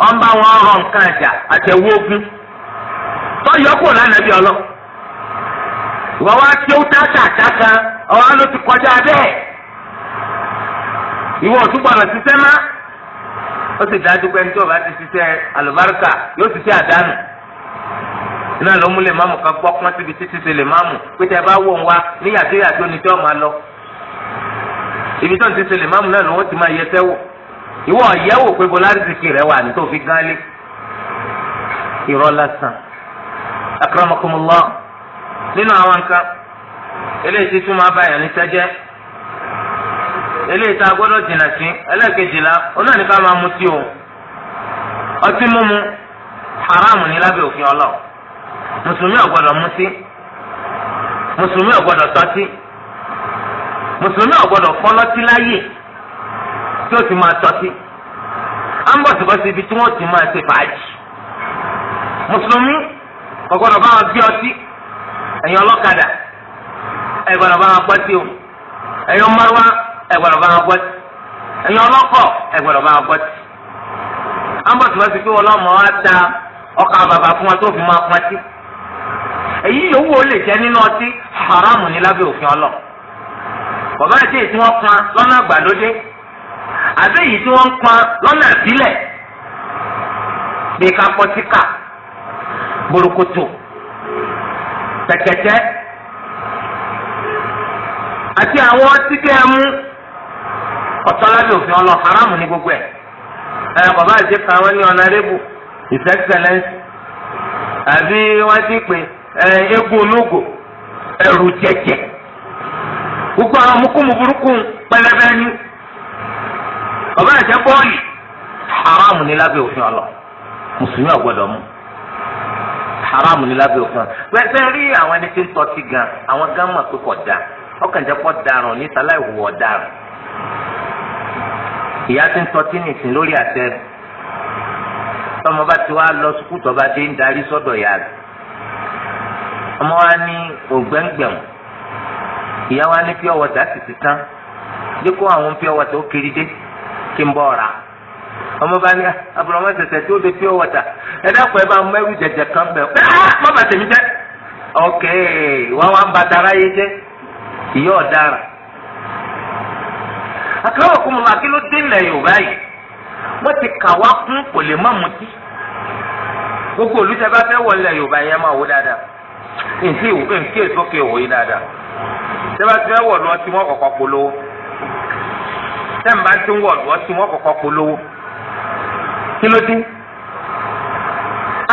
wọ́n bá wọn hàn ati àjà àtẹ̀wé ogun tọ́yọ̀ kò lánàbì ọlọ́ ti ó sì dájú pé ní tí ọba ti ṣiṣẹ́ àlùbáríkà yóò ṣiṣẹ́ àdánù iná ló mú lè máàmù kan gbọ́ pọ́n síbi títí ṣe lè máàmù pé tẹ bá wò ń wá ní yàtí yàtí oní tí ó máa lọ ibi tó ń ti ṣe lè máàmù náà lòun ti máa yẹ sẹ́wọ̀ ìwọ ọ̀yẹ́wò pé bọ́lárìsìkì rẹ wà ní tó fi gán lé irọ́ lásán akramakumullah nínú àwọn nǹkan eléyìí tí tún máa ní sẹ́jẹ́ eléyìí tá a gbọ́dọ̀ jìnnà sí ẹlẹ́ẹ̀kejìlá ọ̀nà ní ká máa mutí o ọtí mímu haramu ní lábẹ́ òfin ọlọ́ mùsùlùmí ò gbọ́dọ̀ mutí mùsùlùmí ò gbọ́dọ̀ tọ́tí mùsùlùmí ò gbọ́dọ̀ fọlọ́tí láyè tí ó ti máa tọ́tí à ń bọ̀ síbọ̀ sí ibi tí wọ́n ti máa ṣe fàájì mùsùlùmí kò bá wọn gbé ọtí ẹ̀yin ọlọ́kadà ẹ bá wọn gbọ́ tí o ẹ̀yin ọmọ wa. ẹ gbọ́dọ̀ bá wọn gbọ́tì ẹ̀yin ọlọ́kọ̀ ẹ gbọ́dọ̀ bá wọn gbọ́tì. ambos bá ti pé ọlọ́mọ wa ta ọkà bàbà fún wọn tó fi máa pọ́ntì. èyí yòówù lè jẹ́ nínú ọtí haram ní lábẹ́ òfin ọlọ́ bàbá àti tí wọ́n pọn lọ́nà àgbàlódé àbí tí wọ́n lọ́nà àbílẹ̀ tẹ̀kẹ̀tẹ̀ ọ̀tọ́ lábẹ́ òfin ọlọ haramu ní gbogbo ẹ ẹ bàbá àti kan wọn ní it's his excellence àbí wọ́n ti pè ẹ egun ẹrù jẹjẹ gbogbo àwọn mukumu burúkú pẹlẹbẹ bàbá àti bọ́ọ̀lì haramu ní ọlọ mùsùlùmí ọ̀gbọ́dọ̀ haramu ní lábẹ́ òfin ọlọ rí àwọn ẹni tí ń tọ́tí gan àwọn gan mọ̀ pé kọ̀ ọkàn ìyá ti ń tọ́tí nìsín lórí àtẹ rẹ̀ tọmọ bá ti wá lọ sukú tọba dé ń darí sọ́dọ̀ ìyá rẹ̀ ọmọ wa ní ògbẹ́ngbẹ̀m ìyá wa ní pure water sì ti tán dípò àwọn pure water ó kiri dé kí n bọ̀ ra ọmọ bá ní abúlọ́mọ ah, ṣẹ̀ṣẹ̀ tí ó de pure water ẹ dákun ẹ bá mú ẹrú jẹjẹ kan bẹ̀ ọ́ ah, ah, má bàtẹ̀ mi jẹ́ ok wọ́n wá ń ba dara yé jẹ́ ìyá ọ̀daràn àkàrà òkú mu máa kí ló dé ilẹ̀ yorùbá yìí wọ́n ti kà wá kún kò lè má mutí gbogbo olùsẹ́ bá fẹ́ wọ ilẹ̀ yorùbá yẹn máa wò dáadáa nti ìwé nkí èsókè òwò yìí dáadáa sẹ́bà tí wọ́n wọ̀ lọ tí wọ́n kọ̀kọ́ polówó sẹ́mbà tí wọ́n wọ̀ lọ tí wọ́n kọ̀kọ́ polówó kí ló dé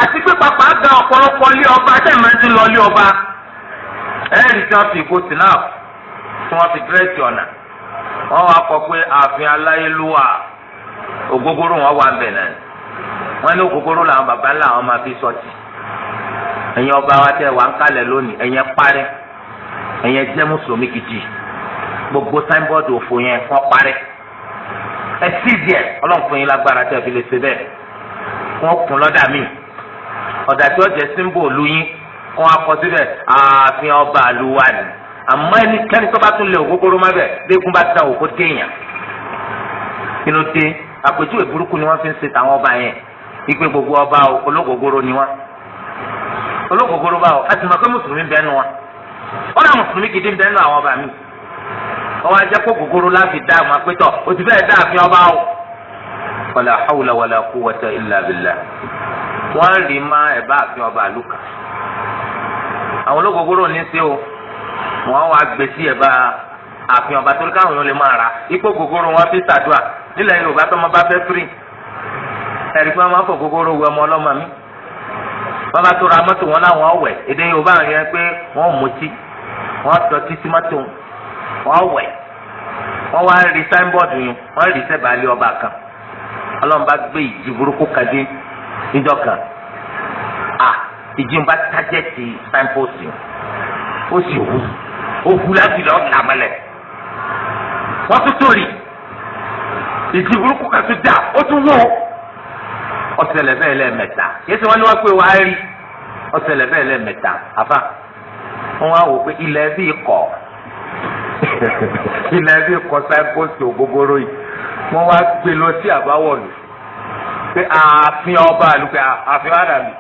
àti pé pàpà ga ọ̀pọ̀lọpọ̀ lé ọba sẹ́mbà tí lọ lé ọba ẹ̀ẹ́dì tí wọ́n fi ìgò tìǹà tí wọ́n fi dírẹ́sì ọ̀nà wọ́n wá kọ pé ààfin aláyélúwà ògógóró wọn wà bẹ̀ náà wọ́n ní ògógóró làwọn bàbá ńlá àwọn máa fi sọtì ẹ̀yin ọba wa tẹ wà ń kalẹ̀ lónìí ẹ̀yin parẹ́ ẹ̀yin jẹ́ mùsùlùmí gidi gbogbo sáínbọ́ọ̀dù òfò yẹn wọ́n parẹ́ ẹ sì díẹ̀ ọlọ́run fún yín lágbára tẹ fi lè ṣe bẹ́ẹ̀ wọ́n kún lọ́dà míì ọ̀dà tí ó jẹ́ símbò lu yín wọ́n akọ síbẹ̀ ààfin ọba àlùwà nìí àmọ́ ẹnikẹ́ni tó bá tún lé ògógóró má bẹ̀ léegun bá dán òkú téèyàn kí ló dé àpèjúwe burúkú ni wọ́n fi ń ṣe tàwọn ọba yẹn ìpè gbogbo ọba ológógóró ni wọ́n ológógóró báwo a sì mọ̀ pé mùsùlùmí bẹ́ẹ̀ nu wọn wọ́n náà mùsùlùmí gidi bẹ́ẹ̀ nu àwọn ọba mi ọwọ́ ajẹ́ kó gògóró láti dá àwọn apẹ́tọ̀ òtún bẹ́ẹ̀ dá àfin ọba o. wàlà hawla wàlà quwwata illa billah wọ́n rí má ẹ̀ bá àfin ọba àlùkà àwọn ológógóró ní í ṣe o. wọ́n wá gbé sí ẹ̀ bá àfihàn ọba torí káwọn lè máa ra ipò gogoro wọn fi ṣàdúrà nílẹ̀ yorùbá tó ọmọ bá fẹ́ firi ẹ̀rí pé wọ́n máa fọ gogoro ọmọ mi wọ́n bá tó ra wọn láwọn ọ̀wẹ̀ èdè yorùbá pé títí wá rí rí ọba kan ó sì wú òkú láti lọ làmọlẹ wọn tún tó rí ìdí burúkú kan tún dà ó tún wó ọsẹlẹ bẹ́ẹ̀ lẹ́ẹ̀mẹ́ta yẹsẹ wọn ni wọn pè wá rí ọsẹlẹ bẹ́ẹ̀ lẹ́ẹ̀mẹ́ta àfa wọn wá wò pé ilẹ̀ bí kọ̀ ilẹ̀ bí kọ̀ sáìkóòsì ògógóró yìí wọn wá gbé lọ sí àbáwọlù pé ààfin ọba àlùkò ààfin àdàlù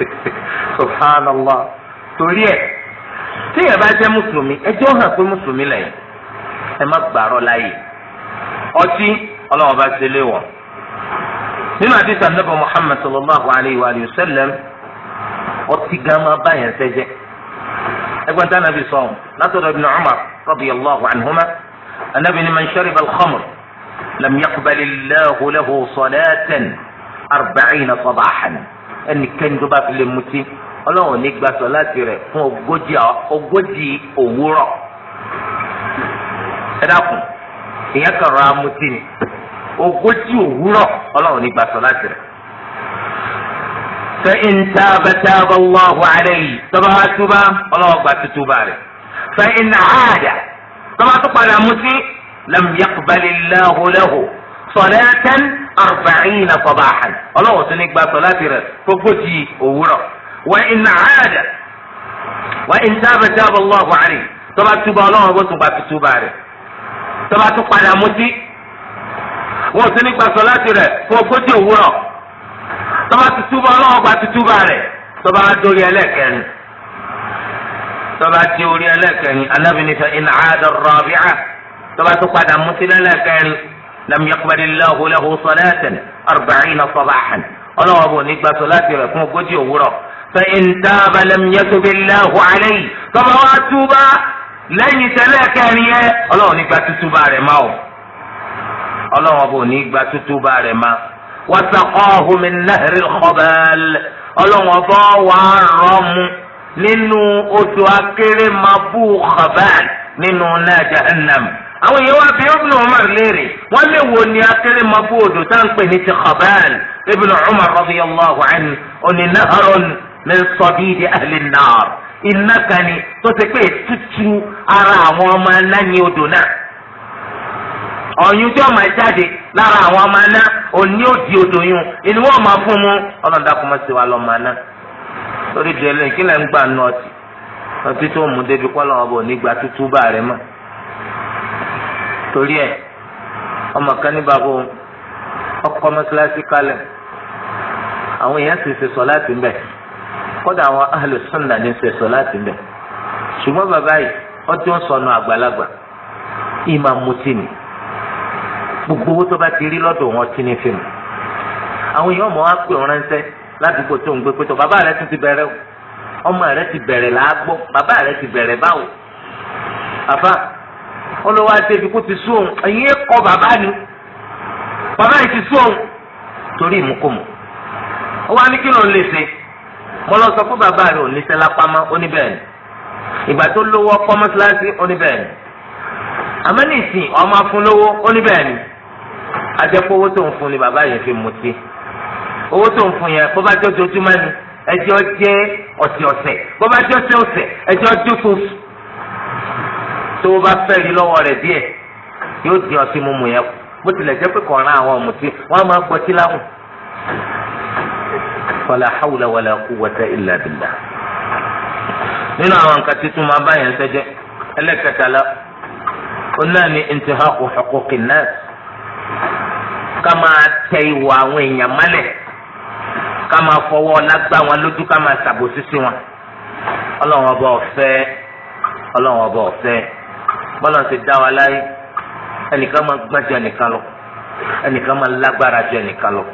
subhanallah torí ẹ̀ tíyẹn bá jẹ́ mùsùlùmí ẹjọ́ hàn pé mùsùlùmí lẹ́yìn ẹ má gbàrọ̀ láàyè ọtí ọlọ́wọ́n bá ṣe léwọ̀ nínú àdìsí anábọ̀ Muhammad sallallahu alayhi wa sallam ọtí gan máa bá yẹn sẹ́jẹ́ ẹgbẹ́ tí anabi sọ látọ̀dọ̀ ibn Umar radiyallahu anhuma anabi ni man shariba al-khamr lam yaqbali Allahu lahu salatan arba'ina sabahan ẹnikẹ́ni tó bá fi lè mutí ọlọ́run ní gbàsọ láti rẹ̀ fún ogójì ogójì òwúrọ̀ ẹ dákun ìyẹn kan rọra mutí ni ogójì òwúrọ̀ ọlọ́run ní gbàsọ láti rẹ̀. فإن تاب تاب الله عليه تبا توبا الله أكبر تتوبا فإن عاد تبا تقبل متي لم يقبل الله له صلاة أربعين صباحا الله سنقبل صلاة رس فقتي أورا وإن عاد وإن تاب تاب الله عليه tọba tuba Ọlọ́run bó tún gba tuba rẹ̀ tọba tún padà mutí wọn tún nípa sọ láti rẹ̀ fún ogójì òwúrọ̀ tọba tuba Ọlọ́run gba tuba rẹ̀ tọba dórí ẹlẹ́kẹrin tọba di orí ẹlẹ́kẹrin alábìnifẹ iná àádọ rọbìà tọba tún padà mutí lẹ́lẹ́kẹrin lam yaqbali Allahu lahu salatan arba'ina sabahan Ọlọ́run bó nígbà sọ láti rẹ̀ fún ogójì òwúrọ̀. فإن تاب لم يتب الله عليه tọ́ba wá túbá lẹ́yìn tẹ́lẹ̀ kẹrin yẹn ọlọ́run ní gba tútúbà rẹ̀ má o ọlọ́run ọba ò ní gba tútúbà rẹ̀ má wasaqahu min nahril khabal ọlọ́run ọba wà á rọ́ọ̀mù nínú oṣù akéré mabú khabal nínú náà jahannam àwọn èèyàn wa bí ibn umar léèrè wọn lè wo ni akéré mabú odò tá à ń pè ní ti khabal ibn umar radiyallahu anhu oní nahrun. min sadidi ahli iná kan ni tó tútù ara àwọn ọmọ iná ní odò náà ọ̀yun tí ọmọ jáde lára àwọn ọmọ iná òní òdi odò yun inú wọn máa fún mu ọlọ́dà kò má ṣe wà lọ́mọ iná lórí ìdílé kí lẹ́yìn gbà ọtí tó mú débi kọ́lọ́ ọ̀bọ̀ nígbà tútù bá rẹ̀ torí ẹ̀ ọmọ kan ní bàbá òun kalẹ̀ àwọn èèyàn sì ṣe láti mbẹ̀. kódà àwọn ahlu sunna ní sẹ̀sọ̀ láti mẹ́ ṣùgbọ́n bàbá yìí wọ́n ti ń sọnù àgbàlagbà ìmà mutí ni gbogbo owó tó bá ti rí lọ́dọ̀ wọn ti ní fíìmù àwọn èèyàn mọ̀ wá pé òun ránṣẹ́ ládùúgbò tó ń gbé pé tó bàbá rẹ ti bẹ̀rẹ̀ o ọmọ rẹ ti bẹ̀rẹ̀ làágbọ́ bàbá rẹ ti bẹ̀rẹ̀ báwo àfa olówó àti kò ti sú òun ẹ̀yin ẹ̀kọ́ bàbá ni bàbá yìí ti sú òun torí ìmúkùmù ó wá ń lè ṣe mo lọ sọ fún bàbá rẹ òní sẹlá pamọ́ oníbẹ̀ẹ̀ni ìgbà tó lówó ọkọ mọ́sálásí oníbẹ̀ẹ̀ni àmọ́ ní ìsìn ọmọ fún lówó oníbẹ̀ẹ̀ni àjẹpọ̀ owó tó ń fún ni bàbá yẹn fi mutí owó tó ń fún yẹn bó bá jẹ́ ojoojúmọ́ ni ẹjọ́ jẹ́ ọ̀sẹ̀ ọ̀sẹ̀ bó bá jẹ́ ọ̀sẹ̀ ọ̀sẹ̀ ẹjọ́ dínkù tó bá fẹ́ rí lọ́wọ́ rẹ̀ díẹ̀ yóò di ọtí mímu yẹn bó tilẹ̀ jẹ́ pé kọ̀ọ̀ràn àwọn ọ̀mùtí wọ́n á máa gbọtí láwùn fala hawla wala quwwata illa billah. nínú àwọn nǹkan títún máa bá yẹn sẹ́jẹ́ ẹlẹ́kẹtàlá ó náà ní intihaqu huquqi nas ká máa tẹ ìwà àwọn èèyàn mọ́lẹ̀ ká máa fọwọ́ lágbá wọn lójú ká máa ṣàbòsí sí wọn ọlọ́run ọba ọ̀fẹ́ ọlọ́run ọba ọ̀fẹ́ bọ́lá ti dá wa láyé ẹnìkan máa gbájú ẹnìkan lọ ẹnìkan máa lágbára ju ẹnìkan lọ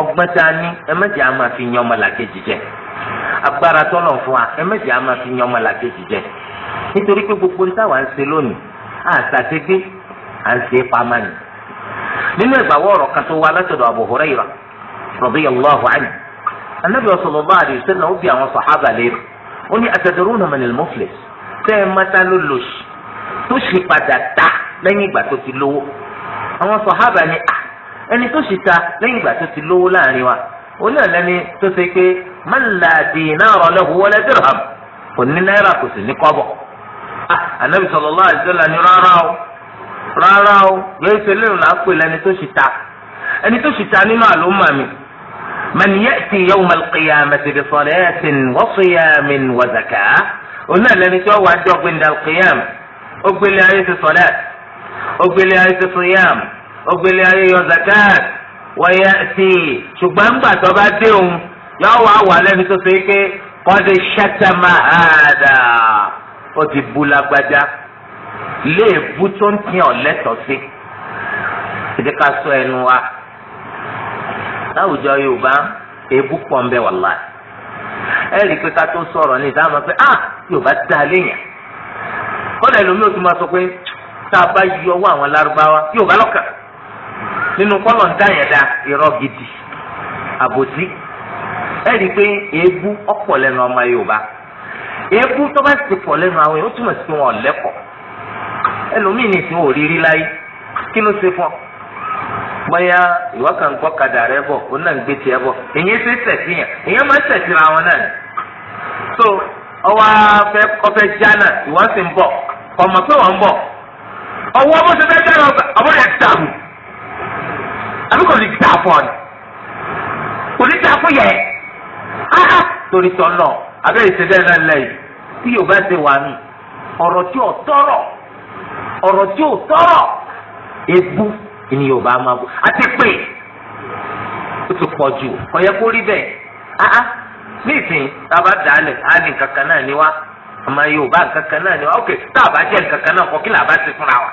ọgbọ́n tá a ní ẹ má jẹ́ a máa fi yan ọmọlàkejì jẹ agbára tọ́lọ̀ fún wa ẹ má jẹ́ a máa fi yan ọmọlàkejì jẹ nítorí pé gbogbo níta wà ń ṣe lónìí à ń ṣàṣegbé à ń ṣe pamọ́ ni. nínú ìgbàwọ́ ọ̀rọ̀ kan tó wá látọ̀dọ̀ Abu Hurairah radiyallahu anhu anabi sallallahu alaihi wasallam ó bi àwọn sàhábà léèrè ó ní atadruna man al-muflis tẹ́ ẹ mọ́ta ló lòṣì tó ṣe padà ta lẹ́yìn ìgbà tó ti lówó àwọn sàhábà ni à ah, ẹni tó sì ta lẹ́yìn ìgbà tó ti lówó láàrin wa òun náà lẹ́ni tó ṣe pé man la dinara lahu wala dirham kò ní náírà kò sì ní kọ́bọ̀ anabi ah, sallallahu alaihi wasallam ni rárá o rárá o yóò ṣe lẹ́nu là ń pè lẹ́ni tó sì ẹni tó sì ta nínú àlùmọ́ mi man ya'ti yawma al-qiyamati bi salatin wa siyamin wa zakah òun náà lẹ́ni tó wà á dọ́gbìn dàl ó gbélé ayé ti sọ̀lẹ́ ó gbélé ayé ti siyam. ogbele ayé yọ zakat wọ́yẹ sí sugbamgba ṣùgbọ́n ńgbà tó bá dé òun yọ wà wà lẹ́nu tó ṣe pé kọ́dé ṣẹ́tẹ̀mà àdà ó ti bu lágbájá léèbú tó ń tiẹ̀ ọ̀lẹ́tọ̀ sí ṣèjẹ́ ká sọ ẹnu wa láwùjọ Yorùbá èébú pọ̀ ń bẹ wàlá ẹ rí i pé ká tó sọ̀rọ̀ ní ìdáhùn pé ah Yorùbá dá léèyàn máa sọ pé tá a bá yọ àwọn lárúbáwá nínú kọ́lọ̀ ń dáyẹ̀dá irọ́ gidi àbòsí ẹ pé èébú ọ̀pọ̀ lẹ́nu ọmọ Yorùbá èébú tó bá ti pọ̀ lẹ́nu àwọn èèyàn ó túmọ̀ sí wọn lẹ́kọ̀ọ́ ẹlòmíì ní ìsìn òrírí láyé kí ló ṣe fún ọ bóyá ìwọ kan ń gbọ́ kadà rẹ bọ̀ ó náà ń gbé tiẹ̀ bọ̀ ṣe máa ń wọn náà so ọwọ́ afẹ́ jánà ìwọ́n sì ń bọ̀ ọmọ pé wọ́n ń bọ̀ ọwọ́ bó ṣe fẹ́ àbí kò ní ti dáa fún ọ ni kò ní dáa fún yẹ áá torí tọ́lọ̀ abẹ́ ìṣẹ̀lẹ̀ náà lẹ́yìn tí yóò bá ṣe wà ní ọ̀rọ̀ tí ò tọ́rọ̀ ọ̀rọ̀ tí ò tọ́rọ̀ ebú ni yóò bá máa bú àti pé ó ti pọ̀ jù kò yẹ kó rí bẹ́ẹ̀ áá ní ìsìn tábà dálẹ̀ á ní kankan náà ni wá àmọ́ yóò bá kankan náà ni wá ókè tábà jẹ́ kankan náà kọ́ làbá ti fúnra wa.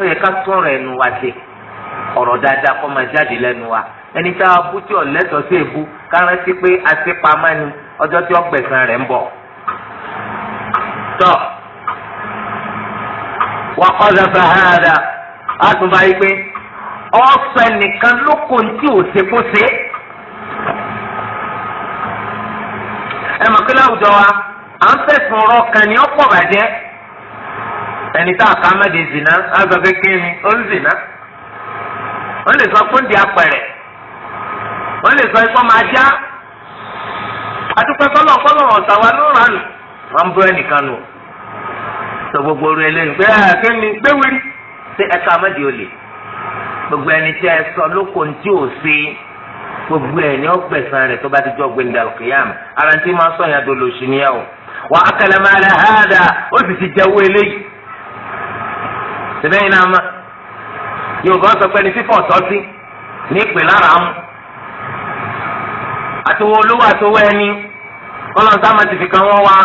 ó yẹ ká tọrọ ẹnu wa ṣe ọ̀rọ̀ dáadáa kó máa jáde lẹ́nu wa ẹni tá a bú tí ọ̀lẹ́tọ̀ sí èbú ká rántí pé asípamọ́ ni ọjọ́ tí ọgbẹ̀sán rẹ̀ ń bọ̀. tọ́ wà kọ́sẹ̀ fẹ́ hàdà á tún bá yí pé ọ̀sẹ̀ nìkan lóko tí ò ṣe kó ṣe. ẹ mọ̀ kí láwùjọ wa à ń fẹ̀sùn ọ̀rọ̀ kan ní ọ̀pọ̀ bàjẹ́. ẹni tá zina ni ó ń zina wọ́n lè sọ fún di apẹ̀rẹ̀ wọ́n lè sọ ikọ́ máa já àtúpẹ́ kọ́lọ̀ kọ́lọ̀ ọ̀sán wọ́n ẹnìkan nù sọ gbogbo orí ẹlẹ́yìn pé ẹ kí ni ṣé ẹ̀ka gbogbo ẹni tí ẹ sọ lóko tí ò sí gbogbo ẹ ní ọgbẹ̀sán tó bá ti jọ gbẹndàlùkìyàm ara ti máa sọ o wà á kẹlẹ́ máa rẹ̀ háàdà ó sì síbẹ̀ yìí náà má yorùbá sọ pé ní fífọ̀ tọ́sí ní ìpè lára mu àtiwọ́ olówó àtiwọ́ ẹni ọlọ́run máa ti fi kan wọ́n wá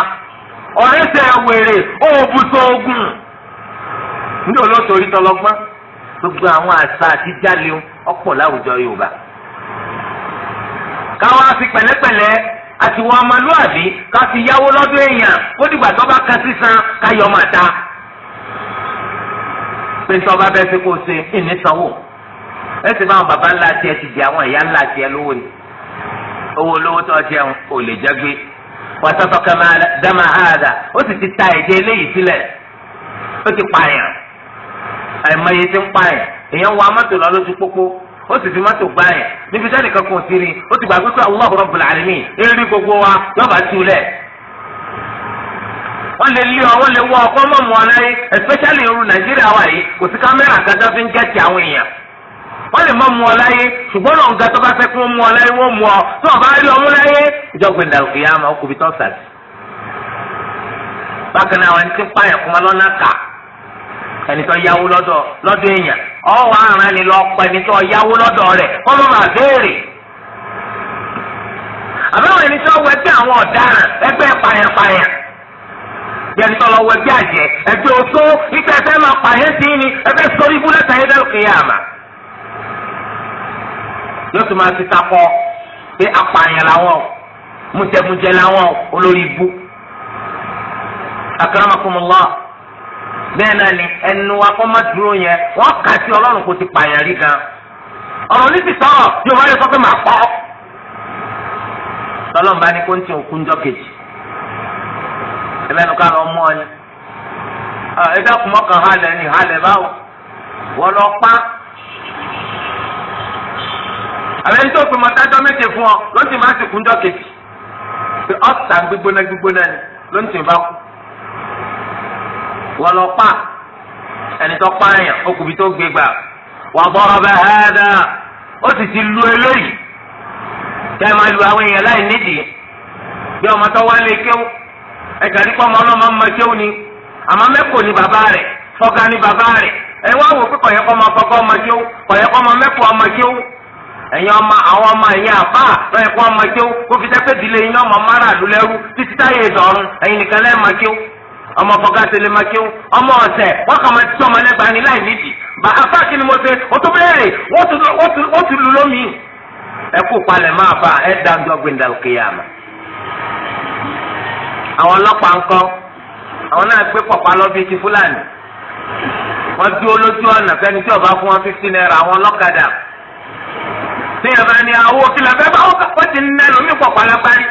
ọ̀rẹ́ wèrè òòbùsọ̀ ogun ndé olóòtú tọlọgbọ́n gbogbo àwọn àṣà àti jálẹ̀ ọ̀pọ̀ láwùjọ yorùbá káwọn á fi pẹ̀lẹ́pẹ̀lẹ́ àti ọmọlúwàbí ká yáwó lọ́dún èèyàn ó dìgbà tó bá kan sísan káyọ̀ máa pé tí ọba bẹ́ẹ̀ fi kó ṣe ìní sanwó ẹ sì máa bàbá ńlá tiẹ̀ ti di àwọn ìyá ńlá tiẹ̀ lówó ni owó olówó tó jẹun ò lè jẹ gbé wà sọ́tọ̀ kẹmà dámà áàdà ó sì ti ta ẹ̀jẹ̀ eléyìí sílẹ̀ ó ti pààyàn àìmọye ti ń pààyàn èèyàn wa mọ́tò lọ lójú pópó ó sì fi mọ́tò gbá níbi sẹ́nìkan kò sí rí ó ti gbàgbé pé Allahu Rabbul Alamin eré gbogbo wa yọba túlẹ̀ wọ́n lè lé ọ wọ́n lè wọ ọkọ mọ̀mọ́ ọ láyé especially irú nàìjíríà wà yìí kò sí kámẹ́rà gàdá fi ń gẹ̀ẹ́tì àwọn èèyàn wọ́n lè mọ mu ọ láyé ṣùgbọ́n náà nǹkan tó bá fẹ́ kí wọ́n mu ọ láyé wọ́n mu ọ tó rí ọmú láyé yá máa kóbi tọ́sà sí. bákan náà ti ń pààyàn lọ́nà kà ẹni tó yáwó lọ́dọ̀ lọ́dọ̀ èèyàn ọwọ́ àrùn ẹni lọ ẹni yẹn tó lọ wọ ẹgbẹ́ àjẹ́ ẹgbẹ́ oṣó ìgbà ẹfẹ́ máa pa yẹn sí ni ẹfẹ́ sọrí ibú lẹ́tà yẹn dẹ́rù kìí àmà. yóò tún máa ti takọ pé apààyàn làwọn o mùjẹmùjẹ làwọn o olórí ibú. akramakumullah bẹ́ẹ̀ náà ni ẹnu akọ́mọdúró yẹn wọ́n kà sí ọlọ́run kò ti pààyàn rí gan. ọ̀rọ̀ ní ti sọ̀rọ̀ yóò wáyé sọ pé màá pọ̀. tọ́lọ́mbá ni kó ń ti òkú ńjọ́ kejì ẹlẹ́nu ká lọ mọ́ ni ẹ̀dá kùmọ́kàn halẹ̀ ni halẹ̀ báwo wọ́n lọ pa àbẹ̀ ní tó fi mọ́tájọ́ méje fún ọ ló ti máa sìnkú ńjọ́ kejì pé ọ̀sà gbígbóná gbígbóná ni ló ń tì bá kú wọ́n lọ pa ẹni tó pa ẹ̀yàn okùnbi tó gbé gbà wà bọ́ ọbẹ̀ hẹ́ẹ́dà ó sì ti lu eléyìí kẹ́ máa lu àwọn èèyàn láì nídìí bí ọmọ tó wá lé kéwọ́. ẹ̀kàrí pọ́ ọmọ ọlọ́mọ ọmọ ni àmọ́ mẹ́kò ni bàbá rẹ̀ ni bàbá rẹ̀ ẹ wá wò pé kọ̀yẹ́ kọ́ ọmọ fọ́gá ọmọ kéwù kọ̀yẹ́ kọ́ ọmọ mẹ́kò ọmọ ẹ̀yin ọmọ àwọn ọmọ ẹ̀yin àbá lọ́yẹ̀ kọ́ ọmọ kéwù kó fi jẹ́ pé ìdílé yín ọmọ márààlú lẹ́rú títí táyé ìdọ̀rùn ẹ̀yin nìkan ọmọ máa ọmọ kàn máa ọmọ o tó àwọn ọlọ́pàá ńkọ́ àwọn náà gbé pọ̀pá lọ́bí ti fúlàní wọ́n dúró lójú ọ̀nà fẹ́ni tí ọba fún wọn fifty naira àwọn ọlọ́kadà ní ẹ̀fọ́ ni àwọn òkìlà fẹ́ bá wọ́n ti ná lómi pọ̀pá lápárí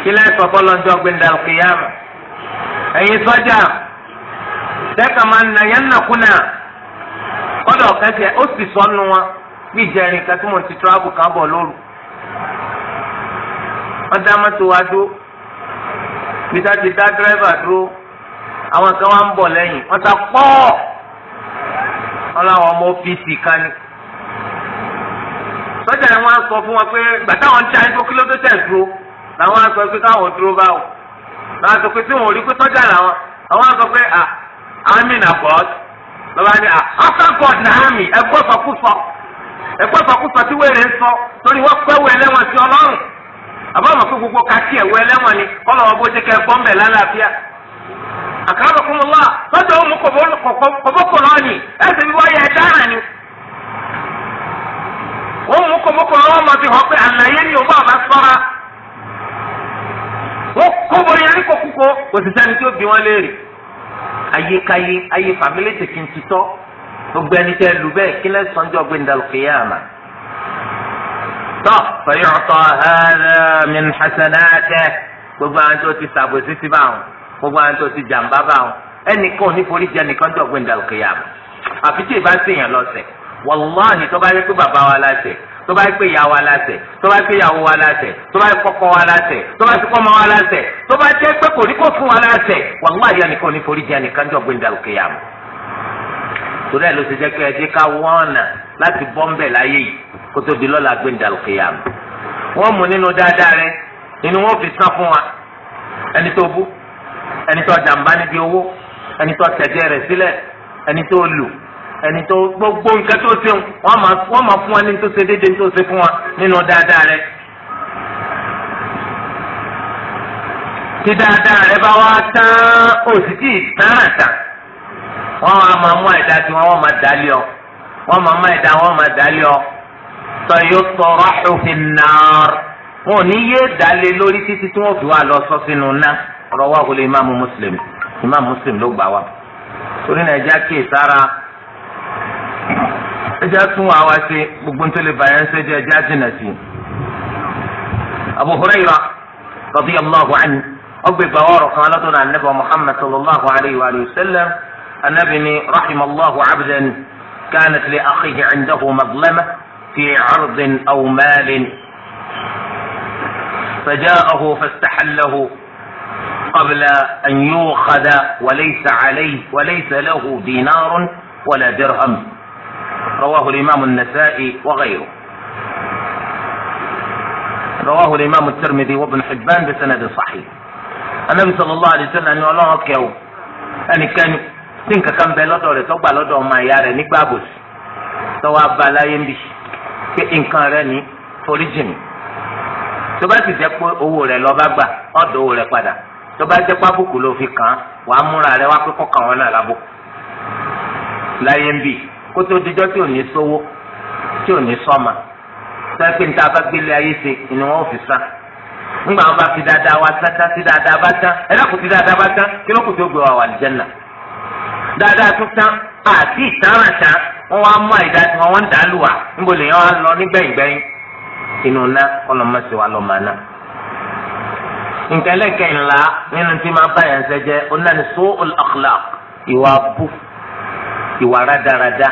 kí lẹ́yìn sọ́kọ́ lọ́jọ́ gbẹ̀ndàlùkìyàmù ẹ̀yin sọ́jà sẹ́kà máa ń na yẹn nàkúnà kọ́dọ̀ kẹsẹ̀ ó sì sọnù wọn bí ìjẹrin kẹsìmọ̀ ti tíráàbù kan bọ̀ lóru. wọ́n dá dúró peter ti dá dírẹ́fà dúró àwọn kan wá ń bọ̀ lẹ́yìn wọ́n ta pọ́ wọn ọmọ ọ́fíìsì kan ni sọ́jà yẹn wọ́n á sọ fún wọn pé gbàtà wọn ti àyíkó kí dúró làwọn á sọ pé káwọn dúró báwò làwọn sọ pé tí wọn ò rí pé sọ́jà làwọn àwọn á sọ pé àmì nà after god na àmì àbámọ̀ maka gbogbo kàkí ẹ̀wọ́ ẹlẹ́wọ̀n ni kọ́lọ̀ wọn ṣe kẹ́ bọ́m̀bẹ̀ lálàáfíà. àkàrà fún wa lọ́dọ̀ ọmọ kọ̀bọ́kọ̀lọ́ ni ẹ̀sìn bí wáyà ẹ̀ dára ni. wọ́n mú kọ̀bọ́kọ̀lọ́ wọn fi hàn pé àlàyé ni òun àbá sọ́ra. wọ́n tí ó bí wọn léèrè. tọ́ fẹ̀yọ̀tọ̀ ẹ̀rẹ́ mi hasanáàtẹ̀ gbogbo àwọn tó ti ṣàbòsí sí báwọn gbogbo àwọn tó ti jàǹbá báwọn ẹnìkan ò ní forí jẹ nìkan jọ gbẹ̀ndà òkè yàrá àfi tí ìbá sèèyàn lọ́sẹ̀ wàláhì tó bá yẹ pé bàbá wa láṣẹ tó bá yẹ pé ìyá wa láṣẹ tó bá yẹ pé ìyàwó wa láṣẹ tó bá yẹ kọ́kọ́ wa láṣẹ tó bá yẹ kọ́mọ wa láṣẹ tó bá jẹ́ pé kò ní kó fún wa láṣẹ wàláhì ẹnìkan ò ní forí jẹ nìkan jọ gbẹ̀ndà òkè yàrá torí ẹ̀ ló ti jẹ́ pé ẹ jẹ́ ká wọ́n ọ̀nà láti bọ́ ń bẹ̀ láyé yìí kótó di lọ́la gbẹ̀ndàlù kìyàm wọ́n mú nínú dáadáa rẹ nínú wọn fi san fún wa ẹni tó bú ẹni tó jàǹbá níbi owó ẹni tó tẹ̀jẹ́ rẹ̀ sílẹ̀ ẹni tó lù ẹni tó gbogbo nǹkan tó ṣe wọ́n máa fún wa ní tó ṣe déédéé tó ṣe fún wa nínú dáadáa rẹ. tí dáadáa rẹ bá wá tán òsì tí ì tán àtàn wọ́n máa mú àìdá tí wọ́n máa dálé ọ wọ́n máa mú àìdá wọ́n máa dálé ọ sayutrahu fin nar wọn ò ní yé dalé lórí títí tí wọn fi wá lọ sọ sínú ná ọ̀rọ̀ wa wọlé imáàmù muslim imáàmù muslim ló gbà wá torí náà ẹja kí ìsára ẹja tún wà wá sí gbogbo nítorí bàyẹn ṣe jẹ ẹja jìnnà sí i abu hurayra radiyallahu anhu ọgbẹ gbàwọrọ kan lọdún anabi muhammad sallallahu alayhi wa sallam anabi ni rahimallahu abdan kanat akhihi indahu madlama. في عرض أو مال فجاءه فاستحله قبل أن يؤخذ وليس عليه وليس له دينار ولا درهم رواه الإمام النسائي وغيره رواه الإمام الترمذي وابن حبان بسند صحيح النبي صلى الله عليه وسلم ni ọlọ́run kẹ́ o ẹnikẹ́ni tí nǹkan kan bẹ lọ́dọ̀ rẹ̀ tó gbà lọ́dọ̀ ọmọ ìyá rẹ̀ nígbà bòsì tọ́wọ́ abaláyé ń bì í pé nǹkan rẹ ní foríjì mi tó bá sì jẹ́ pé owó rẹ lọ́ọ́ bá gbà ọ̀dọ̀ owó rẹ padà tó bá jẹ́ pábùkù ló fi kàn án wàá múra rẹ wá pé kọ́kàn wọn náà lábò láyé ń bì kó tó dijọ́ tí ò ní sówó tí ò ní sọ́mà sẹ́pẹ́ ní bá gbélé ayé ṣe ni wọ́n fi sàn ńgbà wọn bá fi dáadáa wá sátá sí dáadáa bá tán ẹ̀dá kò sí dáadáa bá tán kí ló kò tó gbé wa wà ní jẹ́nà dáadáa tó tán àti ìtàn àtàn wọn wá mú àìdá tí wọn wọn ń dà á lù wá níbo lè yàn án lọ nígbẹ̀yìngbẹ̀yìn inú ná ọlọmọsí wa lọ màá náà. nǹkan ẹlẹ́kẹ̀ẹ́ ńlá nínú tí máa bá yẹn sẹ́jẹ́ onáni su'ul akhlaq ìwà bú ìwà rádaràda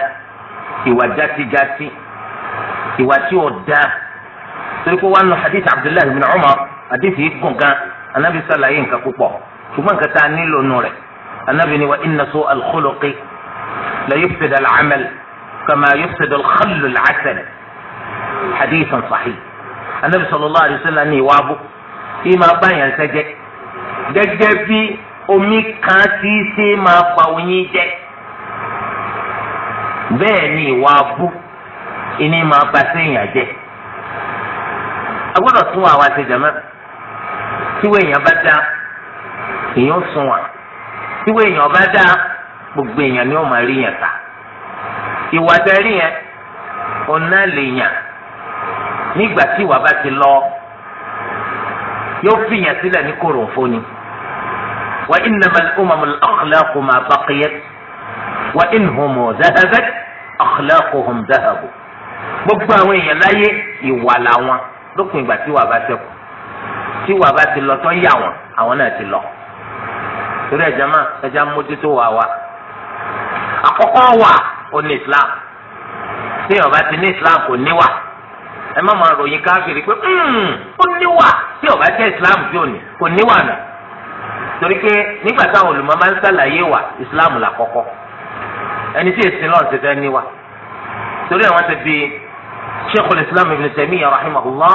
ìwà játíjátí ìwà tí ò dáa torí pé wọn nù hadith abdullahi bin umar hadith yìí gùn gan anabi sàlàyé nǹkan púpọ̀ ṣùgbọ́n nǹkan tá a nílò nù rẹ̀ anabi ni wa inna su'al khuluqi la yufsid al-amal. كما يفسد الخل العسل حديث صحيح النبي صلى الله عليه وسلم ní ìwà bú tí máa bá yàn sẹ́jẹ́ gẹ́gẹ́ bí omi kan tí ṣe máa pa oyin jẹ́ bẹ́ẹ̀ ni ìwà bú ìní máa ba séèyàn jẹ́ a gbọ́dọ̀ tún àwa ṣe jẹ̀mọ́ tíwé èèyàn bá dá èèyàn sùn wà tíwé èèyàn bá dá gbogbo èèyàn ni ó máa rí yàn ta ìwà tẹ̀rí yẹn ọ̀nà lè yàn nígbà tí ìwà bá ti lọ yóò fìyàn sílẹ̀ ní kòròǹfó ni wa innamal umamul akhlaqu ma baqiyat wa inhum zahabat akhlaquhum zahabu gbogbo àwọn èèyàn láyé ìwà làwọn lópin ìgbà tí ìwà bá ṣẹ́kù tí ìwà bá ti lọ tán yà wọn àwọn náà ti lọ torí ẹ̀jẹ̀ máa ẹ̀jẹ̀ amójútó wà wá àkọ́kọ́ wà ó ní islam tí èèyàn bá ti ní islam kò níwà ẹ má máa ròyìn káfíìrì pé hmm, ó níwà tí èèyàn bá jẹ́ islam tí ò ní kò níwà nà torí pé nígbà táwọn olùmọ̀ máa ń sàlàyé wà islam là kọ́kọ́ ẹni tí èsì náà ti fẹ́ níwà torí àwọn ti bi sheikhul islam ibn taymiyyah rahimahullah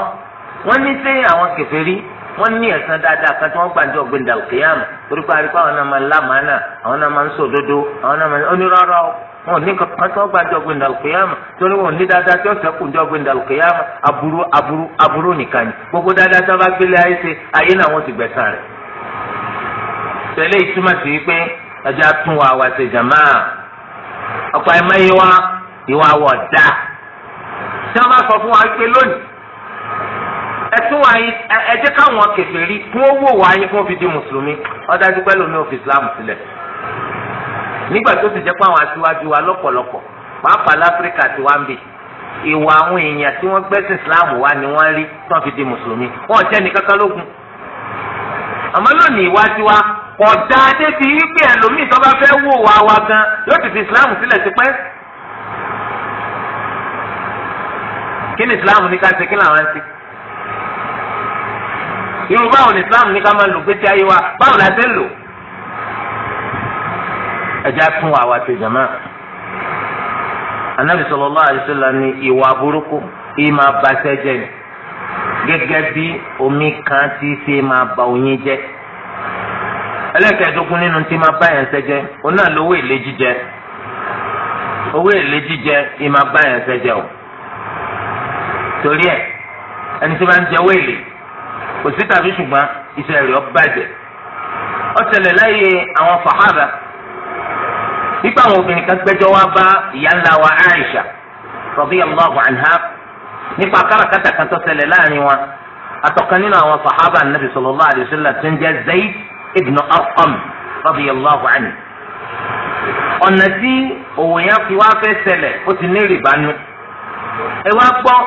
wọ́n ní sí àwọn kèfèrí wọ́n ní ẹ̀san dáadáa kan tí wọ́n gbàdúrà ọ̀gbìn dàlùkìyàmù torí pé àríkọ́ àwọn náà máa ń lámàánà àwọn náà máa ń sòdodo àwọn náà máa ń onírọ́rọ́ wọn ò ní kankan tó gbàjọ gbẹndà lùkìyàmà torí wọn ní dáadáa tó sẹkùn jọ aburú aburú aburú nìkan ni gbogbo dáadáa tó bá gbélé ayé ṣe ayé náà wọn ti gbẹ̀san rẹ̀. tẹ̀lé ìtumọ̀ sí pé ẹja tún wá ṣe jàmá ọ̀pọ̀ ẹ̀mọ́ yìí wá ìwà wọ̀ dá. tí wọ́n bá sọ fún wa pé lónìí ẹ tún yín ẹ jẹ́ káwọn nígbà tó ti jẹ́ pé àwọn aṣíwájú wa lọ́pọ̀lọpọ̀ pàápàá láfíríkà ti wá ń bì ìwà àwọn èèyàn tí wọ́n gbẹ́sìn islam wá ni wọ́n rí tán fi di mùsùlùmí wọ́n jẹ́ ní kankan lógun. àmọ́ lónìí iwájú wa ọ̀dà adé ti yí pé ẹlòmíì tó bá fẹ́ wò wá wa gan yóò ti fi islam sílẹ̀ tipẹ́. kí ni islam ní ká ṣe kí làwọn ṣe. yorùbá ò ní islam ní ká máa lò gbé ẹja tún wà wá ti jàmá anabi sallallahu alaihi wasallam ní ìwà burúkú ìmà basẹjẹ ni gẹ́gẹ́ bí omi kan ti ṣe máa ba oyin jẹ́ ẹlẹ́kẹ̀ẹ́dógún nínú tí máa bá yẹn sẹ́jẹ́ òun náà lówó èlé jíjẹ owó èlé jíjẹ ìmà bá yẹn sẹ́jẹ́ o torí ẹ ẹni tí máa ń jẹ owó èlé kò sí tàbí ṣùgbọ́n iṣẹ́ rẹ̀ ó bàjẹ́ ó láyé àwọn fàhábà nípa àwọn obìnrin kan gbẹ́jọ́ wá bá ìyá ńlá wa Aisha radiyallahu anha nípa káràkátà kan tó ṣẹlẹ̀ láàrin wọn àtọ̀kan nínú àwọn sàhábà nàbì sallallahu alayhi wa sallam tó ń jẹ́ Zayd ibn Arqam radiyallahu anhu. ọ̀nà tí òwò yẹn fi wá fẹ́ ṣẹlẹ̀ ó ti ní ìrìbánu ẹ wá gbọ́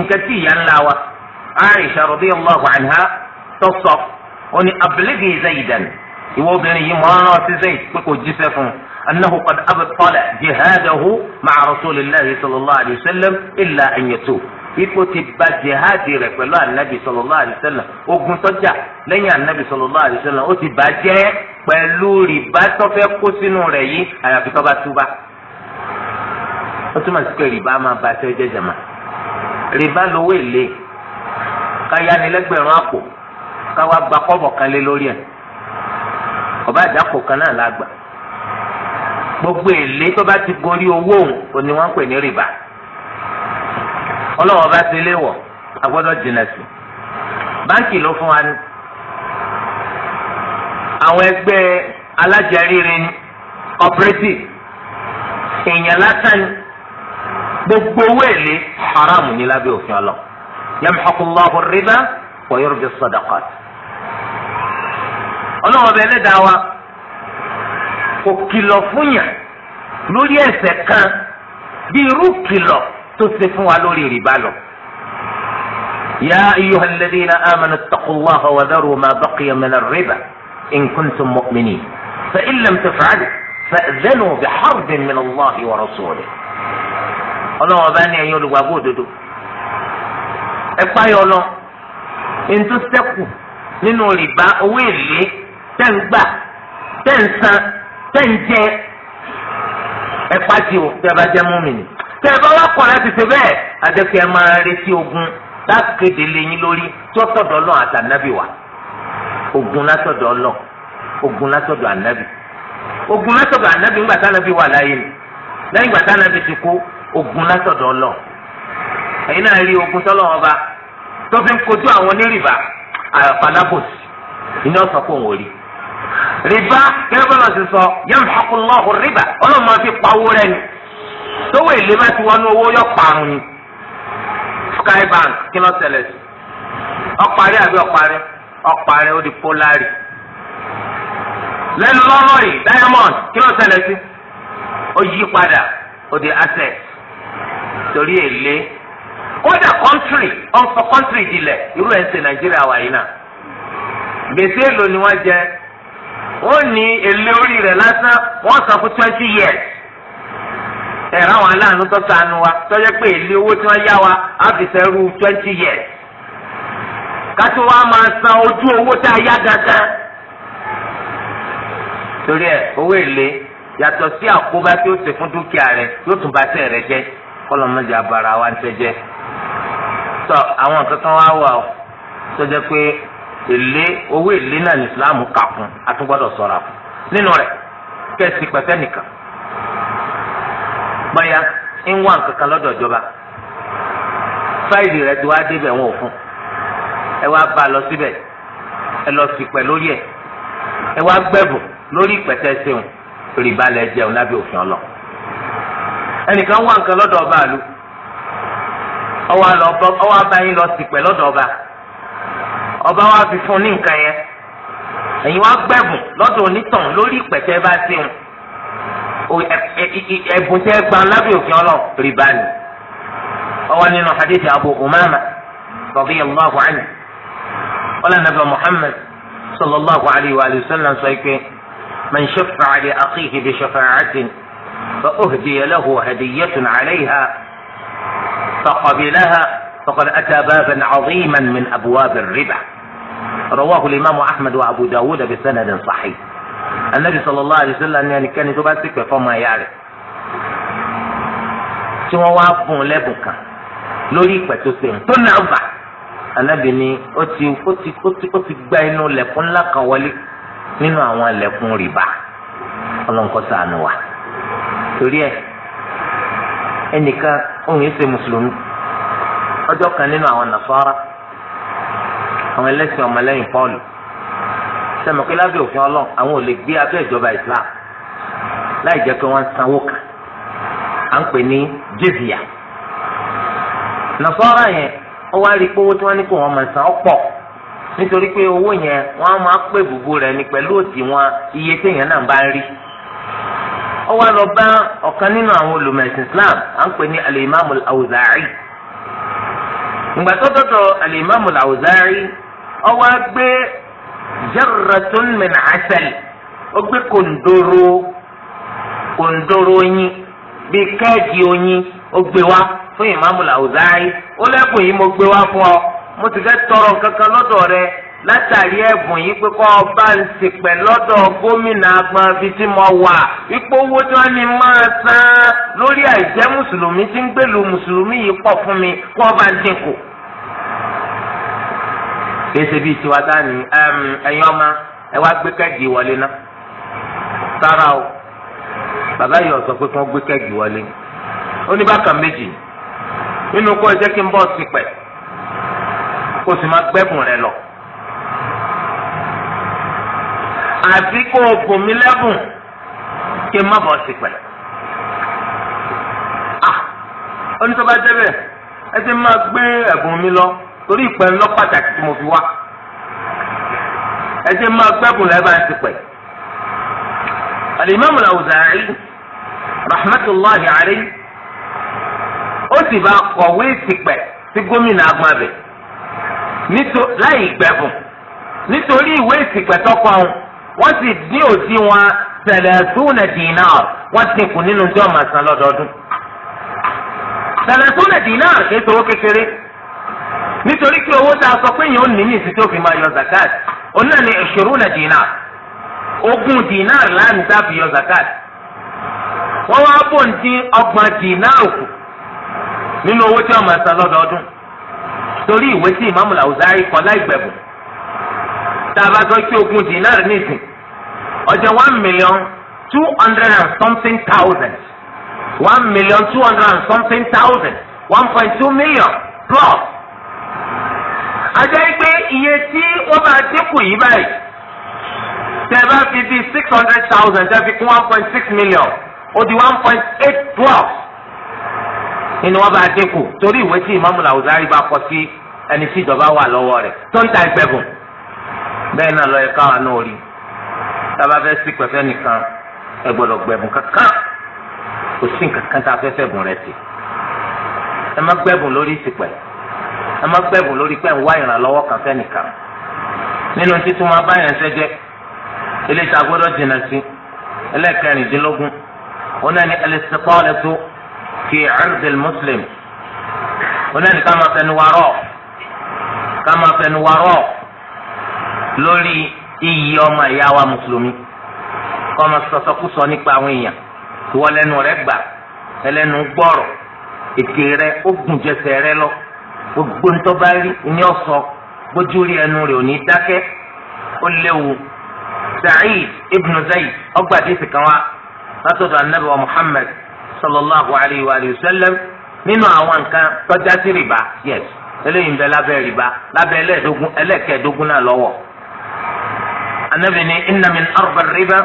nǹkan tí ìyá ńlá wa Aisha radiyallahu anha tó sọ ó ní ablighi Zaydan ìwọ obìnrin yìí mọ̀ ọ́n rántí Zayd pé kò jíṣẹ́ fún un. أنه قد أبطل جهاده مع رسول الله صلى الله عليه وسلم إلا أن يتوب ipò ti ba jihadi rẹ̀ pẹ̀lú anabi sallallahu alaihi wasallam ogun tọjà lẹ́yìn anabi sallallahu alaihi wasallam ó ti bàjẹ́ pẹ̀lú rìbá tọfẹ kó sínú rẹ̀ yìí àyàfi tó bá túbà ó túmọ̀ sí pé rìbá máa ba ṣe jẹjẹ mà rìbá lówó èlé káyanilẹ́gbẹ̀rún àpò káwa gba kọ́bọ̀ kan lé lórí ẹ̀ ọba àdàpọ̀ kan náà la gbà gbogbo èlé tó bá ti gorí owó òun òní wọ́n ń pè ní rìbá ọlọ́wọ́ bá ti léwọ̀ a gbọ́dọ̀ jìnnà sí báńkì ló fún wa ní àwọn ẹgbẹ́ alájẹríire ní cooperative èèyàn lásán ní gbogbo owó èlé haram ní lábẹ́ òfin ọlọ́ yamhaqullahu rìbá wa yurbi sadaqat ọlọ́wọ́ bẹ́ẹ̀ lẹ́dàá wa kò kìlọ̀ fún yàn lórí ẹ̀ṣẹ̀ kan bí irú kìlọ̀ tó ṣe fún wa lórí rìbá lọ. يا أيها الذين آمنوا اتقوا الله وذروا ما بقي من الربا إن كنتم مؤمنين فإن لم تفعلوا فأذنوا بحرب من الله ورسوله ọlọ́wọ́ bá ní ẹ̀yin olùgbàgbọ́ òdodo ẹ páyọ̀ lọ ntòsẹ́kù nínú rìbá owó èlé tẹ̀ ń gbà tẹ̀ ń san sẹ́ǹjẹ́ ẹ pàṣẹ o tẹ́ bá jẹ́ mùmínì tẹ́ ẹ bá wà kọ̀ láti ṣe bẹ́ẹ̀ àdẹ́kẹ́ ẹ máa retí ogun lákéde lẹ́yìn lórí tọ́tọ̀dọ̀ lọ àtànábì wa ogun látọ̀dọ̀ lọ ogun látọ̀dọ̀ ànábì ogun látọ̀dọ̀ ànábì wà láyé ni lẹ́yìn ti ogun látọ̀dọ̀ lọ ẹ̀yin náà rí ogun bá tó fi ń kojú àwọn ọ̀sán kò wọ́n rìbá gẹ́gẹ́ bọ́lá ti sọ yẹn fàkùnlọ́hù rìbá ọlọ́run máa fi pawó rẹ ni tówó èlé bá ti wọnú owó yọ parun Sky Bank polari lẹ́nu yìí diamond sí ó yí padà ó di asset torí èlé kódà irú ẹ̀ ń ṣe Nàìjíríà wọ́n ní èlé orí rẹ̀ lásán wọ́n san fún twenty years. ẹ̀rọ àwọn aláàánú tó sànù wa tọ́jọ́ pé èlé owó tí wọ́n yá wa á fi sẹ́rù twenty years. kátó wa máa san ojú owó tá a yá gangan. torí ẹ owó èlé yàtọ̀ sí àkóbá tí ó ṣe fún dúkìá rẹ̀ yóò tún bá tẹ̀ rẹ̀ jẹ́ kọ́lọ́mọdé abara wa ń tẹ́ jẹ́. sọ àwọn kankan wá wà ó tọ́jọ́ pé ele owó ele náà ní islam kà fún atúgbọ́dọ̀ sọ̀rọ̀ fún nínú rẹ̀ kẹ́sì pẹ̀fẹ́ nìkan báyà ń wá nǹkan lọdọ ìjọba fáìlì rẹ̀ ti wá débẹ̀ wọn ò fún ẹ wá bá a lọ síbẹ̀ ẹ lọ sípẹ̀ lórí ẹ̀ ẹ wá gbẹ̀bùn lórí ìpẹ̀tẹ́ ṣeun rìbá lẹ jẹun lábẹ́ òfin ọlọ ẹnìkan ọba wa fi fún ní nǹkan yẹn ẹ̀yin wa gbẹ̀bùn lọ́dọ̀ onítàn lórí ìpẹ̀tẹ́ bá sí wọn ẹ̀bùn tẹ́ gba lábẹ́ òfin ọlọ́ rìbá ni ọwọ́ nínú hadith Abu Umama radiyallahu anhu wala nabi Muhammad sallallahu alayhi wa sallam sọ pé man shaffa'a li akhihi bi shafa'atin fa uhdiya lahu hadiyatun alayha fa qabilaha. فقد أتى بابا عظيما من أبواب الربا رواه الإمام أحمد وأبو داود بسند صحيح النبي صلى الله عليه وسلم يعني كان يتوبا سكبة فما يعرف tí wọ́n wá bùn lẹ́bùn kan lórí ìpẹ́ tó ṣe tó náà bà Ànábì ni ó ti ó ti ó ti ó ti gba inú lẹ̀kùn ńlá kan wọlé nínú àwọn lẹ̀kùn rìbá ọlọ́nkọ́ ṣàánú wa torí ẹ ẹnìkan òun yìí ṣe mùsùlùmí ọjọ́ kan nínú àwọn nàfárà àwọn ẹlẹ́sìn ọmọlẹ́yìn Pọ́ọ̀lù sẹ́mi pé lábẹ́ òfin ọlọ́run àwọn ò lè gbé Islam láì jẹ́ pé wọ́n sanwó kan à ń pè ní jizya yẹn ó wá rí pé owó tí wọ́n ní kó wọ́n máa san nítorí pé owó yẹn wọ́n á máa pè bùbù rẹ̀ ní pẹ̀lú òdiwọ̀n iye Islam à ń pè ní ìgbà tó dọ̀dọ̀ alimami lawuzari ọwọ́ gbé jarratun min asal ó gbé kòndóró kòndóró oyin bíi kẹ́ẹ̀kì oyin ó gbé wá fún ìmáàmù lawuzari ó lẹ́kùn yìí mo gbé wá fún ọ mo ti fẹ́ tọrọ kankan lọ́dọ̀ rẹ látàrí ẹ̀bùn yìí pé kọ́ ọba ń ṣèpẹ̀ lọ́dọ̀ gómìnà agbọn fi tí mo wà ipò owó tí wọ́n ní máa san lórí àìjẹ́ mùsùlùmí tí ń gbèlú mùsùlùmí yìí pọ̀ fún mi kọ́ ọba ń dínkù. kéṣe bíi tiwa dání ẹ̀yin ọmọ ẹ wá gbé kẹ́gì wọlé ná sára o bàbá yìí ọ̀sọ́ pé kí wọ́n gbé kẹ́gì wọlé ó ní bákan méjì nínú kó ẹ jẹ́ kí n bọ́ sípẹ̀ kó sì máa gbẹ́bùn rẹ lọ. àti kó o bùn mí lẹ́bùn kí n má bọ̀ sí pẹ̀. onítọ́ba ah, jẹ́bẹ̀ ẹ ti máa gbé ẹ̀bùn mi lọ torí ìpẹ́ ńlọ pàtàkì tí mo fi wá ẹ ti máa gbẹ́bùn lẹ́bàá sí pẹ̀. Al-Imam Al-Awza'i rahmatullahi ó sì bá kọ̀wé ìsìpẹ̀ sí gómìnà agbábẹ̀ láì gbẹ̀bùn nítorí ìwé ìsìpẹ̀ tọkọ ọ̀hún wọ́n sì dín òsì wọn tẹ̀lẹ̀túnà dínàr wọ́n ti kù nínú tí wọ́n máa san lọ́dọọdún. tẹ̀lẹ̀túnà dínàr kì í sọ̀rọ̀ kékeré nítorí pé owó tá a sọ pé yẹn ó nìyí sí tó fi máa yọ zakat òun náà ni ìṣòrúnà dínàr ogún dínàr láàmì tá a fi yọ zakat wọ́n wá bò ń dín ọgbọ̀n dínàr kù nínú owó tí wọ́n máa san lọ́dọọdún torí ìwé tí ìmáàmù làwùzá yìí kọ láì gbẹ̀bùn tá a bá sọ pé ogún dinar nìsín one million two hundred and something thousand one million two hundred and something thousand one point two million plus. ajẹ́ pé iye tí wọ́n bá dínkù yìí báyìí tẹ́ bá fi di six hundred thousand tẹ́ fi kún one point six million ó di one point eight twelve nínú wọn bá dínkù torí ìwé tí ìmáàmù làwùzárì bá kọ sí ẹni tí ìjọba wà lọ́wọ́ rẹ̀ tó ń ta ẹgbẹ́ bùn bẹ́ẹ̀ náà lọ yẹ káwọn náà rí tábà fẹ́ sí pẹ̀fẹ́ nìkan ẹ gbọ́dọ̀ gbẹ̀bùn kankan kò sí nǹkankan tá a fẹ́ fẹ́ bùn rẹ sí ẹ má gbẹ̀bùn lórí ìsìpẹ̀ ẹ má gbẹ̀bùn lórí pẹ̀ ń wá ìrànlọ́wọ́ kan fẹ́ nìkan nínú títún máa bá yẹn sẹ́jẹ́ eléyìí agbọ́dọ̀ jìnnà sí ẹlẹ́ẹ̀kẹrìndínlógún ọ̀nà ni al-istiṭālatu fī 'irḍi ká máa fẹnu wárọ̀ ká máa fẹnu wárọ̀. lori iyì ọmọ ìyá wa mùsùlùmí kọ́mọ kusọ nípa àwọn èèyàn ìwọ lẹ́nu rẹ gbà ẹlẹ́nu gbọ́rọ̀ ètè rẹ ó gùn jẹsẹ̀ rẹ lọ gbogbo ńtọ́ bá rí ní sọ gbójú rí ẹnu rẹ ò ní dákẹ́ ó léwu Sa'id ibn Zayd ọgbà díìsì kan wá látọ̀dọ̀ anabi wa Muhammad sallallahu alayhi wa sallam nínú àwọn nǹkan sí rìbá eléyìí ń bẹ lábẹ́ rìbá lábẹ́ anabi ni inna min arba riba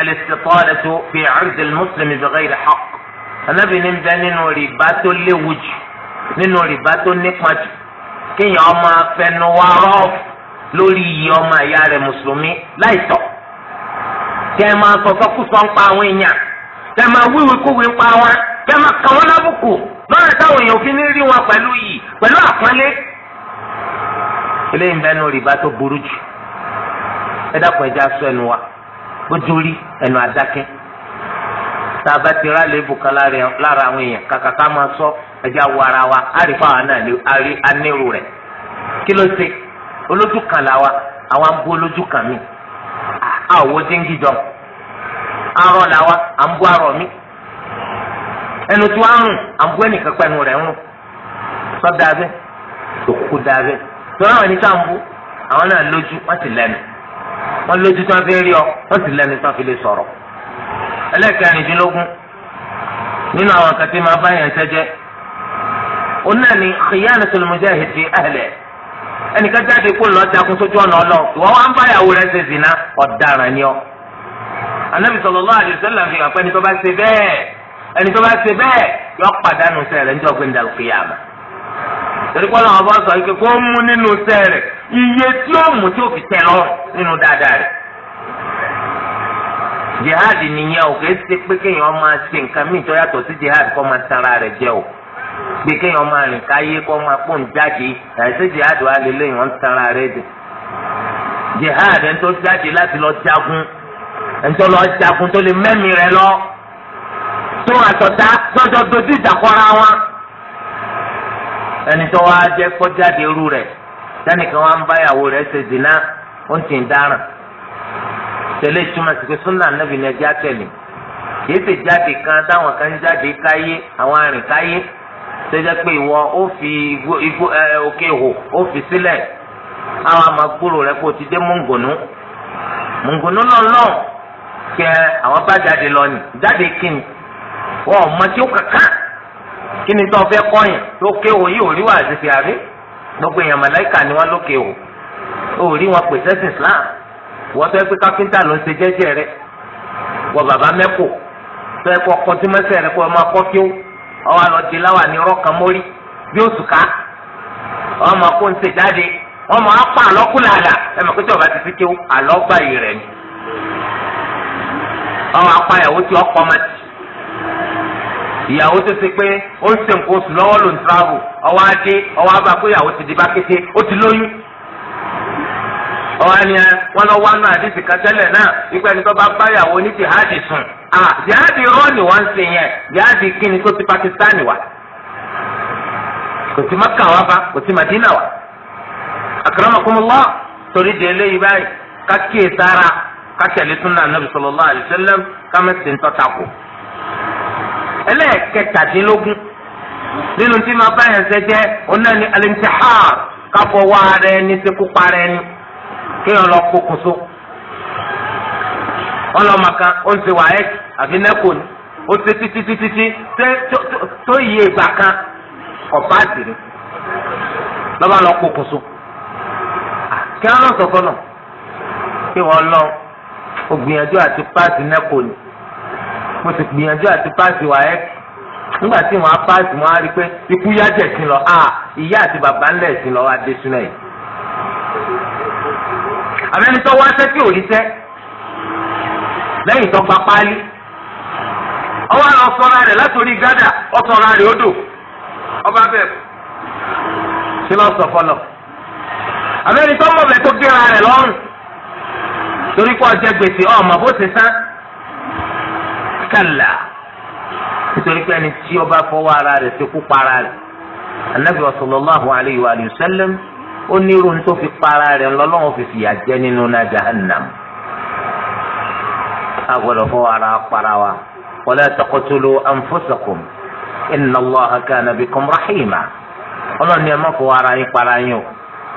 al-istitalatu fi ardi al-muslimi bi ghayri haqq anabi ni bẹ nínú rìbá tó léwu jù nínú rìbá tó nípa jù kéèyàn ọmọ afẹnuwa rọọfù lórí iye ọmọ ìyá rẹ̀ mùsùlùmí láìtọ́ kẹ ẹ máa sọsọ kú sọ ń pa àwọn èèyàn kẹ ẹ máa wíwí kúwí ń pa wọn kẹ ẹ máa kà wọn lábùkù lọ́nà táwọn èèyàn fi ní rí wọn pẹ̀lú yìí pẹ̀lú àpọ́nlé eléyìí bẹ́ẹ̀ nínú rìbá tó burú jù ẹ dákun ẹja sọ ẹnu wa ojú rí ẹnu adákẹ́ tá a bá ti rà léèbù kan lára àwọn èèyàn kàkà ká máa sọ ẹja wo ara wa àrífà wa náà ni àrí anírù rẹ̀ kí ló ṣe olójú kan wa àwọn ń bú olójú kan mi àwọ̀ díngì jọ arọ là wa à ń bú arọ mi ẹnu tí wàá rùn à ń bú ẹnìkan pẹ̀lú rẹ̀ ń rùn sọ bẹ́ẹ̀ òkú dáa bẹ́ẹ̀ tọ́lá wọn ní sáà ń bú àwọn náà lójú wọ́n ti lẹ́nu wọ́n lójú tán fi rí ọ wọ́n sì lẹ́nu tán fi lè sọ̀rọ̀ ẹlẹ́kẹrìndínlógún nínú àwọn kan tí máa bá yẹn ṣẹ́jẹ́ òun náà ni khiyanatul mujahid fi ahlihi ẹnìkan jáde kó lọ jagun sójú ọ̀nà ọlọ ìwọ wa ń báyàwó rẹ ṣe zina ọ̀daràn ni ọ. anabi sallallahu alaihi wasallam fi hàn pé ẹni tó bá ṣe bẹ́ẹ̀ ẹni tó bá ṣe bẹ́ẹ̀ yọ pàdánù sẹ́rẹ̀ ní ọgbẹ́ni dàlùkìyàmà. torí pé ọlọ́run bá sọ pé kó mú nínú sẹ́ rẹ̀ iye tí ó mú tí ó fi tẹ́ lọ nínú dáadáa rẹ̀. jihad nìyẹn o kìí ṣe pé kéèyàn máa ṣe nǹkan míì tó yàtọ̀ sí jihad kó máa rẹ̀ jẹ o pé kéèyàn máa rìn káyé kó máa pò ń jáde jihad jihad tó jáde láti lọ jagun tó lọ lọ tó àtọ̀tá dojú ìjà kọ́ra ẹni tó wá jẹ́ kọjáde irú rẹ̀ sẹ́nìkan wá ń báyàwó rẹ̀ ṣe zina ó ń tì ń dáràn tẹ̀lé ìtumọ̀ sí pé súnà nàbì ni ẹjẹ́ àtẹ̀lé kìí ṣe jáde kan táwọn kan jáde káyé àwọn arìn káyé tó jẹ́ pé ìwọ ó fi igbó òkè hò ó fi sílẹ̀ àwọn amagbóró rẹ̀ kó ti dé mọ̀ngònú mọ̀ngònú lọ́nlọ́n kẹ àwọn bá jáde lọ ni jáde kí ni wọ́n ọ̀ mọ́ tí ó kàkà kí ni tó fẹ́ kọ́yìn tó kéwò yìí ò rí wà àti fìyàrí gbogbo èèyàn màláìkà ni wọ́n ló kéwò ó rí wọn pè sẹ́sìn Islam wọ́n tó yẹ pé káfíńtà ló ń ṣe jẹ́jẹ́ rẹ wọ bàbá mẹ́kò tó yẹ kó kọtí mẹ́sẹ̀ rẹ kó ọmọ akọ́ kí ó ọwọ́ àlọ́ di láwà ní ọ̀rọ̀ kan mórí bí ó sùkà ọmọ kó ń ṣe jáde ọmọ apá àlọ́kùnlàlà ẹ mọ̀ pé tí ọba ti fi kí ìyàwó tó ṣe pé ó ń ṣe nǹkan oṣù lọ́wọ́ ló ń travel ọwọ́ adé ọwọ́ abá ìyàwó ti di bá kété ó ti lóyún. ọwọ́ ni ah, wọ́n lọ wánú àdìsí kan náà wípé ẹni tó bá bá ìyàwó ní jihadi sùn ah jihadi wọ́n ń ti Pakistani wà kò wá bá kò wá. torí di eléyìí báyìí ká sára ká tẹ̀lé ẹlẹ́ẹ̀kẹtàdínlógún nínú tí máa bá yẹn ṣe jẹ́ onáni alimtiha káfọwọ́ ara ẹni ṣe kó para ẹni kéèyàn lọ kókò so ọlọ́mọ kan ó ń ṣe wàhẹ́ àbí nẹ́kò ni ó ṣe títí títí tí tó yẹ ìgbà kan ọ̀bá àdìrí lọ́ba lọ kókò so kí wọ́n lọ sọ fọ́nà kí wọ́n lọ ògbìyànjú àti páàtì nẹ́kò ni. mo sì gbìyànjú àti páàsì wáyé nígbà tí wọn á páàsì wọn á rí i pé ikú yá jẹ sí lọ a ah, ìyá àti bàbá ńlẹ̀ sí lọ wá dé súná yìí. àbẹ́ni tó wá sẹ́kì ò rí sẹ́ lẹ́yìn tó gba páálí ọwọ́ àlọ́ sọ́ra rẹ̀ látòrí gádà ọ̀sọ̀ra rẹ̀ odò ọba bẹ́ẹ̀ sí lọ sọ fọlọ. àbẹ́ni tó mọ̀ bẹ́ẹ̀ tó gé ara rẹ̀ lọ́rùn torí pé gbèsè ọmọ bó ti sán. kàlà nítorí pé ẹni tí ó bá fọwọ́ ara rẹ̀ ṣekú para rẹ̀ anabi sallallahu alayhi wa sallam ó ní irun tó fi para rẹ̀ ńlọ́lọ́wọ́ fi fìyà jẹ nínú náà jahannam a gbọ́dọ̀ fọwọ́ ara para wa wala taqtulu anfusakum inna allaha kana bikum rahima ọlọ́ni ẹ má fọwọ́ ara yín para yín o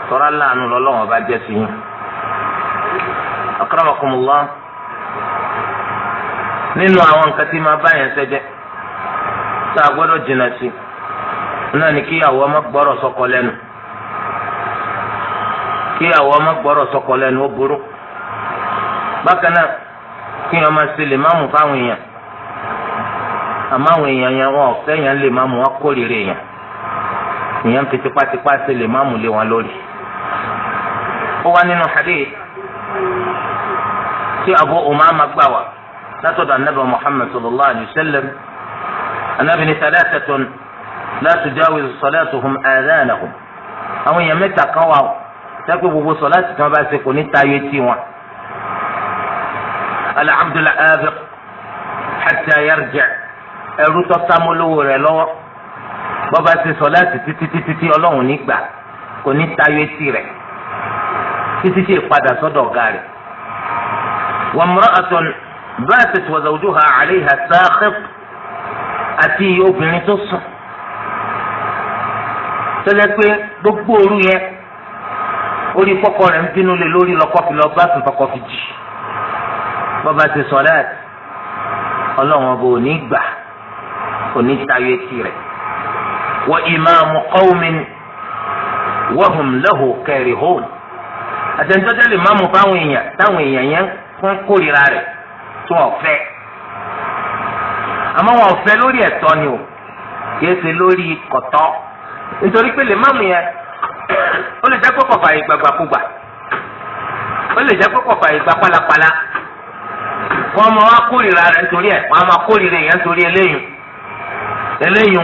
tọ́ra láàánú lọ́lọ́wọ́ bá jẹ́ sí yín akramakumullah nínú àwọn nǹkan tí máa bá yẹn sẹ́jẹ́ tá a gbọ́dọ̀ jìnnà sí náà ni kíyàwó ọmọ gbọ́rọ̀ sọ́kọ lẹ́nu kíyàwó ọmọ gbọ́rọ̀ sọ́kọ lẹ́nu ó burú bákan náà kí ọmọ ṣe lè má mú fáwọn èèyàn àmọ́ àwọn èèyàn yẹn wọn ọ̀fẹ́ yẹn lè má mú wọn kórìíra èèyàn èèyàn ń fi tipátipá ṣe lè má mú lé wọn lórí. ó wá nínú hadith tí Abu Umama gbà wá látọ̀dọ̀ anábì muhammed sallallahu alayhi wa sallam anábì ní thalathatun la tujawizu salatuhum adhanahum àwọn èèyàn mẹ́ta kan wà sẹ́kù gbogbo sọ̀láàtì tí wọ́n bá ṣe kò ní tayọ etí wọn. alhamdul abiq hatta yarji' ẹrú tó sámúlówó rẹ̀ lọ́wọ́ bọ́ba ṣe sọ̀láàtì títí títí tí ọlọ́run nígbà kò ní tayọ etí rẹ̀ títí tí ìpadà sọ́dọ̀ ọ̀gá rẹ̀. wa imra'atun باتت وزوجها عليها ساخط àti obìnrin tó sùn tẹ́lẹ̀ pé gbogbo òru yẹn orí kọ́kọ rẹ̀ ń bínú lé lórí lọ́kọ́ fi lọ́ọ́ bá sùn kọ́kọ́ fi jì bọ́ba ti sọ láti ọlọ́run ọba ò ní gbà ò ní tayọ etí rẹ̀ wọ ìmáàmù qawmin wọ́hùn lẹ́hùn kẹrìhóòn àtẹnudọ́jọ́ lè máàmù fáwọn èèyàn táwọn èèyàn yẹn fún kórìíra rẹ̀ tó ọ̀fẹ́ àmọ́ wọn ọ̀fẹ́ lórí ẹ̀tọ́ ni o kì í ṣe lórí kọ̀tọ́ nítorí pé lè máàmù yẹn ó lè jẹ́ pé kọ̀fà yìí gbàgbàkúgbà ó lè jẹ́ pé kọ̀fà yìí gbà pálapàla wọ́n máa wá kórìíra rẹ̀ nítorí ẹ̀ wọ́n á máa kórìíra yẹn nítorí eléyìí eléyìí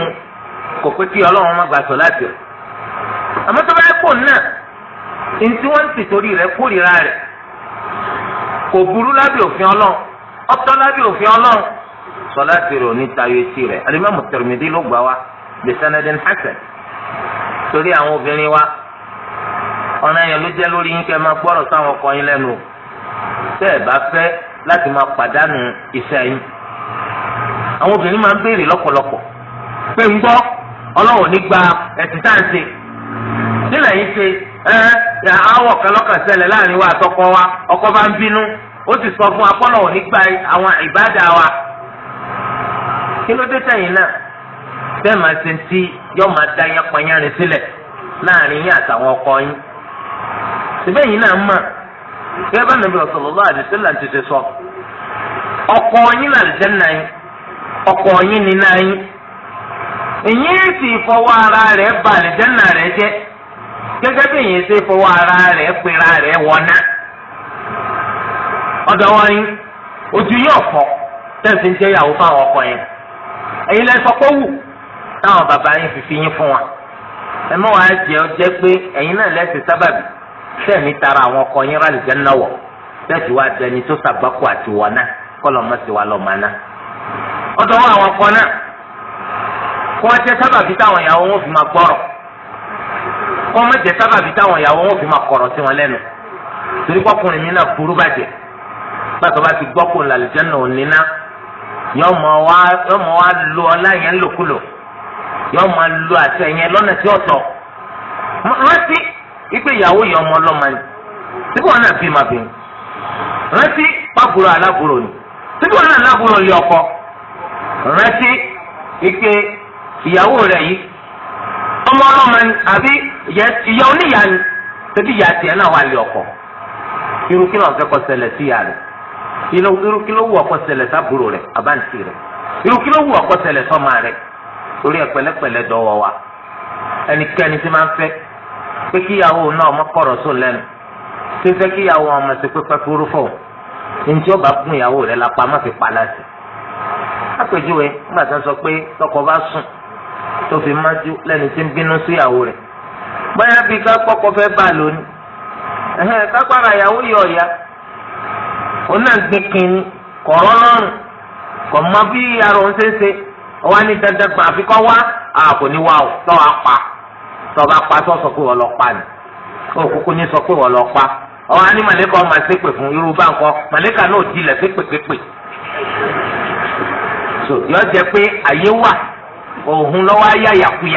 kò pé kí ọlọ́run má gbà sọ láti rẹ̀ àmọ́ tó bá yẹ kó náà ntí wọ́n ti torí rẹ̀ kórìíra rẹ̀ kò burú lábẹ́ òfin ọlọ́run ọtọlábì òfin Ọlọ́run sọláàtì rẹ̀ òní tayọ etí rẹ̀ alimami Tirmidhi ló gbà wá bisanadin hasan torí àwọn obìnrin wa ọ̀nà yẹn ló jẹ́ lórí yín kẹ́ máa gbọ́rọ̀ sáwọn ọkọ yín lẹ́nu tẹ́ ẹ bá fẹ́ láti máa pàdánù iṣẹ́ yín àwọn obìnrin máa ń béèrè lọ́pọ̀lọpọ̀ pé ń gbọ́ ọlọ́wọ́ nígbà ẹ̀sìn táǹsì nílẹ̀ yín ṣe ẹ́ àwọ̀ kan lọ́kàn ṣẹlẹ̀ láàrin wa àtọkọ wa ọkọ bá ń bínú ó sì sọ fún apọ́nà àwọn ìbádà wa kí ló dé sẹ́yìn náà bẹ́ẹ̀ máa ṣe tí yọ máa da yánpọnyánrin sílẹ̀ láàrin yín àtàwọn ọkọ yín síbẹ̀ yín náà mọ̀ bẹ́ẹ̀ bá nàbí sallallahu alaihi wasallam ti ṣe sọ ọkọ yín yín ọkọ yín náà yín sì fọwọ́ ara rẹ̀ rẹ̀ jẹ́ gẹ́gẹ́ bí sì ọ̀dọ̀ wọn ni ojú yóò kọ́ tẹ̀sí ń jẹ́ ìyàwó fáwọn ọkọ yẹn ẹ̀yin lẹ sọ pé wù táwọn bàbá yín fi fi yín fún wa ẹ mọ̀ wá jẹ́ ọ jẹ́ pé ẹ̀yin náà lẹ́sìn sábàbí sẹ́ẹ̀mí tara àwọn ọkọ yín rálì jẹ́ náwọ̀ tẹ̀sí wa dẹni tó sàgbákò àti wọ̀ náà kọ́lọ̀ mọ́ sí wa lọ́ máa ná ọ̀dọ̀ wọn àwọn ọkọ náà kó wọ́n jẹ́ sábàbí táwọn ìyàwó wọn fi máa gbọ́rọ̀ kó wọ́n jẹ́ sábàbí táwọn ìyàwó wọn fi máa kọ̀rọ̀ sí wọn lẹ́nu torí pọ́kùnrin mi náà burú bàjẹ́ pàtó bá ti gbọ́ kó ń làlùjẹ́ náà níná yóò mọ wá lo ọlá yẹn lòkulò yóò mọ lo àtẹ yẹn lọ́nà tí ó tọ́ rántí ipe ìyàwó yẹn ọmọ ọlọ́mọ ni síbí wọn náà fi máa bẹ̀rù rántí pàbùrọ̀ alábùrọ̀ ni síbí wọn náà lábùrọ̀ lé ọkọ rántí ipe ìyàwó rẹ yìí ọmọ ọlọ́mọ ni àbí ìyá oníyàá ni síbí ìyá tiẹ̀ náà wà lé ọkọ irú kí náà fẹ́ kọ́ ṣẹlẹ̀ sí ìyá rẹ̀ irú kí ló wù ọkọ ṣẹlẹ̀ sábúrò rẹ̀ àbáǹtì rẹ̀ irú kí ló wù ọkọ ṣẹlẹ̀ sọ́mà rẹ̀ torí ẹ̀ pẹ̀lẹ́pẹ̀lẹ́ dọ̀wọ́ wa ẹnikẹ́ni tí máa ń fẹ́ pé kíyàwó náà ọmọ kọ̀rọ̀ sóun lẹ́nu tí ń fẹ́ kíyàwó ọmọ sí pípẹ́ fúrú fún un njẹ́ ọba gún ìyàwó rẹ̀ lápá má fi palá sí. àpèjúwe nígbà tó ń sọ pé tọkọ bá sùn tó fi májú lẹ́ni tí ń bínú sí ìyàwó rẹ̀ báyà bíi ká pọ́kọ bá lónìí ó náà gbé kínní kọ̀ọ̀rọ̀ lọ́rùn kọ̀ mọ bí ara ń wá ní dandan gbọ̀n àfi kọ́ wá ní o tọ́ wa pa sọ pé wọ́n lọ pa ni ó kúkú ní sọ pé wọ́n lọ pa ọ̀hún màlẹ́kà ọmọ fún irú báńkọ́ màlẹ́kà náà so yọ jẹ pé àyè wà òhun lọ́wọ́ ayé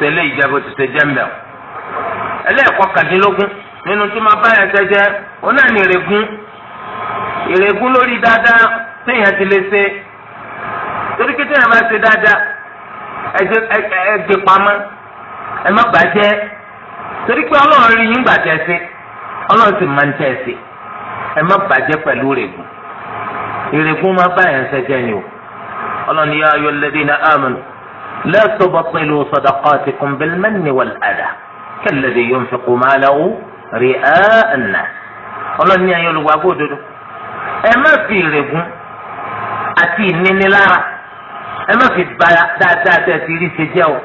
tẹ́lẹ̀ ìjẹ́bù ti ṣe jẹ́ ẹlẹ́ẹ̀kọ́ kàdínlógún nínú tí máa bá yẹn ìrègùn lórí dáadáa téèyàn ti lè ṣe torí kí téèyàn bá ṣe dáadáa ẹ gbé pamọ́ ẹ má bàjẹ́ torí pé ọlọ́run rí yín gbàjẹ́ sí ọlọ́run sì máa ń tẹ̀ sí ẹ má bàjẹ́ pẹ̀lú ìrègùn ìrègùn máa bá yẹn ṣẹ́jẹ́ ni o ọlọ́run yá ayọ̀ alladhina amanu la tubtilu sadaqatikum bil manni wal adha kalladhi yunfiqu malahu ri'a an-nas ọlọ́run ní ayọ̀ olùwàgbọ́ òdodo ẹ má fi ìrègùn àti ìnínilára ẹ má fi ba dáadáa tẹ ti rí ṣe jẹ́ o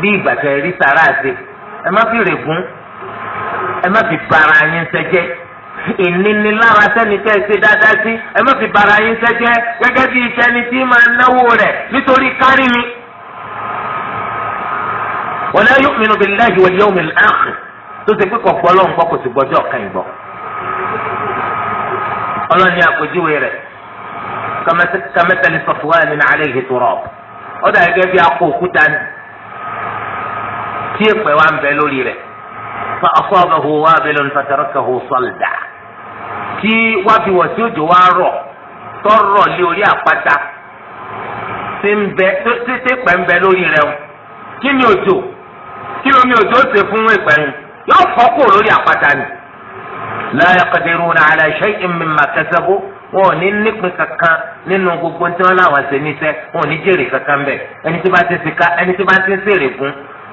bí ìgbà tẹ rí sàrà ṣe ẹ má fi ìrègùn ẹ má fi bara yín ṣe jẹ́ ìnínilára sẹ́ni tẹ́ ṣe dáadáa sí ẹ má fi bara yín ṣe jẹ́ gẹ́gẹ́ bí ìṣẹ́ni tí máa náwó rẹ̀ nítorí kárí mi. wala yu'minu billahi wal yawmil akhir tó ṣe pé kọ̀ọ̀pọ̀ lọ́nkọ́ kò sì gbọ́dọ̀ kan ìgbọ́ ọlọ́ni àpèjúwe rẹ̀ kàmẹ́tẹ́lì sọ̀fúnwáyé ní alẹ́ ìhètò rọ̀ ó dà gẹ́gẹ́ bí akọ òkúta ni tí èpè wa ń bẹ lórí rẹ̀ fa asọ́bẹ̀hu wa abẹ́lẹ̀ nfàtàrọ́kẹ̀hu sọ̀ldà tí wábiwọ̀ tí òjò wa rọ̀ tọ́rọ̀ lé orí àpáta tí èpè ń bẹ lórí rẹ̀ o kí ni òjò kí omi òjò ṣe fún èpè ń yọ fọ́ kúrò lórí àpáta ni la yaqdiruna ala shay'in mimma kasabu wọn ò ní nípìn kankan nínú gbogbo tí wọn láwọn ṣe níṣẹ́ wọn ò ní jèrè kankan bẹ́ẹ̀ ẹni tí bá ti ṣe ká ẹni tí bá ti ń ṣèrè fún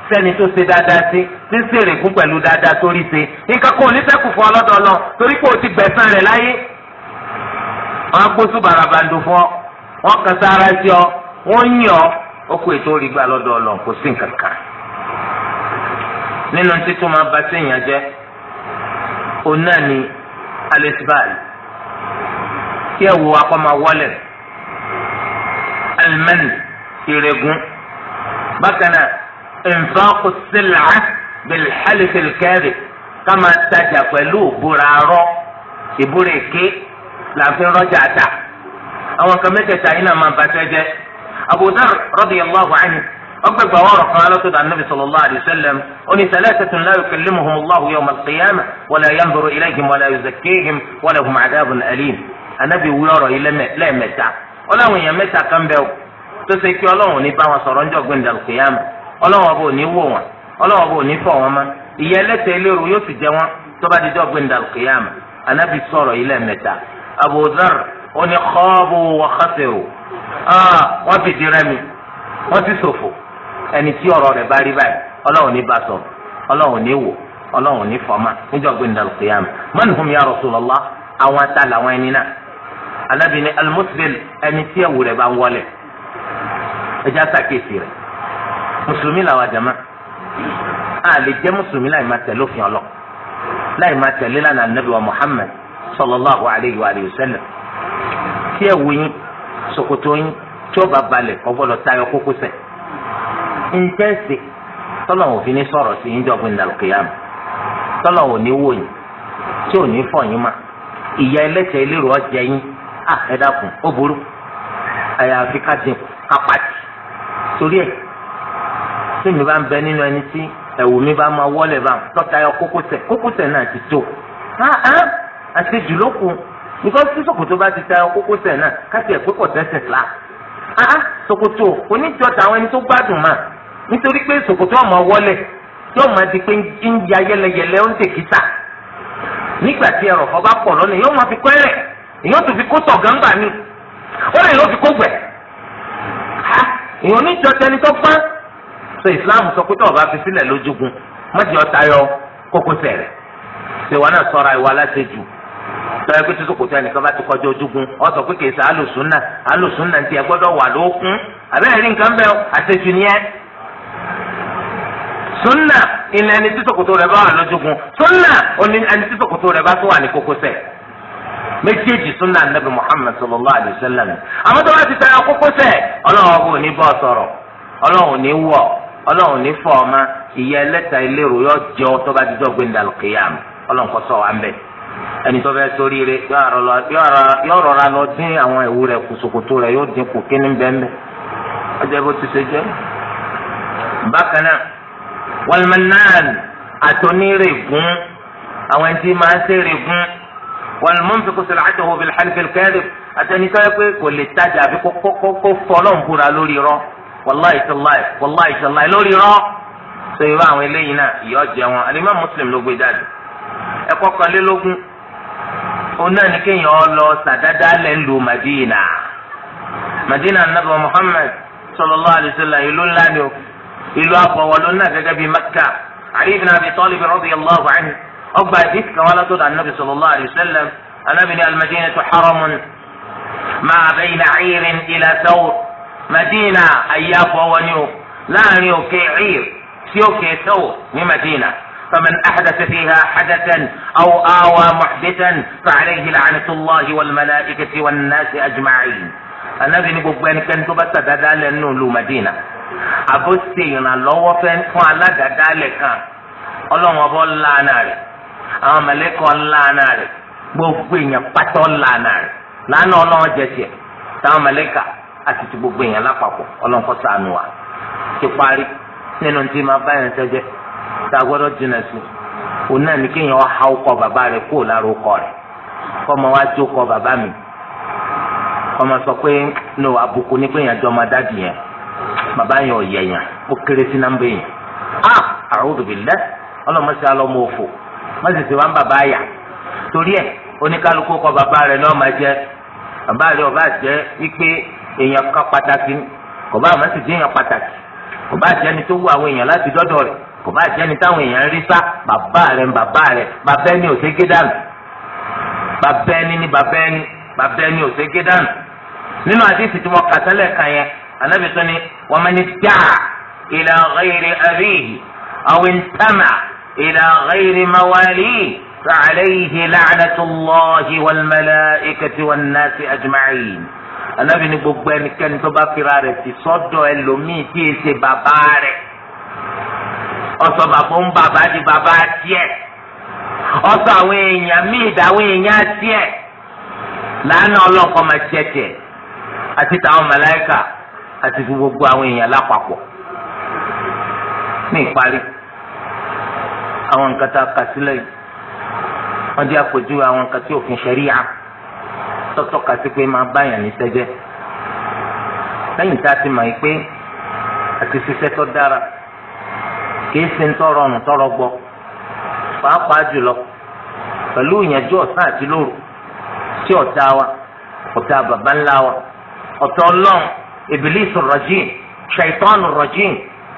sẹ́ni tó ṣe dáadáa sí tí ń ṣèrè fún pẹ̀lú dáadáa tó ṣe nǹkan kò ní fún ọlọ́dọ̀ lọ torí pé o ti gbẹ̀san rẹ̀ láyé. wọ́n gbósù bàràbàǹdò fún ọ wọ́n kan sára sí ọ wọ́n yìn ọ ó kú ètò orí gbà lọ́dọ̀ lọ òun náà ni alẹ́sibáàlì kí ẹ̀wù akọ́mọ wọlé alimẹ́nì ìrẹ́gùn bákan náà ìnfàkù sílẹ̀ bilḥalifil kẹ́rì ká máa tajà pẹ̀lú ìbúra arọ́ ìbúra èké làfin rọ́jà ta àwọn kan yìí náà máa bàtẹ́ jẹ́ Abu Dharr radiyallahu anhu ọgbẹ́ gba ọ̀rọ̀ kan lọ́sọ̀dọ̀ anabi sallallahu alayhi wa sallam oní thalathatun la yukallimuhum allahu yawm al-qiyamah wala yanzuru ilayhim wala yuzakkihim wala hum adabun alim anabi wí ọ̀rọ̀ yìí lẹ́ẹ̀mẹ́ta ọlọ́run èèyàn mẹ́ta kan bẹ́ẹ̀ tó ṣe kí ọlọ́run ní bá wọn sọ̀rọ̀ ńjọ́ gbẹ̀ndà al-qiyama ọlọ́run ọba ò ní wò wọn ọlọ́run ọba ò ní fọ̀ wọn mọ́ ìyà ẹlẹ́tẹ̀ẹ́ lérò yóò sì jẹ wọn tó bá dijọ́ gbẹ̀ndà al-qiyama anabi sọ̀rọ̀ yìí lẹ́ẹ̀mẹ́ta Abu Dharr ó ní khabu wa khasiru ah, wọ́n ti di rẹ́mi wọ́n ti ṣòfò ẹni tí ọ̀rọ̀ rẹ̀ bá rí báyìí ọlọ́run ní bá sọ ọlọ́run ní wò ọlọ́run ní fọ́mà níjọ́gbé ní alùpùpù man hum ya Rasulullah àwọn ata làwọn ẹni náà alábìíní almusbil ẹni tí ẹ̀wù rẹ̀ bá ń wọlé ẹja sàkíyèsí rẹ̀ mùsùlùmí làwọn àjàmá a lè jẹ́ mùsùlùmí láì máa tẹ̀lé òfin ọlọ́ láì máa tẹ̀lé lánàá nàbí wa Muhammad sallallahu alayhi wa sallam tí ẹ̀wù yín ṣòkòtò yín tí ó bá balẹ̀ ọgbọ́dọ̀ tayọ kókósẹ̀ nfẹ́ ṣe tọ́lọ̀ ò fi ní sọ̀rọ̀ sí yín jọ́gbìn dàlùkìyàm tọ́lọ̀ ò ní wò yín tí ò ní fọ̀ yín mà ìyá ẹlẹ́tẹ̀ elérò ọ̀jẹ̀ yín à ẹ dákun ó burú àyàfi ká dín ká pàtì torí ẹ̀ tí mi bá ń bẹ nínú ẹni tí ẹ̀wù mi bá máa wọlé bá tọ́ta yọ kókósẹ̀ kókósẹ̀ náà ti tó àti jùlọ́kù nìkan tí sòkòtò bá ti ta kókósẹ̀ náà ká tiẹ̀ pé kò tẹ́sẹ̀ fìlà ṣòkòtò oníjọ́ta àwọn ẹni tó gbádùn máa. nítorí pé sòkòtò ọmọ wọlé yóò máa di pé ń ya yẹlẹyẹlẹ ó ń tèkítà nígbà tí ẹrọ kọ bá pọ̀ lọ́nà yóò máa fi kọ́ ẹ̀rẹ̀ èyàn fi kó tọ̀ gánbà ni ó lè fi kó so Islam sọ pé tọ́ọ̀ bá fi sílẹ̀ lójúgun mọ́tì ọ̀tá yọ kókósẹ̀ rẹ̀ ṣèwà náà sọ̀rọ̀ ìwà aláṣẹ jù tọ́yẹ pé ẹnìkan bá ti ojúgun ọ sọ pé sunna ìní ẹni tí ṣòkòtò rẹ̀ bá wà lójúgun sunna òní ẹni tí ṣòkòtò rẹ̀ bá tó wà ní kókósẹ̀ méjèèjì sunna anabi muhammad sallallahu alayhi wa sallam àmọ́ tó bá ti tẹ̀lé kókósẹ̀ ọlọ́run ọba òní bọ́ sọ̀rọ̀ ọlọ́run òní wọ̀ ọlọ́run òní fọ́ ọmọ ìyá ẹlẹ́ta ìlérò yọ jẹ́ ọ tó bá ti dọ́gbé ndàlùkìyàm ọlọ́run kọ́ sọ wa ń bẹ̀ ẹni tó fẹ́ ṣoríire yọ rọra lọ dín àwọn ìwú rẹ̀ kùsùkùtù rẹ̀ yóò dín kù kí ni bẹ́ẹ̀ bẹ́ẹ̀ ọjọ́ bó ti ṣe jẹ́ bákan náà wàlmanan àtọ́nírègún àwọn ẹni tí máa ń sèrègún wàlmọ́nfikù sọ̀rọ̀ àtọ̀wò bìlẹ̀ xalifẹ̀ kẹ́rì àtẹnitọ́ yẹ pé kò lè tajà àfi kó fọlọ́ nbúra lórí rọ wàláyé sàláyé wàláyé sàláyé lórí rọ sọ irú àwọn eléyìí náà ìyọ́ jẹ wọn àdìmọ́ mùsùlùm ló gbé jáde ẹ̀kọ́ kanlélógún òun náà ní kéèyàn lọ sàdádá lẹ́nu Madina Madina anabi Muhammad sallallahu alaihi ìlú ńlá ni o. ìlú afọwọlọ́n náà gẹ́gẹ́ bíi mẹ́kà Ali ibn Abi Talib radiyallahu anhu ọgbà hadith kan wá látọ̀dọ̀ anabi sallallahu alayhi wa sallam anabi ni al-madinatu haramun máa bayna 'ayrin ila thawr madina ayé afọwọ́ni o láàrin òkè ẹ̀yìn sí òkè thawr ní madina. فمن أحدث فيها حدثا أو آوى محدثا فعليه لعنة الله والملائكة والناس أجمعين النبي نقول بأن كان تبتدى لأنه مدينة àbó ṣe ìrànlọ́wọ́ fún aládàádálẹ̀ kan ọlọ́run ọbọ̀ ńláàánà rẹ̀ àwọn mẹ̀lẹ́kọ̀ ńláàánà rẹ̀ gbogbo èèyàn pátá ńláàánà rẹ̀ lánàá ọlọ́run jẹ̀sẹ̀ táwọn mẹ̀lẹ́kà àti ti gbogbo èèyàn lápapọ̀ ọlọ́run kọ́ ṣàánú wa ti parí nínú tí máa bá yẹn tá a gbọ́dọ̀ jìnà sí òun náà ní ha ọkọ̀ bàbá mi kọ́mọ sọ ní bàbá yẹn ò yẹ̀yàn ó kéré sí nọ́mbà yẹn a ah, a'udhu billah ọlọ́mọṣẹ́ alọ́mọ òfò mọ́sí ti wá ń bàbá yà torí ẹ̀ oníkálukú kọ bàbá rẹ̀ ní ọmọ jẹ́ bàbá rẹ̀ ọba jẹ́ wípé èèyàn kan pàtàkì kò bá àmọ́ sì jẹ́ èèyàn pàtàkì kò bá jẹ́ ẹni tó wù àwọn èèyàn láti dọ́dọ̀ rẹ̀ kò bá jẹ́ ẹni táwọn èèyàn rí sá bàbá rẹ̀ ń bàbá rẹ̀ bàbá ẹni ò ṣe gé dànù bàbá ẹni ni bàbá ẹni bàbá ẹni ò ṣe gé dànù nínú àdìsí tí wọ́n kà tẹ́lẹ̀ kan yẹn anabi tó ni wọ́n máa ní dáa ìlà ghayri abiyihi aw intama ìlà ghayri mawalihi fàcàlẹ́yìí lànàtúlọ́hì wàlmẹ́lá ìkẹtì wọn náà sí àjùmáyìn. anabi ni gbogbo ẹnikẹ́ni tó bá fira rẹ̀ sí sọ́dọ̀ ẹlòmíì tí èyí bàbá rẹ̀ ọsọ bàbá ń bàbá di bàbá tiẹ̀ ọsọ àwọn èèyàn míì dáwọn èèyàn tiẹ̀ lànà ọlọ́kọ̀ máa tiẹ̀ tiẹ̀ àti táwọn màláíkà. àti fún gbogbo àwọn èèyàn lápapọ̀ ní ìparí àwọn nǹkan tá a kà sílẹ̀ yìí wọ́n jẹ́ àpèjúwe àwọn nǹkan tí òfin ṣẹ̀ríà tọ́tọ́ ka sí pé máa báyàn ní sẹ́jẹ́ lẹ́yìn a ti mọ̀ yìí pé àti ṣiṣẹ́ tó dára kìí ṣe ń tọrọ ọ̀run tọrọ gbọ́ pàápàá jùlọ pẹ̀lú ìyànjú ọ̀sán àti lóru tí ọ̀tá wa ọ̀tá bàbá ńlá wa ọ̀tá ọlọ́run ìbílísù rajim ṣàìtọ́nù rajim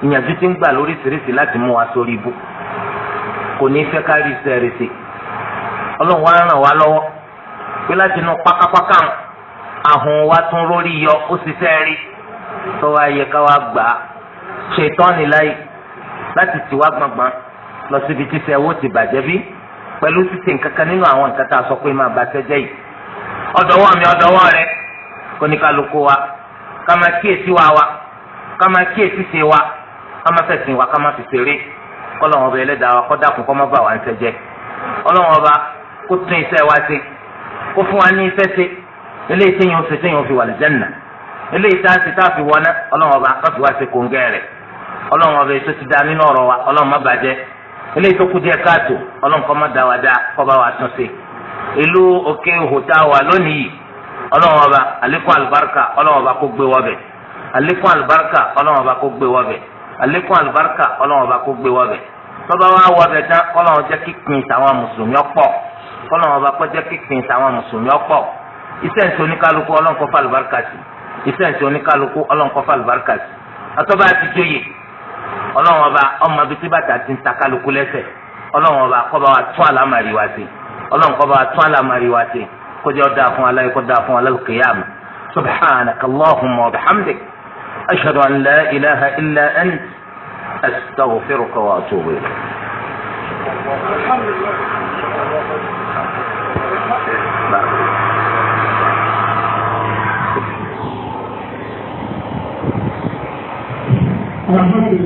ìyànjú ti ń gbà lóríṣiríṣi láti mú wa sórí ibú kò ní fẹ́ ká rí ọlọ́run wa ràn wá lọ́wọ́ pé láti yọ ó rí tó wá yẹ ká wá gbà á láti tì wá gbọ̀ngbọ̀n lọ ti bàjẹ́ bí pẹ̀lú títì nínú àwọn nǹkan tá kama kíyèsí wa wa kama kíyèsí se wa kama fẹsìn wa kama fi ṣeré kọlọ́wọ́n ọba ẹlẹ́dàá wa kọ́ dákun kọ́ má bà wá ń sẹ́jẹ́ ọlọ́wọ́n ọba kó tún iṣẹ́ wa ṣe kó fún wa ní iṣẹ́ ṣe eléyìí tẹ́yìn oṣù tẹ́yìn oṣù wà lẹ́jẹ̀nà eléyìí tá a ṣe tá a fi wọná ọlọ́wọ́n ọba má fi wá ṣe kóńgẹ́ rẹ̀ ọlọ́wọ́n ọba èso ti da nínú ọ̀rọ̀ wa ọlọ́wọ́n má bàjẹ́ eléyìí tó kú díẹ̀ káàtó ọlọ́wọ́n kọ́ má da wa dá kọ́ bá wa tún ṣe ìlú òkè òhòtá wa lónìí yìí ọlọ́wọ́n ọba àlékún àlùbáríkà ọlọ́wọ́n ọba kó gbé wọ́bẹ̀ àlékún àlùbáríkà ọlọ́wọ́n ọba kó gbé wọ́bẹ̀ àlékún àlùbáríkà ọlọ́wọ́n ọba kó gbé wọ́bẹ̀ tọ́ba wa wọ́bẹ̀ tán ọlọ́wọ́n jẹ́ kíkpin tàwọn mùsùlùmí ọ̀pọ̀ ọlọ́wọ́n ọba kó jẹ́ kíkpin tàwọn mùsùlùmí ọ̀pọ̀ iṣẹ́ nsọ oníkálukú ọlọ́wọ́n kó fa àlùbáríkà sí iṣẹ́ nsọ oníkálukú ọlọ́wọ́n kó fa àlùbáríkà sí atọ́ba ti jóye ọlọ́wọ́n ọba ọmọ bíi tí bàtà ti ń ta kálukú lẹ́sẹ̀ sí. كجا دافون الله يكون دافون على القيامة سبحانك اللهم وبحمدك أشهد أن لا إله إلا أنت أستغفرك وأتوب إليك الحمد لله